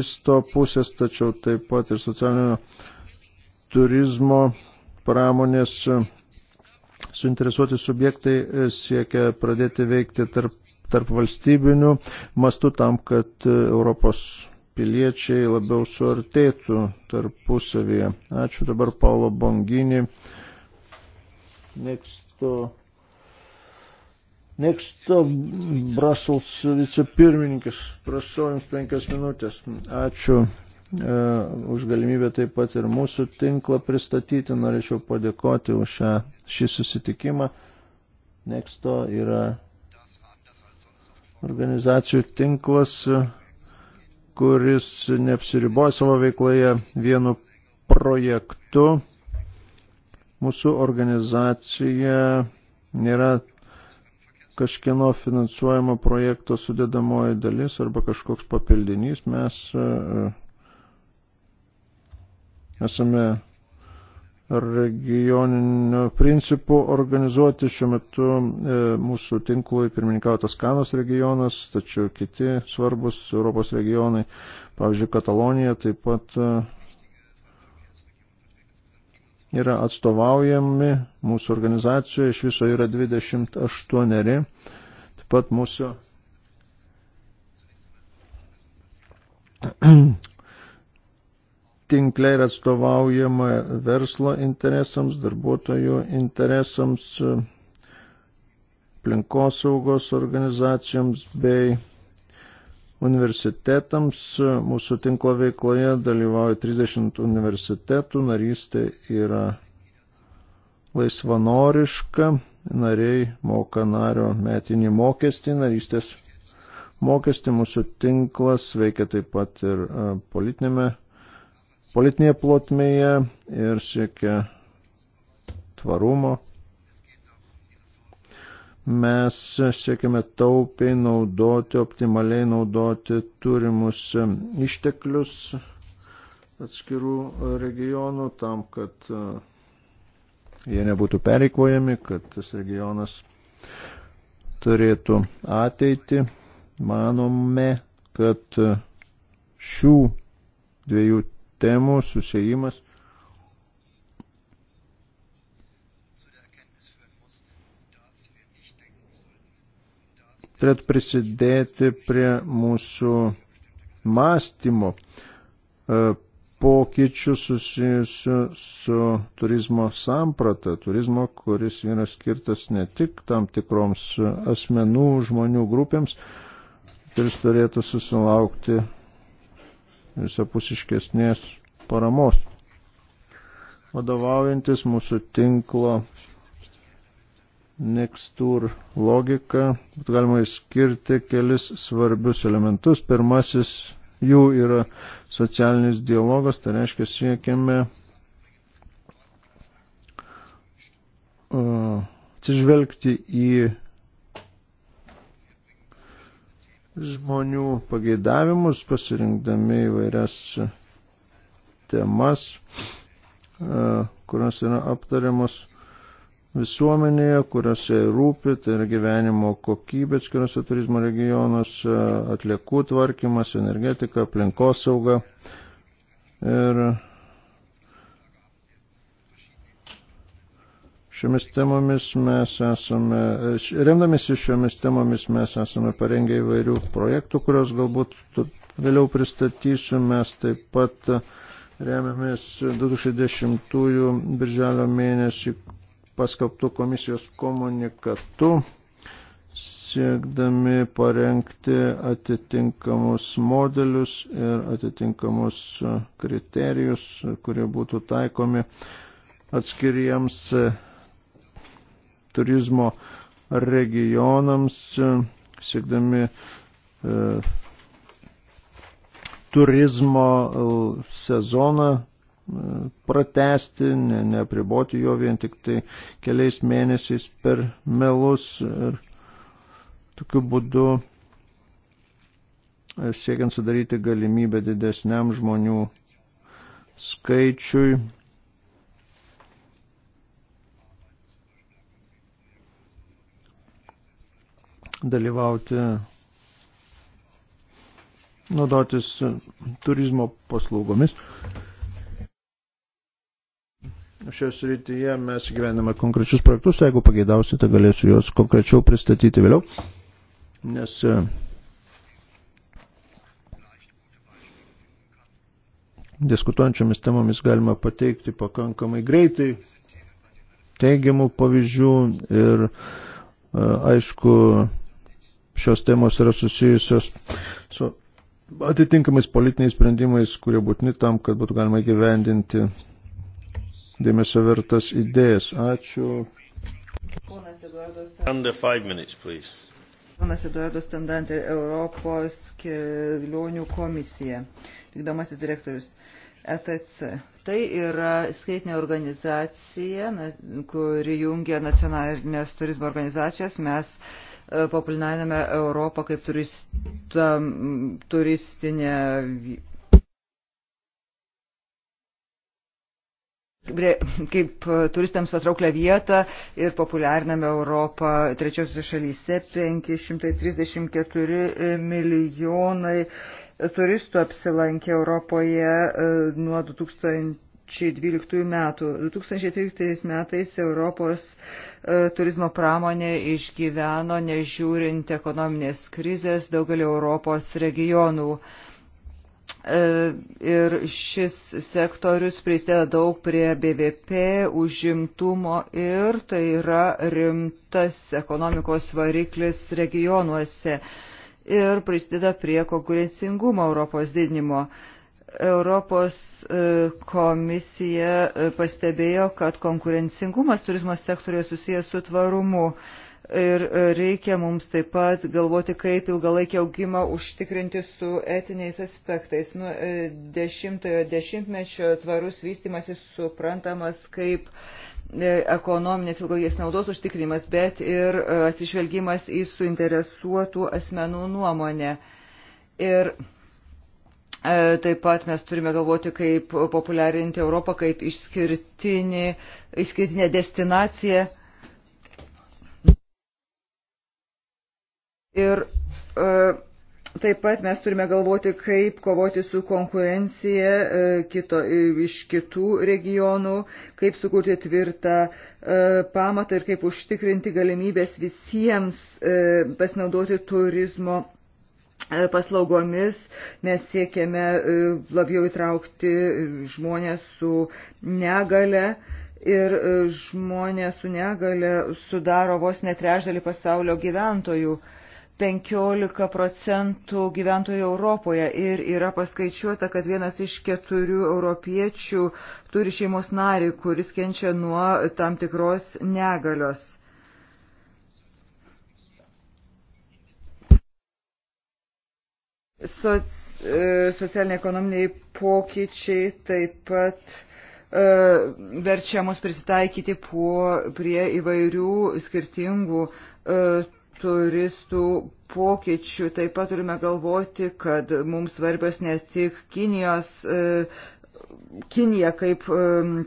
įsto pusės, tačiau taip pat ir socialinio turizmo pramonės suinteresuoti subjektai siekia pradėti veikti tarp tarp valstybinių mastų tam, kad e, Europos piliečiai labiau suartėtų tarpusavyje. Ačiū dabar Paulo Bonginį. Nexto, Nexto Brussels vicepirmininkas. Prašau Jums penkias minutės. Ačiū e, už galimybę taip pat ir mūsų tinklą pristatyti. Norėčiau padėkoti už šią, šį susitikimą. Nexto yra organizacijų tinklas, kuris neapsiriboja savo veikloje vienu projektu. Mūsų organizacija nėra kažkieno finansuojamo projekto sudėdamoji dalis arba kažkoks papildinys. Mes e, e, esame regioniniu principu organizuoti. Šiuo metu e, mūsų tinklui pirmininkauja Toskanos regionas, tačiau kiti svarbus Europos regionai, pavyzdžiui, Katalonija taip pat e, yra atstovaujami mūsų organizacijoje, iš viso yra 28. Taip pat mūsų tinkle ir atstovaujama verslo interesams, darbuotojų interesams, aplinkosaugos organizacijoms bei universitetams. Mūsų tinklo veikloje dalyvauja 30 universitetų, narystė yra laisvanoriška, nariai moka nario metinį mokestį, narystės mokestį. Mūsų tinklas veikia taip pat ir e, politinėme politinėje plotmėje ir siekia tvarumo. Mes siekime taupiai naudoti, optimaliai naudoti turimus išteklius atskirų regionų tam, kad e, jie nebūtų pereikvojami, kad tas regionas turėtų ateitį. Manome, kad šių dviejų temų susijimas. turėtų prisidėti prie mūsų mąstymo e, pokyčių susijusių su turizmo samprata, turizmo, kuris yra skirtas ne tik tam tikroms asmenų žmonių grupėms, kuris turėtų susilaukti visapusiškesnės paramos. Vadovaujantis mūsų tinklo Nextur logika, būtų galima išskirti kelis svarbius elementus. Pirmasis jų yra socialinis dialogas, tai reiškia siekiame uh, atsižvelgti į žmonių pageidavimus, pasirinkdami įvairias temas, e, kurios yra aptariamos visuomenėje, kuriuose rūpi, tai yra gyvenimo kokybė atskiriuose turizmo regionuose, atliekų tvarkymas, energetika, aplinkosauga. Ir Šiomis temomis mes esame, remdamėsi šiomis temomis mes esame parengę įvairių projektų, kurios galbūt vėliau pristatysiu. Mes taip pat remiamės 2010 birželio mėnesį paskelbtų komisijos komunikatu, siekdami parengti atitinkamus modelius ir atitinkamus kriterijus, kurie būtų taikomi atskiriems turizmo regionams, siekdami e, turizmo e, sezoną e, pratesti, ne, nepriboti jo vien tik tai keliais mėnesiais per melus ir tokiu būdu e, siekiant sudaryti galimybę didesniam žmonių skaičiui dalyvauti, naudotis turizmo paslaugomis. Šios rytyje mes gyvename konkrečius projektus, tai jeigu pageidausite, galėsiu juos konkrečiau pristatyti vėliau, nes diskutuojančiomis temomis galima pateikti pakankamai greitai teigiamų pavyzdžių ir aišku šios temos yra susijusios su atitinkamais politiniais sprendimais, kurie būtini tam, kad būtų galima gyvendinti dėmesio vertas idėjas. Ačiū. Ponas Eduardas. Under five minutes, please. Ponas Eduardo Standantė, Europos kelionių komisija, vykdomasis direktorius ETC. Tai yra skaitinė organizacija, kuri jungia nacionalinės turizmo organizacijos. Mes uh, E, populiariname Europą kaip turista, turistinę kaip turistams patrauklę vietą ir populiariname Europą trečiosios šalyse 534 e, milijonai turistų apsilankė Europoje e, nuo 2000 2012 metų. 2013 metais Europos e, turizmo pramonė išgyveno, nežiūrint ekonominės krizės, daugelį Europos regionų. E, ir šis sektorius prisideda daug prie BVP, užimtumo ir tai yra rimtas ekonomikos variklis regionuose ir prisideda prie konkurencingumo Europos didinimo. Europos e, komisija e, pastebėjo, kad konkurencingumas turizmo sektorijoje susijęs su tvarumu. Ir e, reikia mums taip pat galvoti, kaip ilgalaikį augimą užtikrinti su etiniais aspektais. Nuo dešimtojo dešimtmečio tvarus vystimasis suprantamas kaip ekonominės ilgalaikės naudos užtikrinimas, bet ir atsižvelgimas į suinteresuotų asmenų nuomonę. Ir E, taip pat mes turime galvoti, kaip populiarinti Europą kaip išskirtinį, išskirtinę destinaciją. Ir e, taip pat mes turime galvoti, kaip kovoti su konkurencija e, kito, iš kitų regionų, kaip sukurti tvirtą pamatą ir kaip užtikrinti galimybės visiems pasinaudoti turizmo E, paslaugomis mes siekiame e, labiau įtraukti žmonės su negale ir e, žmonės su negale sudaro vos netrešdalį pasaulio gyventojų. 15 procentų gyventojų Europoje ir yra paskaičiuota, kad vienas iš keturių europiečių turi šeimos narį, kuris kenčia nuo tam tikros negalios. Soc, e, socialiniai ekonominiai pokyčiai taip pat e, verčia mus prisitaikyti po, prie įvairių skirtingų e, turistų pokyčių. Taip pat turime galvoti, kad mums svarbios ne tik Kinijos, Kinija kaip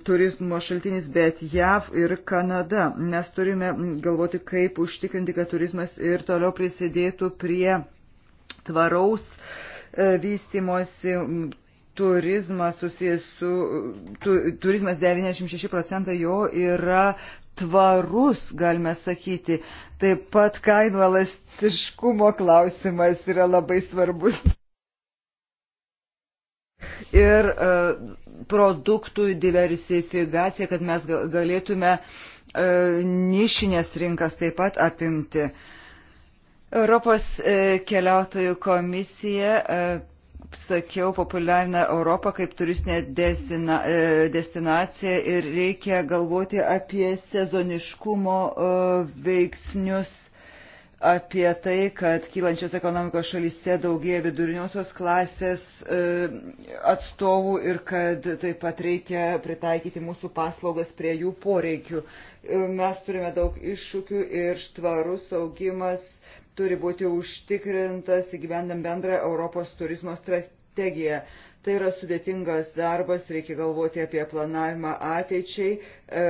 turizmo šaltinis, bet JAV ir Kanada. Mes turime galvoti, kaip užtikrinti, kad turizmas ir toliau prisidėtų prie tvaraus e, vystimosi, turizmas susijęs su, tu, turizmas 96 procentai jo yra tvarus, galime sakyti. Taip pat kainų elastiškumo klausimas yra labai svarbus. Ir e, produktų diversifikacija, kad mes galėtume e, nišinės rinkas taip pat apimti. E, Europos e, keliautojų komisija, e, sakiau, populiarina Europą kaip turistinė destina, e, destinacija ir reikia galvoti apie sezoniškumo veiksnius, apie tai, kad kylančios ekonomikos šalyse daugėja viduriniosios klasės atstovų ir kad taip pat reikia pritaikyti mūsų paslaugas prie jų poreikių. Mes turime daug iššūkių ir tvarus augimas turi būti užtikrintas įgyvendam bendrą Europos turizmo strategiją. Tai yra sudėtingas darbas, reikia galvoti apie planavimą ateičiai. E,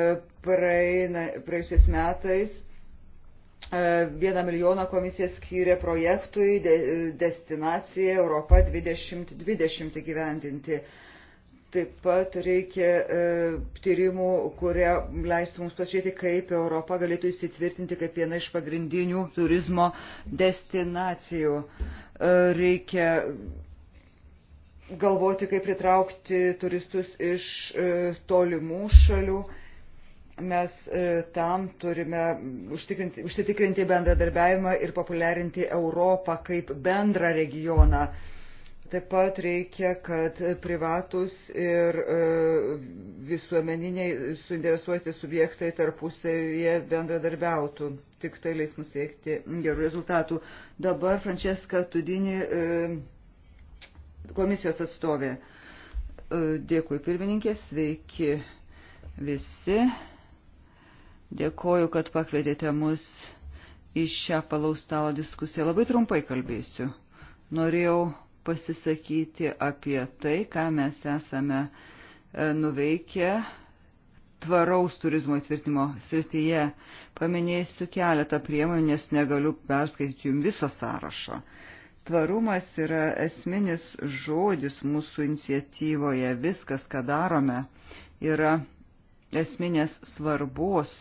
praeina, praėjusiais metais e, vieną milijoną komisija skyrė projektui de, destinacija Europa 2020 gyvendinti. De, Taip pat reikia e, tyrimų, kurie leistų mums pažiūrėti, kaip Europa galėtų įsitvirtinti kaip viena iš pagrindinių turizmo destinacijų. E, reikia galvoti, kaip pritraukti turistus iš e, tolimų šalių. Mes e, tam turime užsitikrinti bendradarbiavimą ir populiarinti Europą kaip bendrą regioną. E, Taip pat reikia, kad privatus ir e, visuomeniniai suinteresuoti subjektai tarpusavėje bendradarbiautų. Tik tai leis mums siekti gerų rezultatų. Dabar Franceska Tudini e, komisijos atstovė. E, dėkui pirmininkė, sveiki visi. Dėkoju, kad pakvietėte mus į šią palaustalo diskusiją. Labai trumpai kalbėsiu. Norėjau pasisakyti apie tai, ką mes esame e, nuveikę tvaraus turizmo įtvirtinimo srityje. Paminėsiu keletą priemonių, nes negaliu perskaityti jums viso sąrašo. Tvarumas yra esminis žodis mūsų iniciatyvoje. Viskas, ką darome, yra esminės svarbos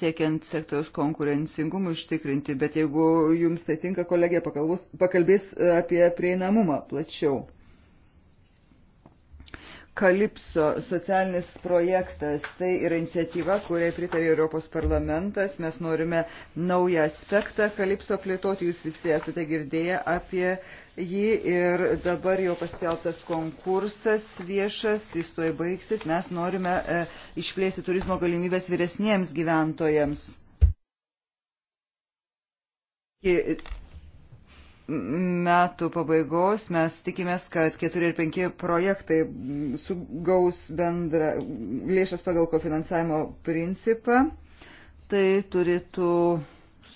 siekiant sektoriaus konkurencingumui užtikrinti, bet jeigu jums tai tinka, kolegė pakalbos, pakalbės e, apie prieinamumą plačiau. Kalipso socialinis projektas tai yra iniciatyva, kuriai pritarė Europos parlamentas. Mes norime naują aspektą Kalipso plėtoti. Jūs visi esate girdėję apie jį ir dabar jau paskelbtas konkursas viešas, jis toj baigsis, mes norime e, išplėsti turizmo galimybės vyresniems gyventojams. Metų pabaigos mes tikimės, kad 4 ir 5 projektai sugaus bendrą lėšas pagal kofinansavimo principą. Tai turėtų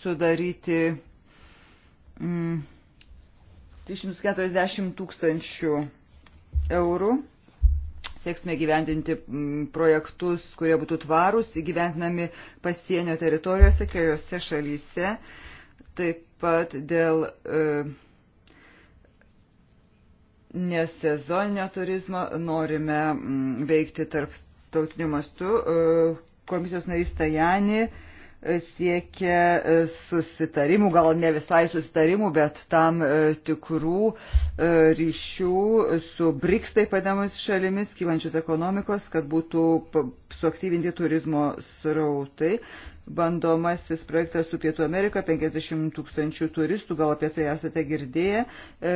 sudaryti mm, 340 tūkstančių eurų. Sėksime gyvendinti mm, projektus, kurie būtų tvarūs, įgyventinami pasienio teritorijose, keliose šalyse. Taip pat dėl e, nesezoninio turizmo norime m, mm, veikti tarptautiniu mastu. E, komisijos narys Tajani e, siekia e, susitarimų, gal ne visai susitarimų, bet tam e, tikrų e, ryšių su BRICS taip vadinamomis šalimis, kylančius ekonomikos, kad būtų suaktyvinti turizmo srautai. Bandomasis projektas su Pietų Amerika, 50 tūkstančių turistų, gal apie tai esate girdėję, e,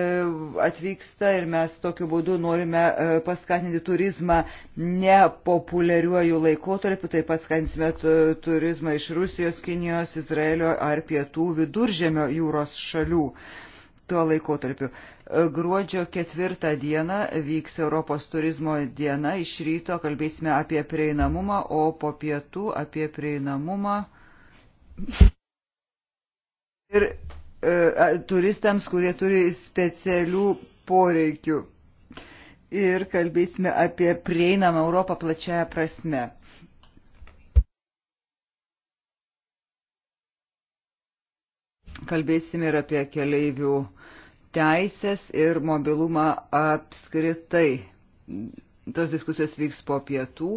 atvyksta ir mes tokiu būdu norime e, paskatinti turizmą nepopuliariuoju laikotarpiu, tai paskatinsime turizmą iš Rusijos, Kinijos, Izraelio ar Pietų viduržėmio jūros šalių tuo laikotarpiu. Gruodžio ketvirtą dieną vyks Europos turizmo diena. Iš ryto kalbėsime apie prieinamumą, o po pietų apie prieinamumą. Ir e, turistams, kurie turi specialių poreikių. Ir kalbėsime apie prieinamą Europą plačiaja prasme. Kalbėsime ir apie keleivių teisės ir mobilumą apskritai. Tos diskusijos vyks po pietų.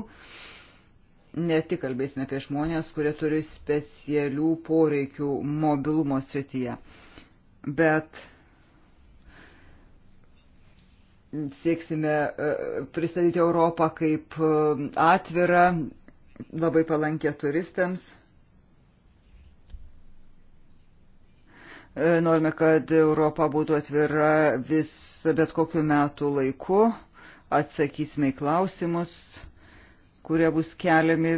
Ne tik kalbėsime apie žmonės, kurie turi specialių poreikių mobilumo srityje, bet sieksime e, pristatyti Europą kaip e, atvirą, labai palankę turistams E, norime, kad Europa būtų atvira vis bet kokiu metų laiku. Atsakysime į klausimus, kurie bus keliami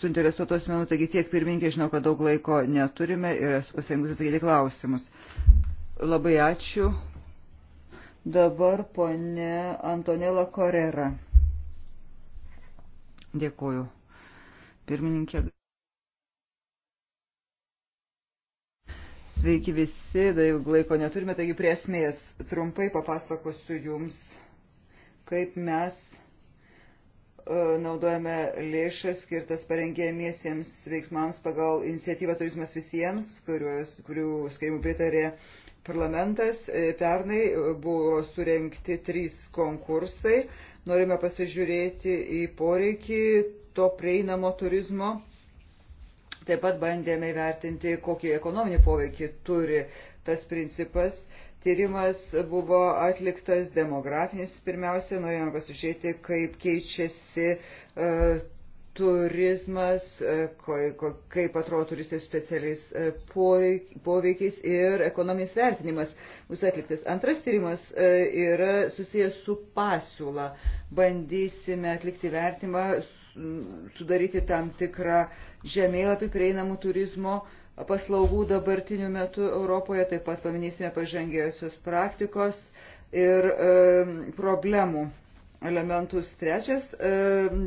suinteresuotų asmenų. Taigi tiek pirmininkė, žinau, kad daug laiko neturime ir esu pasirengusi atsakyti klausimus. Labai ačiū. Dabar ponė Antonella Korera. Dėkuoju. Pirmininkė. Sveiki visi, daug laiko neturime, taigi prie esmės trumpai papasakosiu Jums, kaip mes e, naudojame lėšas skirtas parengėmiesiems veiksmams pagal iniciatyvą Turizmas visiems, kurios, kurių skaitimų pritarė parlamentas. E, pernai e, buvo surenkti trys konkursai. Norime pasižiūrėti į poreikį to prieinamo turizmo Taip pat bandėme įvertinti, kokį ekonominį poveikį turi tas principas. Tyrimas buvo atliktas demografinis pirmiausia, norėjome pasižiūrėti, kaip keičiasi uh, turizmas, e, kaip atrodo turistai specialiais e, poveikiais ir ekonominis vertinimas bus atliktas. Antras tyrimas yra susijęs su pasiūla. Bandysime atlikti vertimą sudaryti tam tikrą žemėlapį prieinamų turizmo paslaugų dabartiniu metu Europoje, taip pat paminėsime pažangėjusios praktikos ir e, problemų elementus. Trečias e,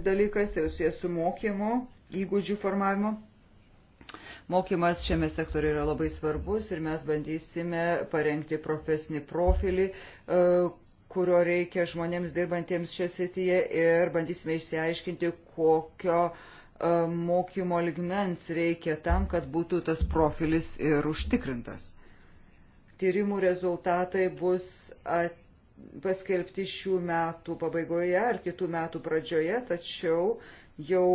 dalykas yra susijęs su mokymu, įgūdžių formavimu. Mokymas šiame sektoriu yra labai svarbus ir mes bandysime parengti profesinį profilį, e, kurio reikia žmonėms dirbantiems šią srityje ir bandysime išsiaiškinti, kokio e, mokymo ligmens reikia tam, kad būtų tas profilis ir užtikrintas. Tyrimų rezultatai bus paskelbti šių metų pabaigoje ar kitų metų pradžioje, tačiau jau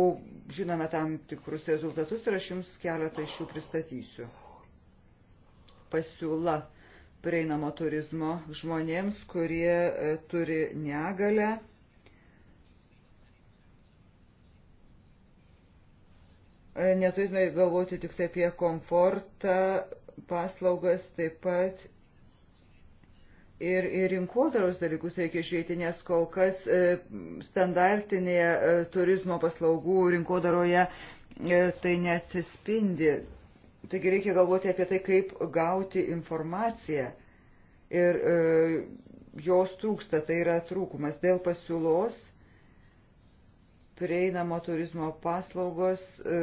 žinome tam tikrus rezultatus ir aš jums keletą iš jų pristatysiu. Pasiūla prieinamo turizmo žmonėms, kurie e, turi negalę. E, Neturime galvoti tik tai apie komfortą, paslaugas taip pat ir, ir rinkodaros dalykus reikia žiūrėti, nes kol kas e, standartinėje turizmo paslaugų rinkodaroje tai neatsispindi. Taigi reikia galvoti apie tai, kaip gauti informaciją. Ir e, jos trūksta, tai yra trūkumas dėl pasiūlos, prieinamo turizmo paslaugos. E,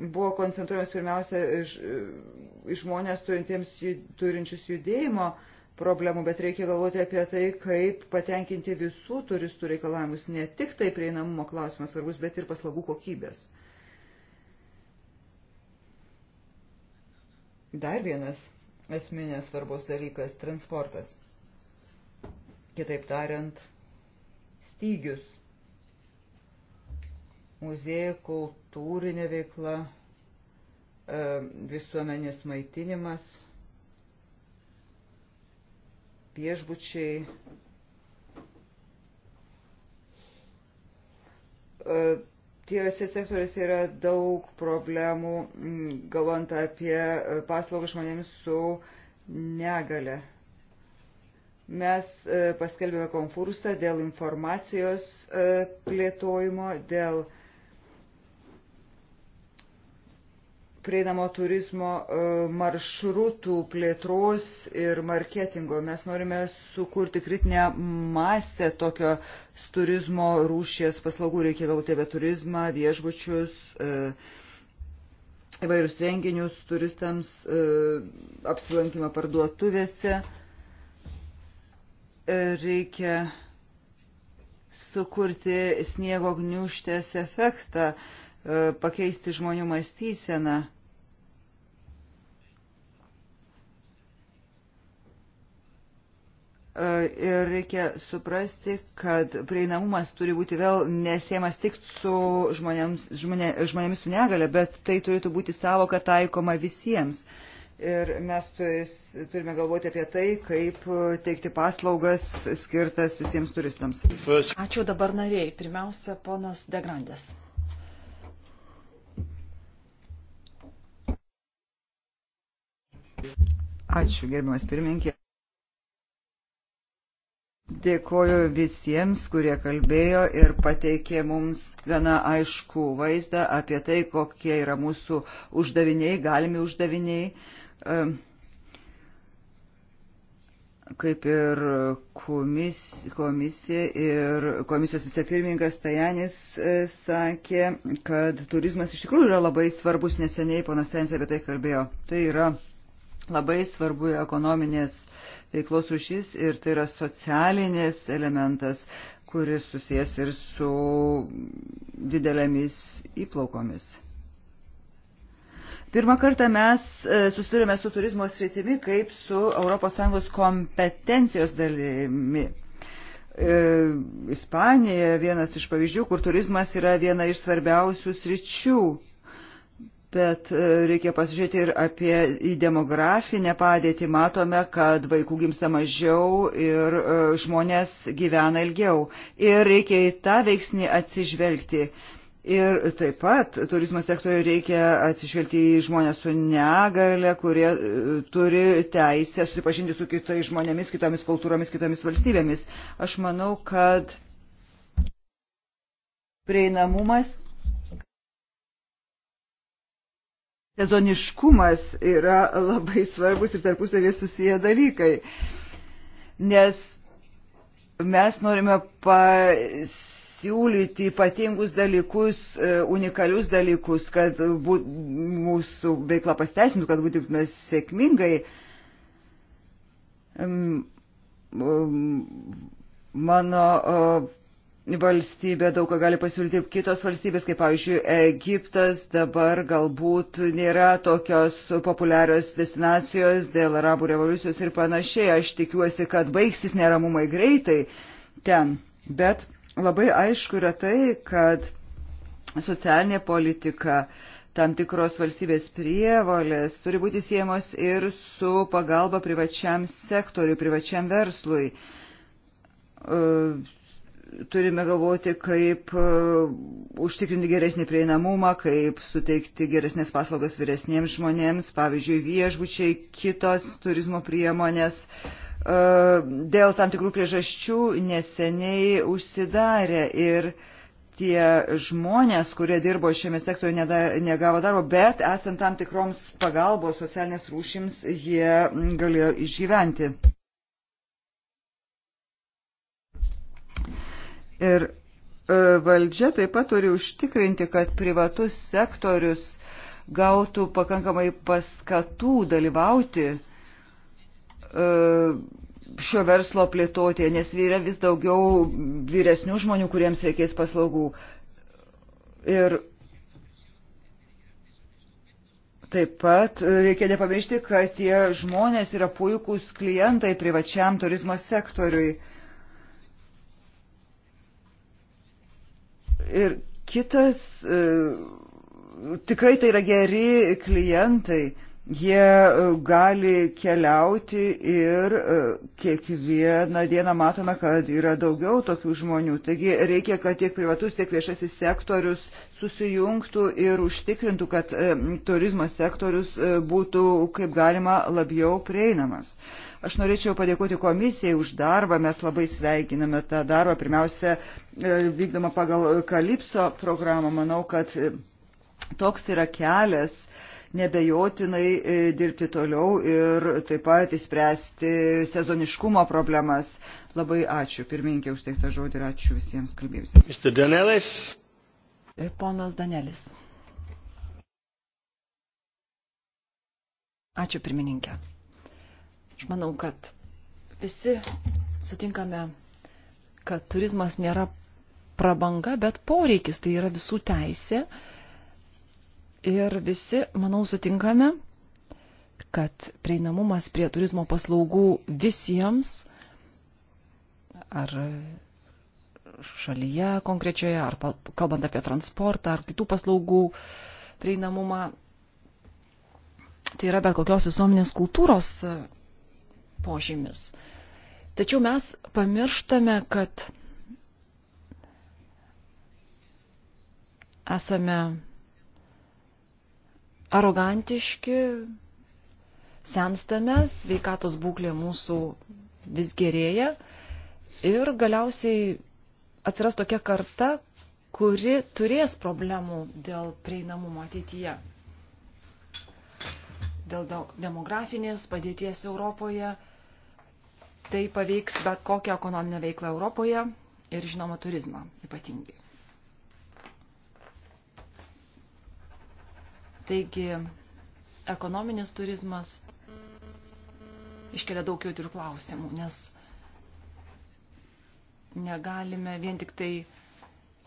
buvo koncentruojamas pirmiausia iš, iš e, žmonės turintiems turinčius judėjimo problemų, bet reikia galvoti apie tai, kaip patenkinti visų turistų reikalavimus, ne tik tai prieinamumo klausimas svarbus, bet ir paslaugų kokybės. Dar vienas esminės svarbos dalykas - transportas. Kitaip tariant, stygius. Muziejų kultūrinė veikla, e, visuomenės maitinimas, viešbučiai, e, Tiesiose sektoriuose yra daug problemų, galvant apie e, paslaugą žmonėms su negale. Mes e, paskelbėme konkursą dėl informacijos e, plėtojimo, dėl prieinamo turizmo e, maršrutų plėtros ir marketingo. Mes norime sukurti kritinę masę tokio turizmo rūšies paslaugų. Reikia galvoti apie turizmą, viešbučius, e, įvairius renginius turistams, e, apsilankymą parduotuvėse. Reikia sukurti sniego gniuštės efektą pakeisti žmonių mąstyseną. E, ir reikia suprasti, kad prieinamumas turi būti vėl nesiemas tik su žmonėms, žmonė, žmonėmis su negale, bet tai turėtų būti savoka taikoma visiems. Ir mes turis, turime galvoti apie tai, kaip teikti paslaugas skirtas visiems turistams. Ačiū dabar nariai. Pirmiausia, ponas Degrandės. Ačiū, gerbiamas pirmininkė. Dėkoju visiems, kurie kalbėjo ir pateikė mums gana aišku vaizdą apie tai, kokie yra mūsų uždaviniai, galimi uždaviniai, kaip ir komis, komisija ir komisijos vicepirmininkas Tajanis e, sakė, kad turizmas iš tikrųjų yra labai svarbus, neseniai ponas Tajanis apie tai kalbėjo. Tai yra labai svarbu ekonominės veiklos rušys ir tai yra socialinis elementas, kuris susijęs ir su didelėmis įplaukomis. Pirmą kartą mes e, susidurėme su turizmo sritimi kaip su ES kompetencijos dalimi. E, Ispanija vienas iš pavyzdžių, kur turizmas yra viena iš svarbiausių sričių Bet e, reikia pasižiūrėti ir apie į demografinę padėtį. Matome, kad vaikų gimsta mažiau ir e, žmonės gyvena ilgiau. Ir reikia į tą veiksnį atsižvelgti. Ir taip pat turizmo sektoriuje reikia atsižvelgti į žmonės su negale, kurie e, turi teisę susipažinti su kitais žmonėmis, kitomis kultūromis, kitomis valstybėmis. Aš manau, kad prieinamumas sezoniškumas yra labai svarbus ir tarpusavėje susiję dalykai. Nes mes norime pasiūlyti ypatingus dalykus, e, unikalius dalykus, kad būt, mūsų veikla pasteisintų, kad būtume sėkmingai. Mano valstybė daug ką gali pasiūlyti kitos valstybės, kaip pavyzdžiui Egiptas dabar galbūt nėra tokios populiarios destinacijos dėl arabų revoliucijos ir panašiai. Aš tikiuosi, kad baigsis neramumai greitai ten. Bet labai aišku yra tai, kad socialinė politika tam tikros valstybės prievolės turi būti siejamos ir su pagalba privačiam sektoriui, privačiam verslui uh, turime galvoti, kaip e, užtikrinti geresnį prieinamumą, kaip suteikti geresnės paslaugas vyresniems žmonėms, pavyzdžiui, viešbučiai, kitos turizmo priemonės. E, dėl tam tikrų priežasčių neseniai užsidarė ir tie žmonės, kurie dirbo šiame sektoriu, negavo darbo, bet esant tam tikroms pagalbos socialinės rūšims, jie galėjo išgyventi. Ir e, valdžia taip pat turi užtikrinti, kad privatus sektorius gautų pakankamai paskatų dalyvauti e, šio verslo plėtotėje, nes yra vis daugiau vyresnių žmonių, kuriems reikės paslaugų. Ir Taip pat reikia nepamiršti, kad tie žmonės yra puikūs klientai privačiam turizmo sektoriui. ir kitas, e, tikrai tai yra geri klientai Jie e, gali keliauti ir e, kiekvieną dieną matome, kad yra daugiau tokių žmonių. Taigi reikia, kad tiek privatus, tiek viešasis sektorius susijungtų ir užtikrintų, kad e, turizmo sektorius būtų kaip galima labiau prieinamas. Aš norėčiau padėkoti komisijai už darbą, mes labai sveikiname tą darbą, pirmiausia, vykdoma pagal Kalipso programą, manau, kad toks yra kelias nebejotinai e, dirbti toliau ir taip pat įspręsti sezoniškumo problemas. Labai ačiū pirmininkė užteiktą žodį ir ačiū visiems kalbėjusiems. Mr. Danelis. E, ponas Danelis. Ačiū pirmininkė. Aš manau, kad visi sutinkame, kad turizmas nėra prabanga, bet poreikis tai yra visų teisė Ir visi, manau, sutinkame, kad prieinamumas prie turizmo paslaugų visiems, ar šalyje konkrečioje, ar kalbant apie transportą, ar kitų paslaugų prieinamumą, tai yra bet kokios visuomenės kultūros požymis. Tačiau mes pamirštame, kad esame arogantiški, senstame, sveikatos būklė mūsų vis gerėja ir galiausiai atsiras tokia karta, kuri turės problemų dėl prieinamumo ateityje. Dėl demografinės padėties Europoje tai paveiks bet kokią ekonominę veiklą Europoje ir žinoma turizmą ypatingai. Taigi, ekonominis turizmas iškelia daug jautrių klausimų, nes negalime vien tik tai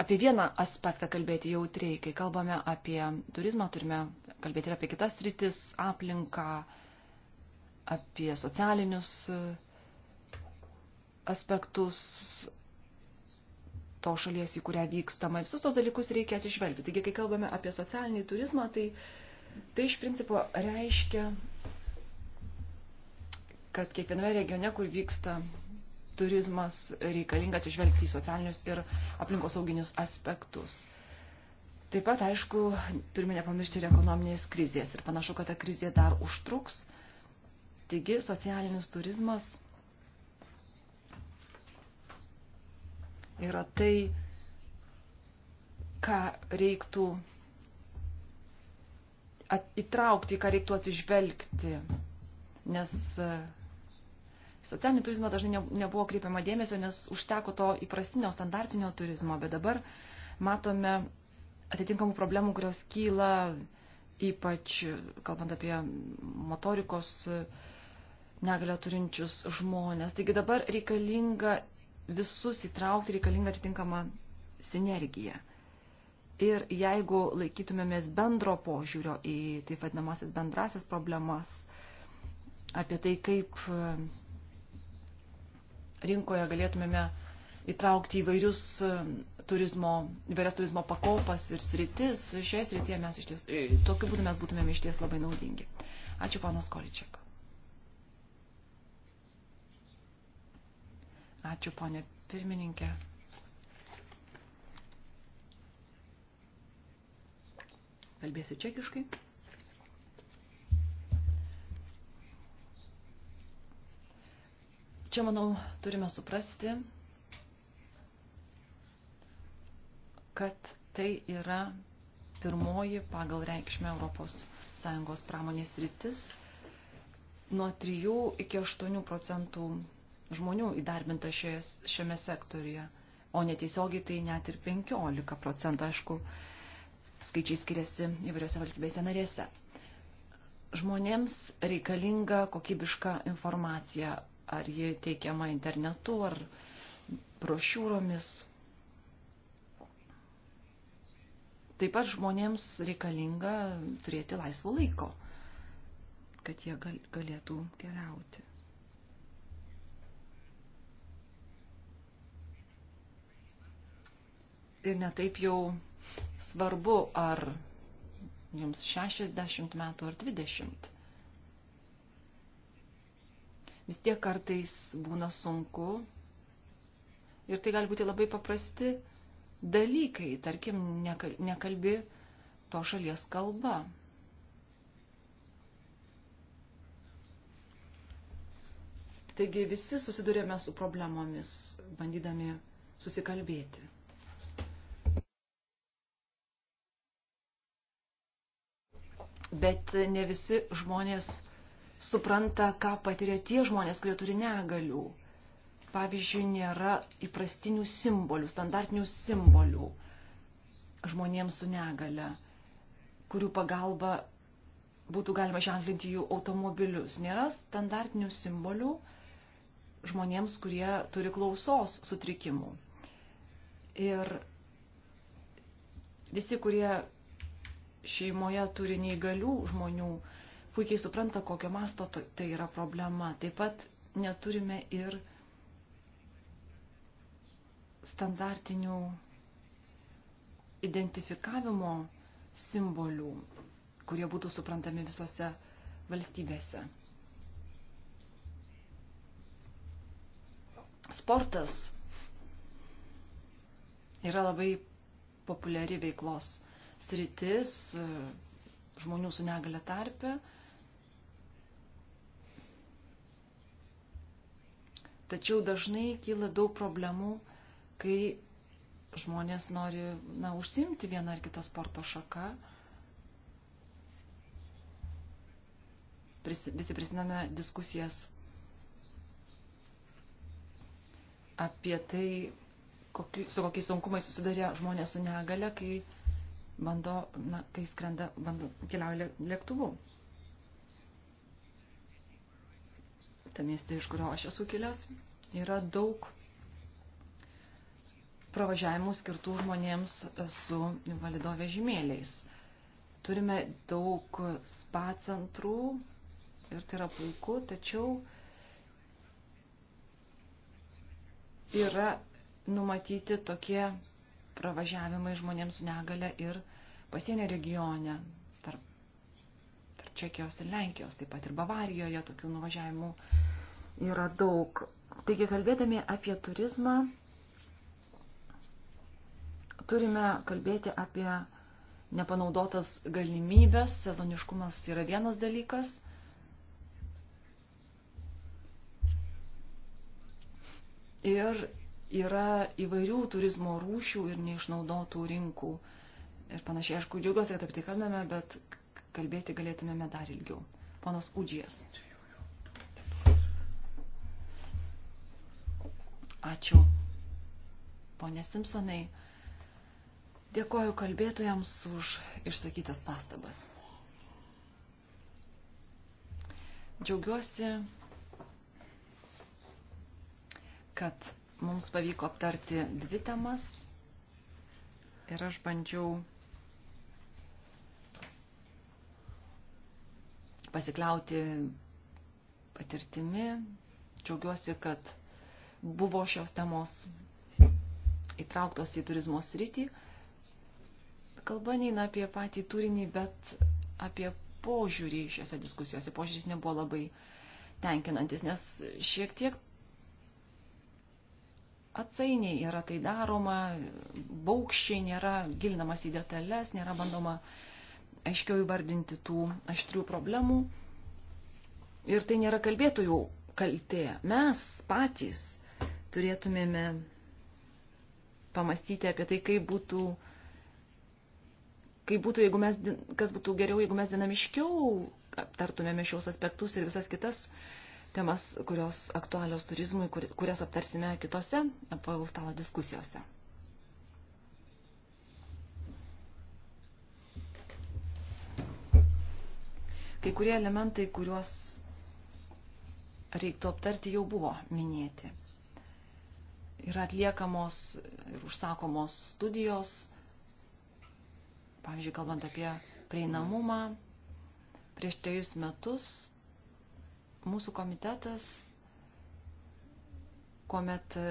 apie vieną aspektą kalbėti jautriai. Kai kalbame apie turizmą, turime kalbėti ir apie kitas rytis, aplinką, apie socialinius aspektus, to šalies, į kurią vykstama. Visus tos dalykus reikia atsižvelgti. Taigi, kai kalbame apie socialinį turizmą, tai, tai iš principo reiškia, kad kiekviename regione, kur vyksta turizmas, reikalingas atsižvelgti į socialinius ir aplinkosauginius aspektus. Taip pat, aišku, turime nepamiršti ir ekonominės krizės ir panašu, kad ta krizė dar užtruks. Taigi, socialinis turizmas – yra tai, ką reiktų at, įtraukti, ką reiktų atsižvelgti. Nes e, socialinį turizmą dažnai ne, nebuvo kreipiama dėmesio, nes užteko to įprastinio standartinio turizmo, bet dabar matome atitinkamų problemų, kurios kyla ypač e, kalbant apie motorikos e, negalę turinčius žmonės. Taigi dabar reikalinga visus įtraukti reikalinga atitinkama sinergija. Ir jeigu laikytumėmės bendro požiūrio į taip vadinamasis bendrasis problemas, apie tai, kaip e, rinkoje galėtumėme įtraukti įvairius e, turizmo, įvairias turizmo pakopas ir sritis, šioje srityje mes iš ties, e, tokiu būdu mes būtumėme iš ties labai naudingi. Ačiū, panas Količiak. Ačiū, ponė pirmininkė. Kalbėsiu čekiškai. Čia, manau, turime suprasti, kad tai yra pirmoji pagal reikšmę Europos Sąjungos pramonės rytis nuo 3 iki 8 procentų žmonių įdarbinta šioje, šiame sektorija, o netiesiogiai tai net ir 15 procentų, aišku, skaičiai skiriasi įvairiose valstybėse narėse. Žmonėms reikalinga kokybiška informacija, ar ji teikiama internetu, ar brošiūromis. Taip pat žmonėms reikalinga turėti laisvo laiko, kad jie galėtų keliauti. ir netaip jau svarbu, ar jums 60 metų ar 20. Vis tiek kartais būna sunku ir tai gali būti labai paprasti dalykai, tarkim, nekalbi to šalies kalba. Taigi visi susidurėme su problemomis, bandydami susikalbėti. bet ne visi žmonės supranta, ką patiria tie žmonės, kurie turi negalių. Pavyzdžiui, nėra įprastinių simbolių, standartinių simbolių žmonėms su negale, kurių pagalba būtų galima ženklinti jų automobilius. Nėra standartinių simbolių žmonėms, kurie turi klausos sutrikimų. Ir visi, kurie šeimoje turi neįgalių žmonių, puikiai supranta, kokio masto tai yra problema. Taip pat neturime ir standartinių identifikavimo simbolių, kurie būtų suprantami visose valstybėse. Sportas yra labai populiari veiklos sritis e, žmonių su negale tarpe. Tačiau dažnai kyla daug problemų, kai žmonės nori na, užsimti vieną ar kitą sporto šaką. Pris, visi prisiname diskusijas apie tai, kokiu, su kokiais sunkumais susidarė žmonės su negale, kai bando, na, kai skrenda, bando, keliauja lėktuvu. Ta mieste, iš kurio aš esu kilęs, yra daug pravažiavimų skirtų žmonėms su invalido vežimėliais. Turime daug spa centrų ir tai yra puiku, tačiau yra numatyti tokie pravažiavimai žmonėms su negale ir pasienio regione, tarp, tarp Čekijos ir Lenkijos, taip pat ir Bavarijoje tokių nuvažiavimų yra daug. Taigi, kalbėdami apie turizmą, turime kalbėti apie nepanaudotas galimybės, sezoniškumas yra vienas dalykas. Ir yra įvairių turizmo rūšių ir neišnaudotų rinkų. Ir panašiai, aišku, džiaugiuosi, kad apie tai kalbame, bet kalbėti galėtumėme dar ilgiau. Ponas Udžijas. Ačiū. Pone Simpsonai, dėkoju kalbėtojams už išsakytas pastabas. Džiaugiuosi, kad Mums pavyko aptarti dvi temas ir aš bandžiau pasikliauti patirtimi. Džiaugiuosi, kad buvo šios temos įtrauktos į turizmo sritį. Kalba neina apie patį turinį, bet apie požiūrį šiose diskusijose. Požiūris nebuvo labai tenkinantis, nes šiek tiek atsainiai yra tai daroma, baukščiai nėra gilinamas į detalės, nėra bandoma aiškiau įvardinti tų aštrių problemų. Ir tai nėra kalbėtojų kaltė. Mes patys turėtumėme pamastyti apie tai, kaip būtų, kaip būtų, jeigu mes, kas būtų geriau, jeigu mes dinamiškiau aptartumėme šios aspektus ir visas kitas uh, temas, kurios aktualios turizmui, kurias aptarsime kitose apvalų stalo diskusijose. Kai kurie elementai, kuriuos reiktų aptarti, jau buvo minėti. Yra atliekamos ir užsakomos studijos, pavyzdžiui, kalbant apie prieinamumą, prieš trejus metus Mūsų komitetas, kuomet e,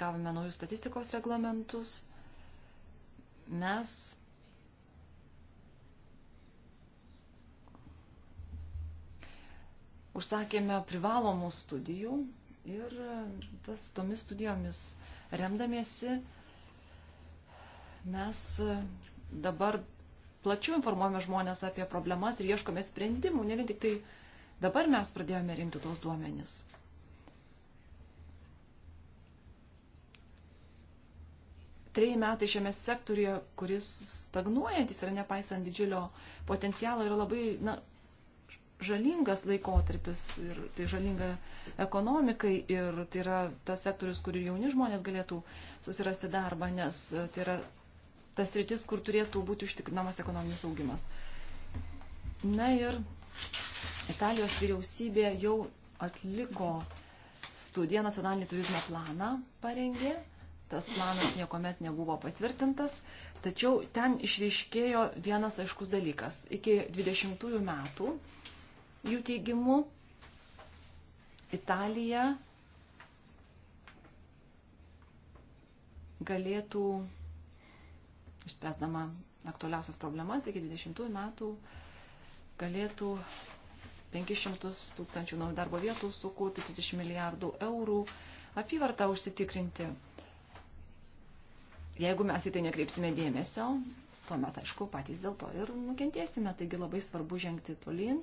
gavome naujus statistikos reglamentus, mes užsakėme privalomų studijų ir e, tas, tomis studijomis remdamiesi mes e, dabar plačiau informuojame žmonės apie problemas ir ieškome sprendimų, ne vien tik tai dabar mes pradėjome rinkti tos duomenis. Trejai metai šiame sektoriuje, kuris stagnuojantis yra nepaisant didžiulio potencialo, yra labai na, žalingas laikotarpis ir tai žalinga ekonomikai ir tai yra tas sektorius, kur jauni žmonės galėtų susirasti darbą, nes e, tai yra tas rytis, kur turėtų būti užtikrinamas ekonominis augimas. Na ir Italijos vyriausybė jau atliko studiją nacionalinį turizmo planą parengė. Tas planas niekuomet nebuvo patvirtintas, tačiau ten išryškėjo vienas aiškus dalykas. Iki 20 metų jų teigimu Italija galėtų išspręsdama aktualiausias problemas iki 20 metų galėtų 500 tūkstančių naujų darbo vietų sukurti, 30 milijardų eurų apyvartą užsitikrinti. Jeigu mes į tai nekreipsime dėmesio, tuomet, aišku, patys dėl to ir nukentėsime. Taigi labai svarbu žengti tolyn.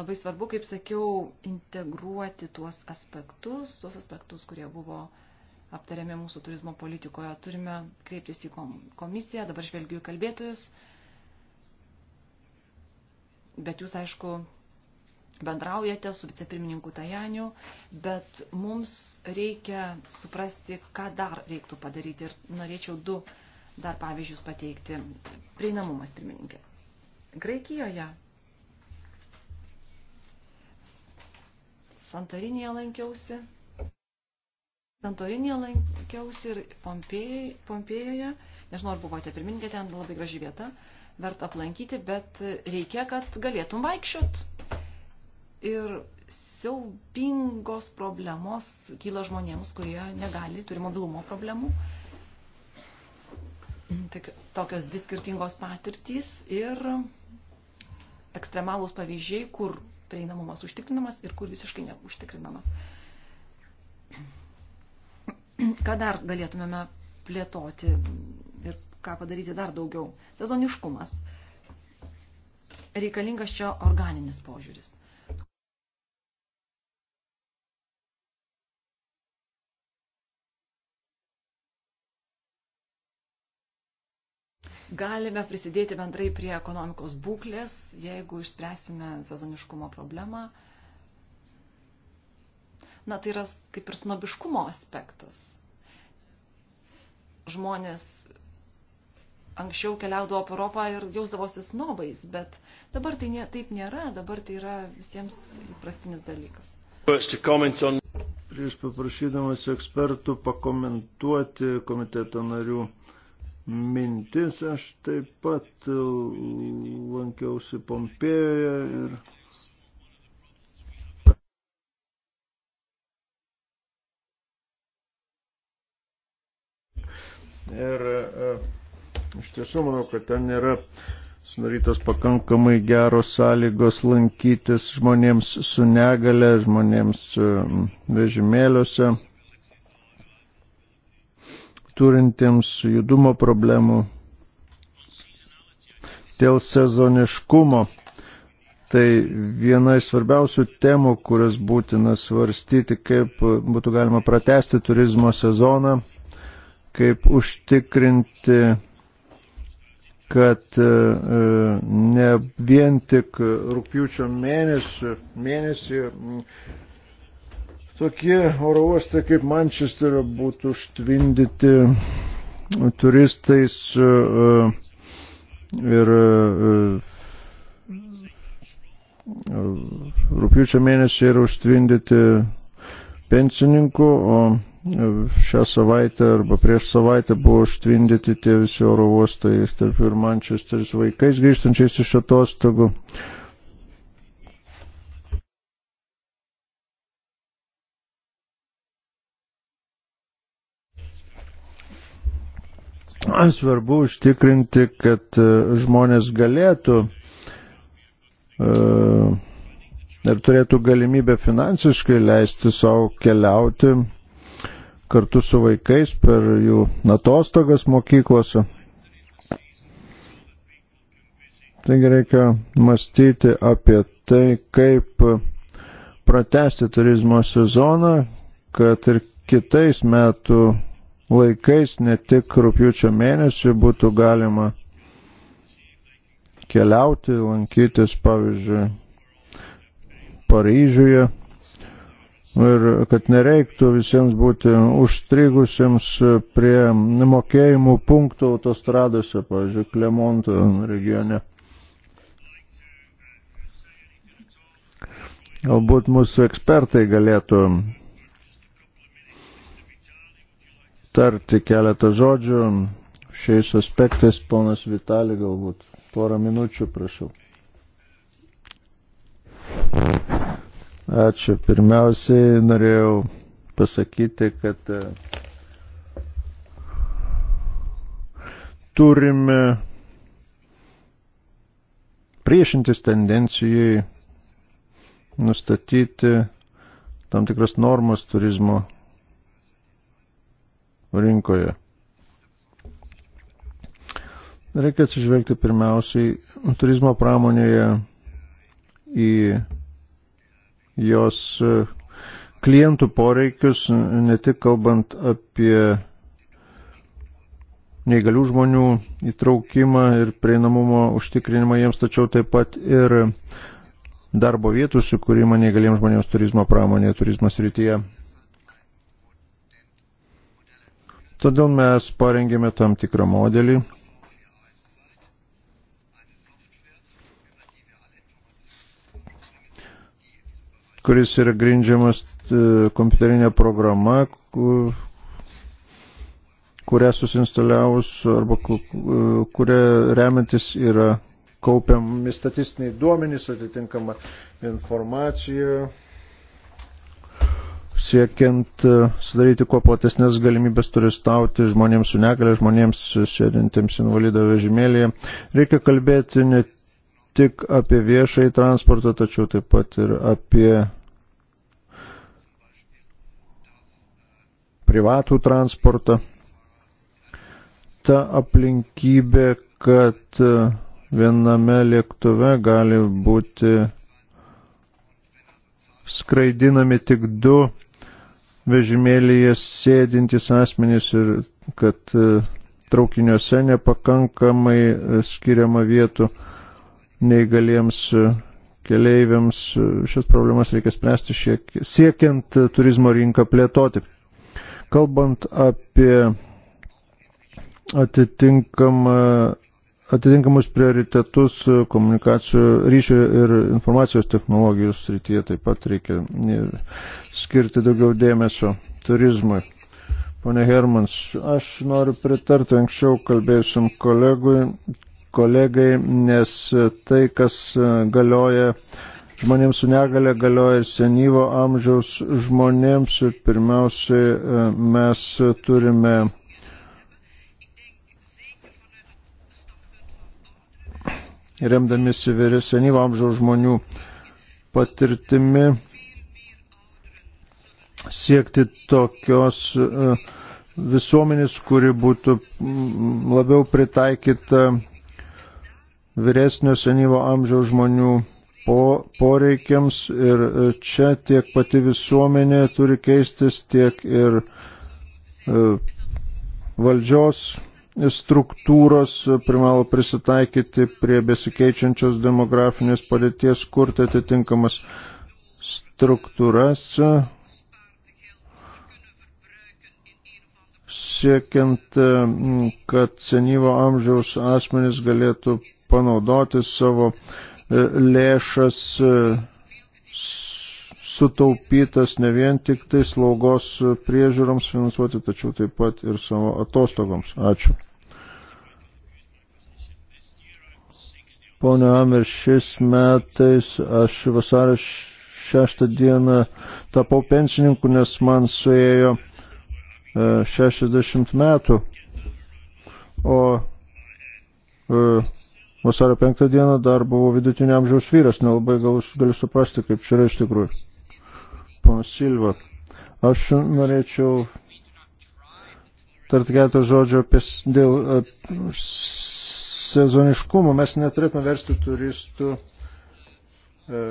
Labai svarbu, kaip sakiau, integruoti tuos aspektus, tuos aspektus, kurie buvo uh, aptariami mūsų turizmo politikoje. Turime kreiptis į komisiją, dabar žvelgiu į kalbėtojus. Bet jūs, aišku, bendraujate su vicepirmininku Tajaniu, bet mums reikia suprasti, ką dar reiktų padaryti. Ir norėčiau du dar pavyzdžius pateikti. Prieinamumas, pirmininkė. Graikijoje Santarinėje lankiausi Santorinėje lankiausi ir Pompėj, Pompėjoje, nežinau, ar buvote pirmininkė, ten labai graži vieta, verta aplankyti, bet reikia, kad galėtum vaikščiot. Ir siaubingos problemos kyla žmonėms, kurie negali, turi mobilumo problemų. Tokios dvi skirtingos patirtys ir ekstremalūs pavyzdžiai, kur prieinamumas užtikrinamas ir kur visiškai neužtikrinamas ką dar galėtumėme plėtoti ir ką padaryti dar daugiau. Sezoniškumas. Reikalingas čia organinis požiūris. Galime prisidėti bendrai prie ekonomikos būklės, jeigu išspręsime sezoniškumo problemą na tai yra kaip ir snobiškumo aspektas. Žmonės anksčiau keliaudavo po Europą ir jausdavosi snobais, bet dabar tai ne, taip nėra, dabar tai yra visiems įprastinis dalykas. Prieš paprašydamas ekspertų pakomentuoti komiteto narių mintis, aš taip pat lankiausi Pompejoje ir Ir e, iš tiesų manau, kad ten nėra sudarytos pakankamai geros sąlygos lankytis žmonėms su negale, žmonėms e, vežimėliuose, turintiems judumo problemų dėl sezoniškumo. Tai viena iš svarbiausių temų, kurias būtina svarstyti, kaip būtų galima pratesti turizmo sezoną, kaip užtikrinti, kad e, e, ne vien tik rūpjūčio mėnesį, mėnesį tokie oro uostai kaip Mančesterio būtų užtvindyti turistais e, ir rūpjūčio mėnesį yra užtvindyti pensininkų, o šią savaitę arba prieš savaitę buvo užtvindyti tie visi oro uostai, tarp ir Mančesteris vaikais grįžtančiais iš atostogų. Svarbu užtikrinti, kad e, žmonės galėtų e, ir turėtų galimybę finansiškai leisti savo keliauti kartu su vaikais per jų atostogas mokyklose. Taigi reikia mąstyti apie tai, kaip pratesti turizmo sezoną, kad ir kitais metų laikais, ne tik rūpjūčio mėnesį, būtų galima keliauti, lankytis, pavyzdžiui, Paryžiuje, ir kad nereiktų visiems būti užstrigusiems prie mokėjimų punktų autostradose, pavyzdžiui, Klemonto regione. Galbūt mūsų ekspertai galėtų tarti keletą žodžių šiais aspektais, ponas Vitali, galbūt porą minučių, prašau. Thank you. Ačiū. Pirmiausiai norėjau pasakyti, kad e, turime priešintis tendencijai nustatyti tam tikras normas turizmo rinkoje. Reikia atsižvelgti pirmiausiai turizmo pramonėje į jos e, klientų poreikius, ne tik kalbant apie neįgalių žmonių įtraukimą ir prieinamumo užtikrinimą jiems, tačiau taip pat ir darbo vietų sukūrimą neįgaliems žmonėms turizmo pramonėje, turizmo srityje. Todėl mes parengėme tam tikrą modelį, kuris yra grindžiamas e, kompiuterinė programa, kurią susinstaliavus arba e, kurią remiantis yra kaupiami statistiniai duomenys, atitinkama informacija, siekiant e, sudaryti kuo platesnės galimybės turistauti žmonėms su negalė, žmonėms sėdintiems invalido vežimėlėje. Reikia kalbėti ne tik apie viešai transportą, tačiau taip pat ir apie privatų transportą. Ta aplinkybė, kad viename lėktuve gali būti skraidinami tik du vežimėlėje sėdintys asmenys ir kad traukiniuose nepakankamai skiriama vietų neįgaliems e, keleiviams. E, šias problemas reikia spręsti šiek, siekiant e, turizmo rinką plėtoti. Kalbant apie atitinkamą atitinkamus prioritetus komunikacijų ryšių ir informacijos technologijų srityje taip pat reikia skirti daugiau dėmesio turizmui. Pone Hermans, aš noriu pritarti anksčiau kalbėjusim kolegui, kolegai, nes tai, kas galioja žmonėms su negale, galioja ir senyvo amžiaus žmonėms. Pirmiausiai mes turime remdamėsi senyvo amžiaus žmonių patirtimi siekti tokios e, visuomenės, kuri būtų labiau pritaikyta vyresnio senyvo amžiaus žmonių po, poreikiams ir e, čia tiek pati visuomenė turi keistis, tiek ir e, valdžios struktūros privalo prisitaikyti prie besikeičiančios demografinės padėties, kurti atitinkamas struktūras, siekiant, kad senyvo amžiaus asmenys galėtų panaudoti savo e, lėšas e, sutaupytas ne vien tik tai slaugos priežiūroms finansuoti, tačiau taip pat ir savo atostogoms. Ačiū. Pone Amir, šiais metais aš vasario šeštą dieną tapau pensininku, nes man suėjo 60 e, metų, o vasario 5 dieną dar buvo vidutinio amžiaus vyras, nelabai gal, galiu suprasti, kaip čia yra iš tikrųjų. Ponas Silva, aš norėčiau tarti keletą žodžių apie, dėl apie sezoniškumo. Mes neturėtume versti turistų e,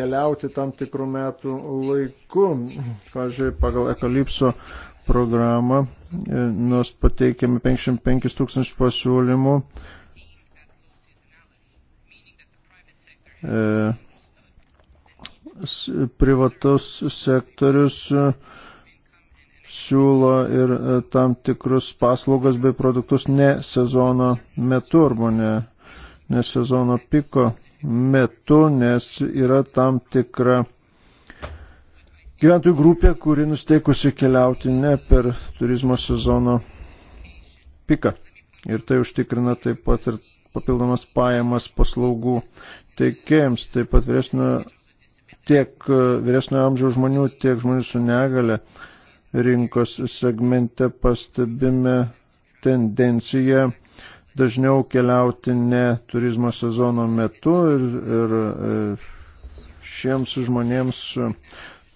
keliauti tam tikrų metų laiku. Pavyzdžiui, pagal Ekalipso programą e, nors pateikėme 55 tūkstančių pasiūlymų. E, E, privatus sektorius e, siūlo ir e, tam tikrus paslaugas bei produktus ne sezono metu arba ne, ne sezono piko metu, nes yra tam tikra gyventojų grupė, kuri nusteikusi keliauti ne per turizmo sezono piką. Ir tai užtikrina taip pat ir papildomas pajamas paslaugų teikėjams, taip pat vyresnio, tiek e, vyresnio amžiaus žmonių, tiek žmonių su negale rinkos segmente pastebime tendenciją dažniau keliauti ne turizmo sezono metu ir, ir e, šiems žmonėms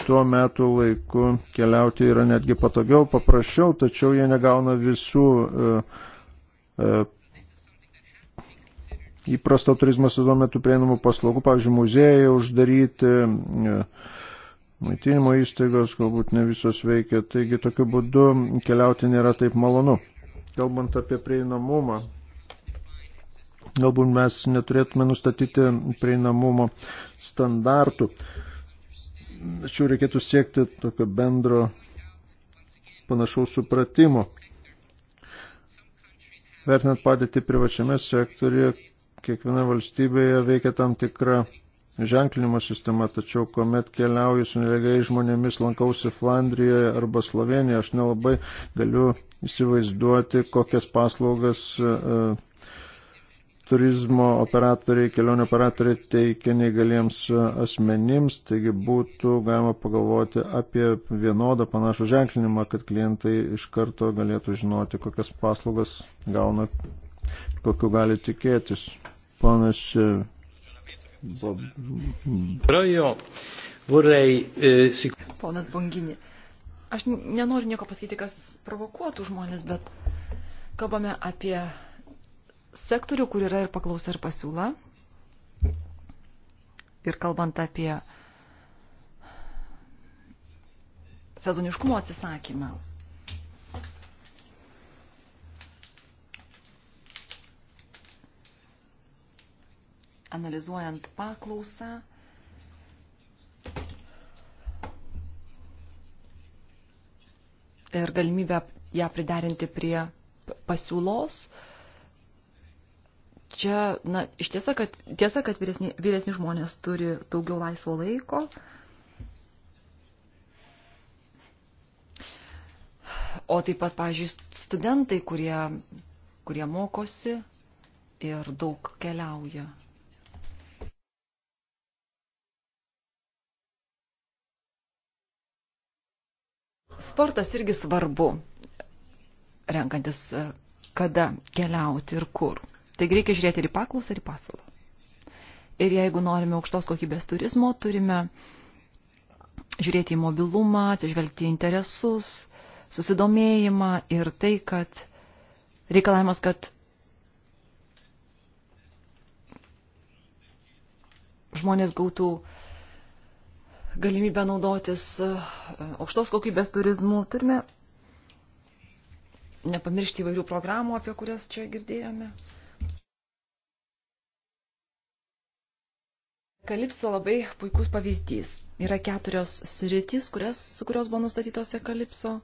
tuo metu laiku keliauti yra netgi patogiau, paprasčiau, tačiau jie negauna visų e, įprasto turizmo sezono metu prieinamų paslaugų, pavyzdžiui, muziejai uždaryti, e, maitinimo įstaigos galbūt ne visos veikia, taigi tokiu būdu keliauti nėra taip malonu. Kalbant apie prieinamumą, galbūt mes neturėtume nustatyti prieinamumo standartų, tačiau reikėtų siekti tokio bendro panašaus supratimo. Vertinant padėtį privačiame sektorėje, kiekvienoje valstybėje veikia tam tikra ženklinimo sistema, tačiau kuomet keliauju su nelegaliai žmonėmis, lankausi Flandrijoje arba Slovenijoje, aš nelabai galiu įsivaizduoti, kokias paslaugas uh, turizmo operatoriai, kelionio operatoriai teikia neįgaliems e, asmenims, taigi būtų galima pagalvoti apie vienodą panašų ženklinimą, kad klientai iš karto galėtų žinoti, kokias paslaugas gauna, kokiu gali tikėtis. Ponas. E, e, ponas Banginė. Aš nenoriu nieko pasakyti, kas provokuotų žmonės, bet kalbame apie sektorių, kur yra ir paklausa, ir pasiūla. Ir kalbant apie sezoniškumo atsisakymą, analizuojant paklausą, ir galimybę ją priderinti prie pasiūlos. Čia, na, iš tiesa, kad, tiesa, kad vyresni, vyresni žmonės turi daugiau laisvo laiko. O taip pat, pavyzdžiui, studentai, kurie, kurie mokosi ir daug keliauja. Sportas irgi svarbu, renkantis e, kada keliauti ir kur. Taigi reikia žiūrėti ir į paklausą, ir į pasiūlą. Ir jeigu norime aukštos kokybės turizmo, turime žiūrėti į mobilumą, atsižvelgti į interesus, susidomėjimą ir tai, kad reikalavimas, kad žmonės gautų uh, galimybę naudotis e, aukštos kokybės turizmu. Turime nepamiršti įvairių programų, apie kurias čia girdėjome. Kalipso labai puikus pavyzdys. Yra keturios sritys, kurias, kurios buvo nustatytos Kalipso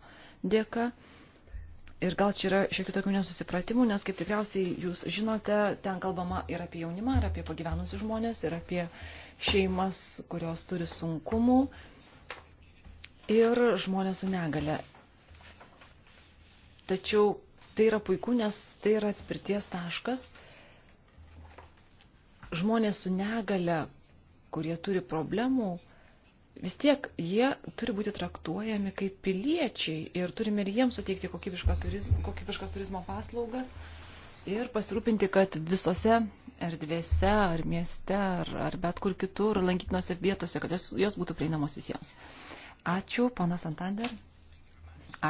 dėka. Ir gal čia yra šiek tiek tokių nesusipratimų, nes kaip tikriausiai jūs žinote, ten kalbama ir apie jaunimą, ir apie pagyvenusius žmonės, ir apie šeimas, kurios turi sunkumų ir žmonės su negale. Tačiau tai yra puiku, nes tai yra atspirties taškas. Žmonės su negale, kurie turi problemų, vis tiek jie turi būti traktuojami kaip piliečiai ir turime ir jiems suteikti kokybišką turizmo, kokybiškas turizmo paslaugas ir pasirūpinti, kad visose erdvėse, ar mieste, ar, ar bet kur kitur, lankytinose vietose, kad jos, jos būtų prieinamos visiems. Ačiū, ponas Antander.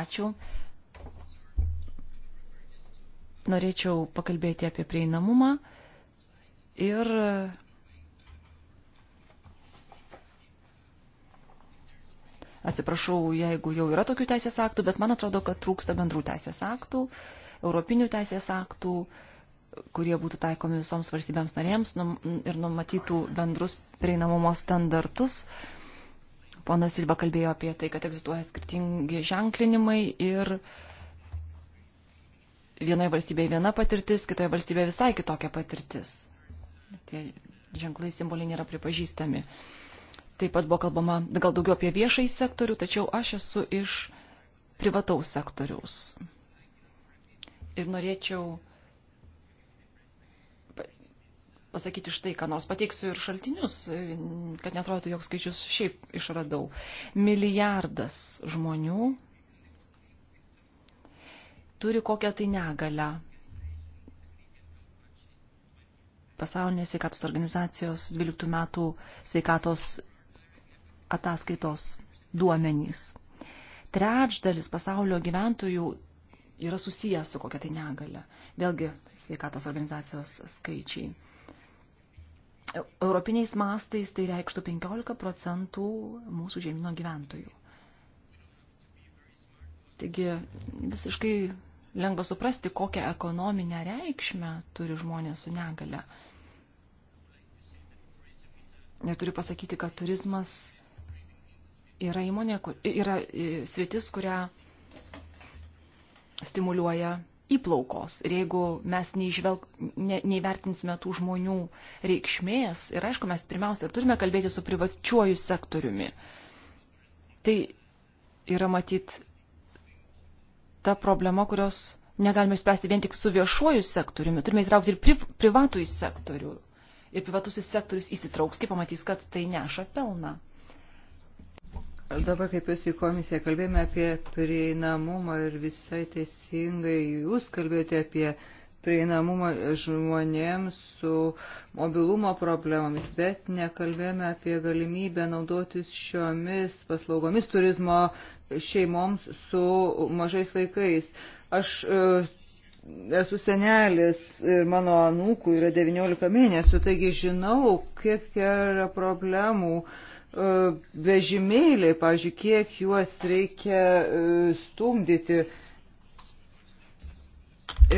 Ačiū. Norėčiau pakalbėti apie prieinamumą ir atsiprašau, jeigu jau yra tokių teisės aktų, bet man atrodo, kad trūksta bendrų teisės aktų, europinių teisės aktų, uh, kurie būtų taikomi visoms valstybėms narėms ir numatytų bendrus prieinamumo standartus. Ponas Silva kalbėjo apie tai, kad egzistuoja skirtingi ženklinimai ir vienoje valstybėje viena patirtis, kitoje valstybėje visai kitokia patirtis. Tie ženklai simboliai nėra pripažįstami. Taip pat buvo kalbama gal daugiau apie viešai sektorių, tačiau aš esu iš privataus sektoriaus. Ir norėčiau pasakyti štai, ką nors pateiksiu ir šaltinius, kad netrodytų, jog skaičius šiaip išradau. Milijardas žmonių turi kokią tai negalę. Pasaulinės sveikatos organizacijos 12 metų sveikatos ataskaitos duomenys. Trečdalis pasaulio gyventojų yra susijęs su kokia tai negale. Vėlgi sveikatos organizacijos skaičiai. Europiniais mastais tai reikštų 15 procentų mūsų žemino gyventojų. Taigi visiškai lengva suprasti, kokią ekonominę reikšmę turi žmonės su negale. Neturiu pasakyti, kad turizmas yra, įmonė, yra e, sritis, kurią stimuliuoja įplaukos. Ir jeigu mes neižvelg, ne, neįvertinsime tų žmonių reikšmės, ir aišku, mes pirmiausia ir turime kalbėti su privačiuoju sektoriumi, tai yra matyt ta problema, kurios negalime spręsti vien tik su viešuoju sektoriumi, turime įtraukti ir pri, privatų į sektorių. Ir privatusis sektorius įsitrauks, kai pamatys, kad tai neša pelną. Dabar kaip jūs į komisiją kalbėjome apie prieinamumą ir visai teisingai jūs kalbėjote apie prieinamumą žmonėms su mobilumo problemomis, bet nekalbėjome apie galimybę naudotis šiomis paslaugomis turizmo šeimoms su mažais vaikais. Aš e, esu senelis ir mano anūkų yra 19 mėnesių, taigi žinau, kiek yra problemų uh, E, vežimėliai, pažiūrėk, kiek juos reikia e, stumdyti.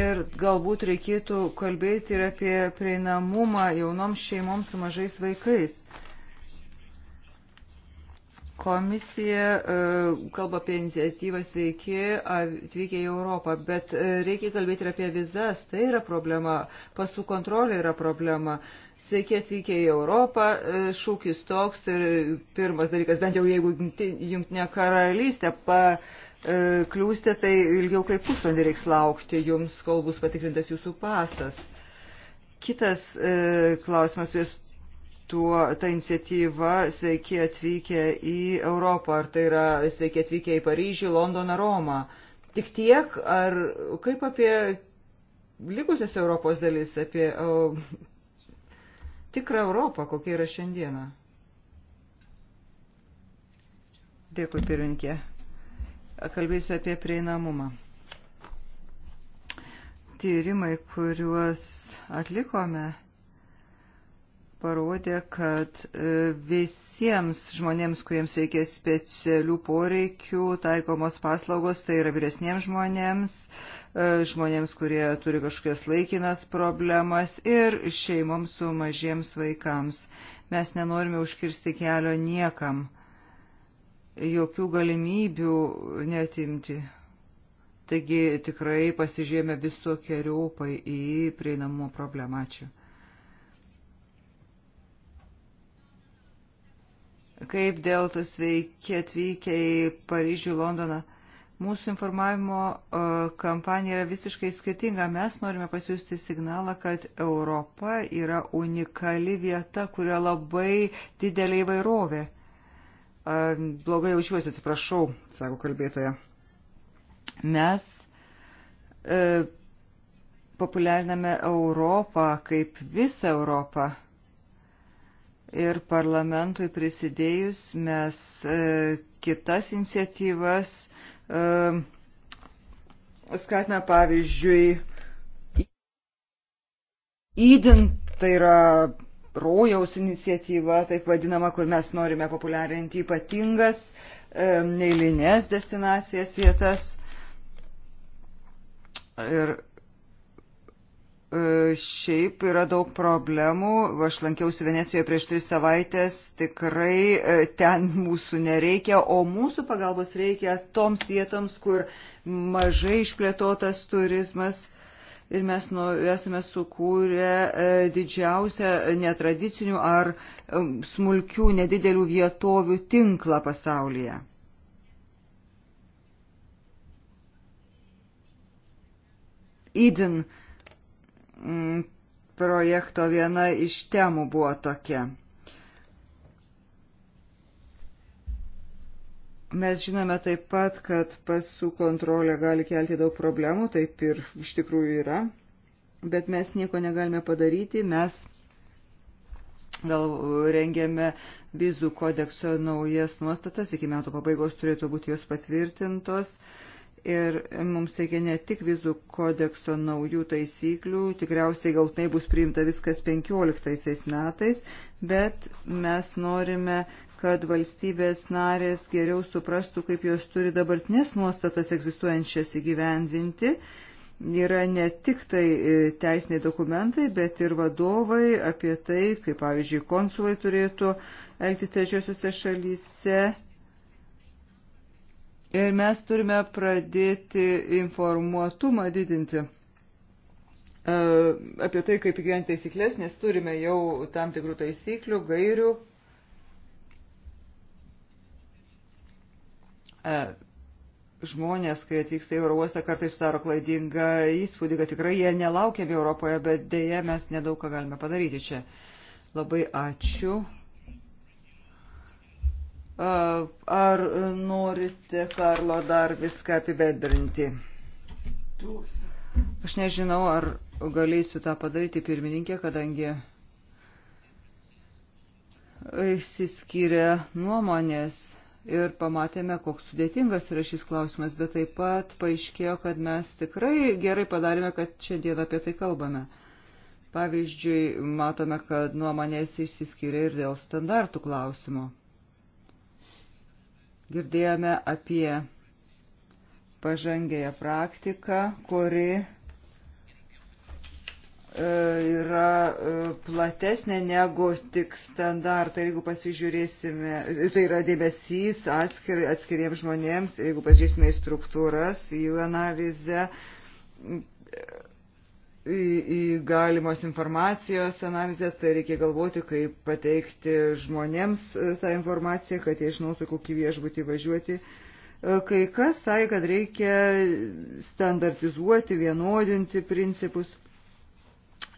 Ir galbūt reikėtų kalbėti ir apie prieinamumą jaunoms šeimoms su mažais vaikais. Uh, Komisija e, kalba apie iniciatyvą sveiki atvykę į Europą, bet e, reikia kalbėti ir apie vizas. Tai yra problema. Pasų kontrolė yra problema. Sveiki atvykę į Europą, e, šūkis toks ir pirmas dalykas, bent jau jeigu jungtinė karalystė pakliūstė, tai ilgiau kaip pusvalandį reiks laukti jums, kol bus patikrintas jūsų pasas. Kitas e, klausimas, jūs tuo, ta iniciatyva sveiki atvykę į Europą, ar tai yra sveiki atvykę į Paryžių, Londoną, Romą. Tik tiek, ar kaip apie likusias Europos dalis, apie o, tikrą Europą, kokia yra šiandiena? Dėkui, pirminkė. Kalbėsiu apie prieinamumą. Tyrimai, kuriuos atlikome, parodė, kad e, visiems žmonėms, kuriems reikia specialių poreikių, taikomos paslaugos, tai yra vyresniems žmonėms, e, žmonėms, kurie turi kažkokias laikinas problemas ir šeimoms su mažiems vaikams. Mes nenorime užkirsti kelio niekam, jokių galimybių netimti. Taigi tikrai pasižiūrėjome visokiojopai į prieinamumo problemą. Ačiū. kaip deltos veikia atvykę į Paryžių, Londoną. Mūsų informavimo e, kampanija yra visiškai skirtinga. Mes norime pasiūsti signalą, kad Europa yra unikali vieta, kurioje labai didelė įvairovė. E, blogai jaučiuosi, atsiprašau, sako kalbėtoja. Mes e, populiariname Europą kaip visą Europą ir parlamentui prisidėjus mes e, kitas iniciatyvas e, skatina pavyzdžiui įdint, tai yra rojaus iniciatyva, taip vadinama, kur mes norime populiarinti ypatingas e, neįlinės destinacijas vietas. Ir E, šiaip yra daug problemų. Aš lankiausi Venecijoje prieš tris savaitės, tikrai e, ten mūsų nereikia, o mūsų pagalbos reikia toms vietoms, kur mažai išplėtotas turizmas. Ir mes nu, esame sukūrę e, didžiausią netradicinių ar smulkių nedidelių vietovių tinklą pasaulyje. Eden uh, Mm, projekto viena iš temų buvo tokia. Mes žinome taip pat, kad pasų kontrolė gali kelti daug problemų, taip ir iš tikrųjų yra, bet mes nieko negalime padaryti, mes gal rengėme vizų kodekso naujas nuostatas, iki metų pabaigos turėtų būti jos patvirtintos. Uh, Ir mums reikia ne tik vizų kodekso naujų taisyklių, tikriausiai galtinai bus priimta viskas 15 metais, bet mes norime, kad valstybės narės geriau suprastų, kaip jos turi dabartinės nuostatas egzistuojančias įgyvendinti. Yra ne tik tai e, teisiniai dokumentai, bet ir vadovai apie tai, kaip pavyzdžiui konsulai turėtų elgtis trečiosiuose šalyse Ir mes turime pradėti informuotumą didinti e, apie tai, kaip įgyventi taisyklės, nes turime jau tam tikrų taisyklių, gairių. E, žmonės, kai atvyksta į Euro uostą, kartais sudaro klaidingą įspūdį, kad tikrai jie nelaukiami Europoje, bet dėje mes nedaug ką galime padaryti čia. Labai ačiū. Ar norite, Karlo, dar viską apibendrinti? Aš nežinau, ar galėsiu tą padaryti pirmininkė, kadangi išsiskyrė nuomonės ir pamatėme, koks sudėtingas yra šis klausimas, bet taip pat paaiškėjo, kad mes tikrai gerai padarėme, kad šiandien apie tai kalbame. Pavyzdžiui, matome, kad nuomonės išsiskyrė ir dėl standartų klausimo. Girdėjome apie pažangėją praktiką, kuri e, yra e, platesnė negu tik standartai. Jeigu pasižiūrėsime, tai yra dėmesys atskir, atskiriems žmonėms, jeigu pažiūrėsime į struktūras, į jų analizę, į, į galimos informacijos analizę, tai reikia galvoti, kaip pateikti žmonėms e, tą informaciją, kad jie žinotų, kokį viešbutį važiuoti. E, kai kas sakė, kad reikia standartizuoti, vienodinti principus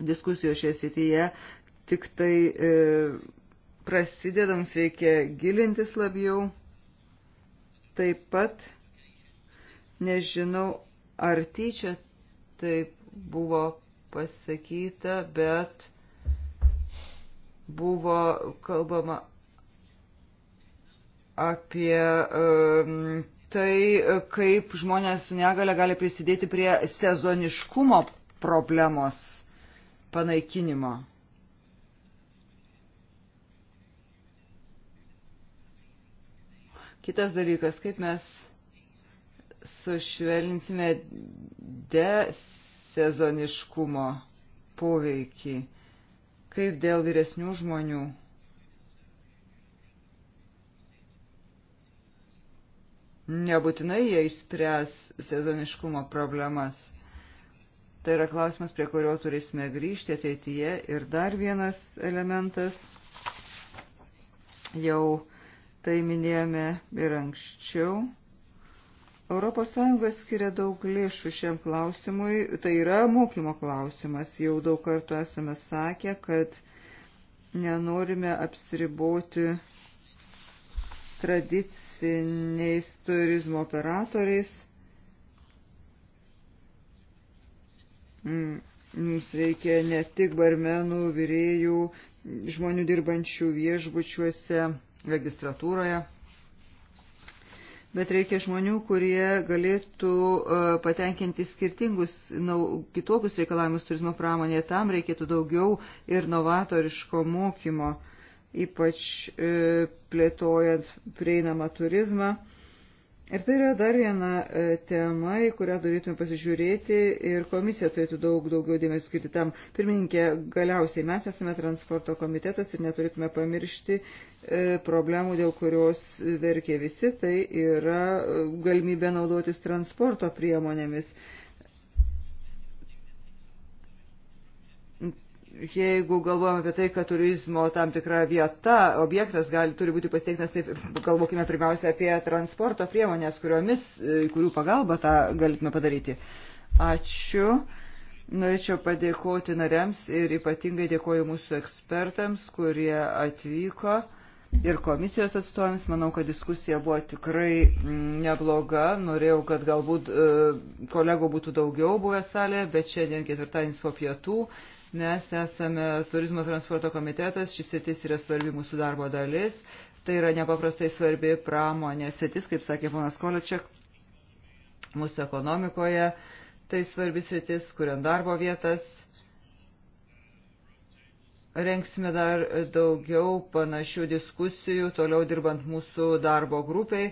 diskusijos šioje srityje, tik tai e, prasidedams reikia gilintis labiau. Taip pat nežinau, ar tyčia taip buvo pasakyta, bet buvo kalbama apie um, tai, kaip žmonės su negale gali prisidėti prie sezoniškumo problemos panaikinimo. Kitas dalykas, kaip mes sušvelninsime des sezoniškumo poveikį, kaip dėl vyresnių žmonių. Nebūtinai jie išspręs sezoniškumo problemas. Tai yra klausimas, prie kurio turėsime grįžti ateityje. Ir dar vienas elementas, jau tai minėjome ir anksčiau ES skiria daug lėšų šiam klausimui, tai yra mokymo klausimas. Jau daug kartų esame sakę, kad nenorime apsiriboti tradiciniais turizmo operatoriais. Mums reikia ne tik barmenų, vyrėjų, žmonių dirbančių viešbučiuose, registratūroje bet reikia žmonių, kurie galėtų e, patenkinti skirtingus, na, kitokius reikalavimus turizmo pramonėje. Tam reikėtų daugiau ir novatoriško mokymo, ypač e, plėtojant prieinamą turizmą. Ir tai yra dar viena e, tema, į kurią turėtume pasižiūrėti ir komisija turėtų daug daugiau dėmesio skirti tam. Pirmininkė, galiausiai mes esame transporto komitetas ir neturėtume pamiršti e, problemų, dėl kurios verkė visi, tai yra e, galimybė naudotis transporto priemonėmis. jeigu galvojame apie tai, kad turizmo tam tikra vieta, objektas gali, turi būti pasiektas, taip galvokime pirmiausia apie transporto priemonės, kuriomis, e, kurių pagalba tą galime padaryti. Ačiū. Norėčiau padėkoti nariams ir ypatingai dėkoju mūsų ekspertams, kurie atvyko ir komisijos atstovams. Manau, kad diskusija buvo tikrai mm, nebloga. Norėjau, kad galbūt e, kolegų būtų daugiau buvę salėje, bet šiandien ketvirtadienis po pietų. Mes esame turizmo transporto komitetas, šis sėtis yra svarbi mūsų darbo dalis. Tai yra nepaprastai svarbi pramonės sėtis, kaip sakė ponas Količiak, mūsų ekonomikoje. Tai svarbi sėtis, kuriant darbo vietas, rengsime dar daugiau panašių diskusijų, toliau dirbant mūsų darbo grupiai.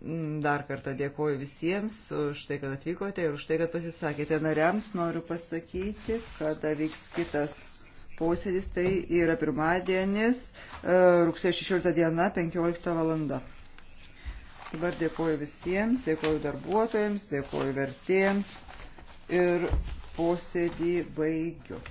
Mm, dar kartą dėkoju visiems už tai, kad atvykote ir už tai, kad pasisakėte nariams. Noriu pasakyti, kada vyks kitas posėdis. Tai yra pirmadienis, e, rugsėjo 16 diena, 15 valanda. Dabar dėkoju visiems, dėkoju darbuotojams, dėkoju vertėjams ir posėdį baigiu.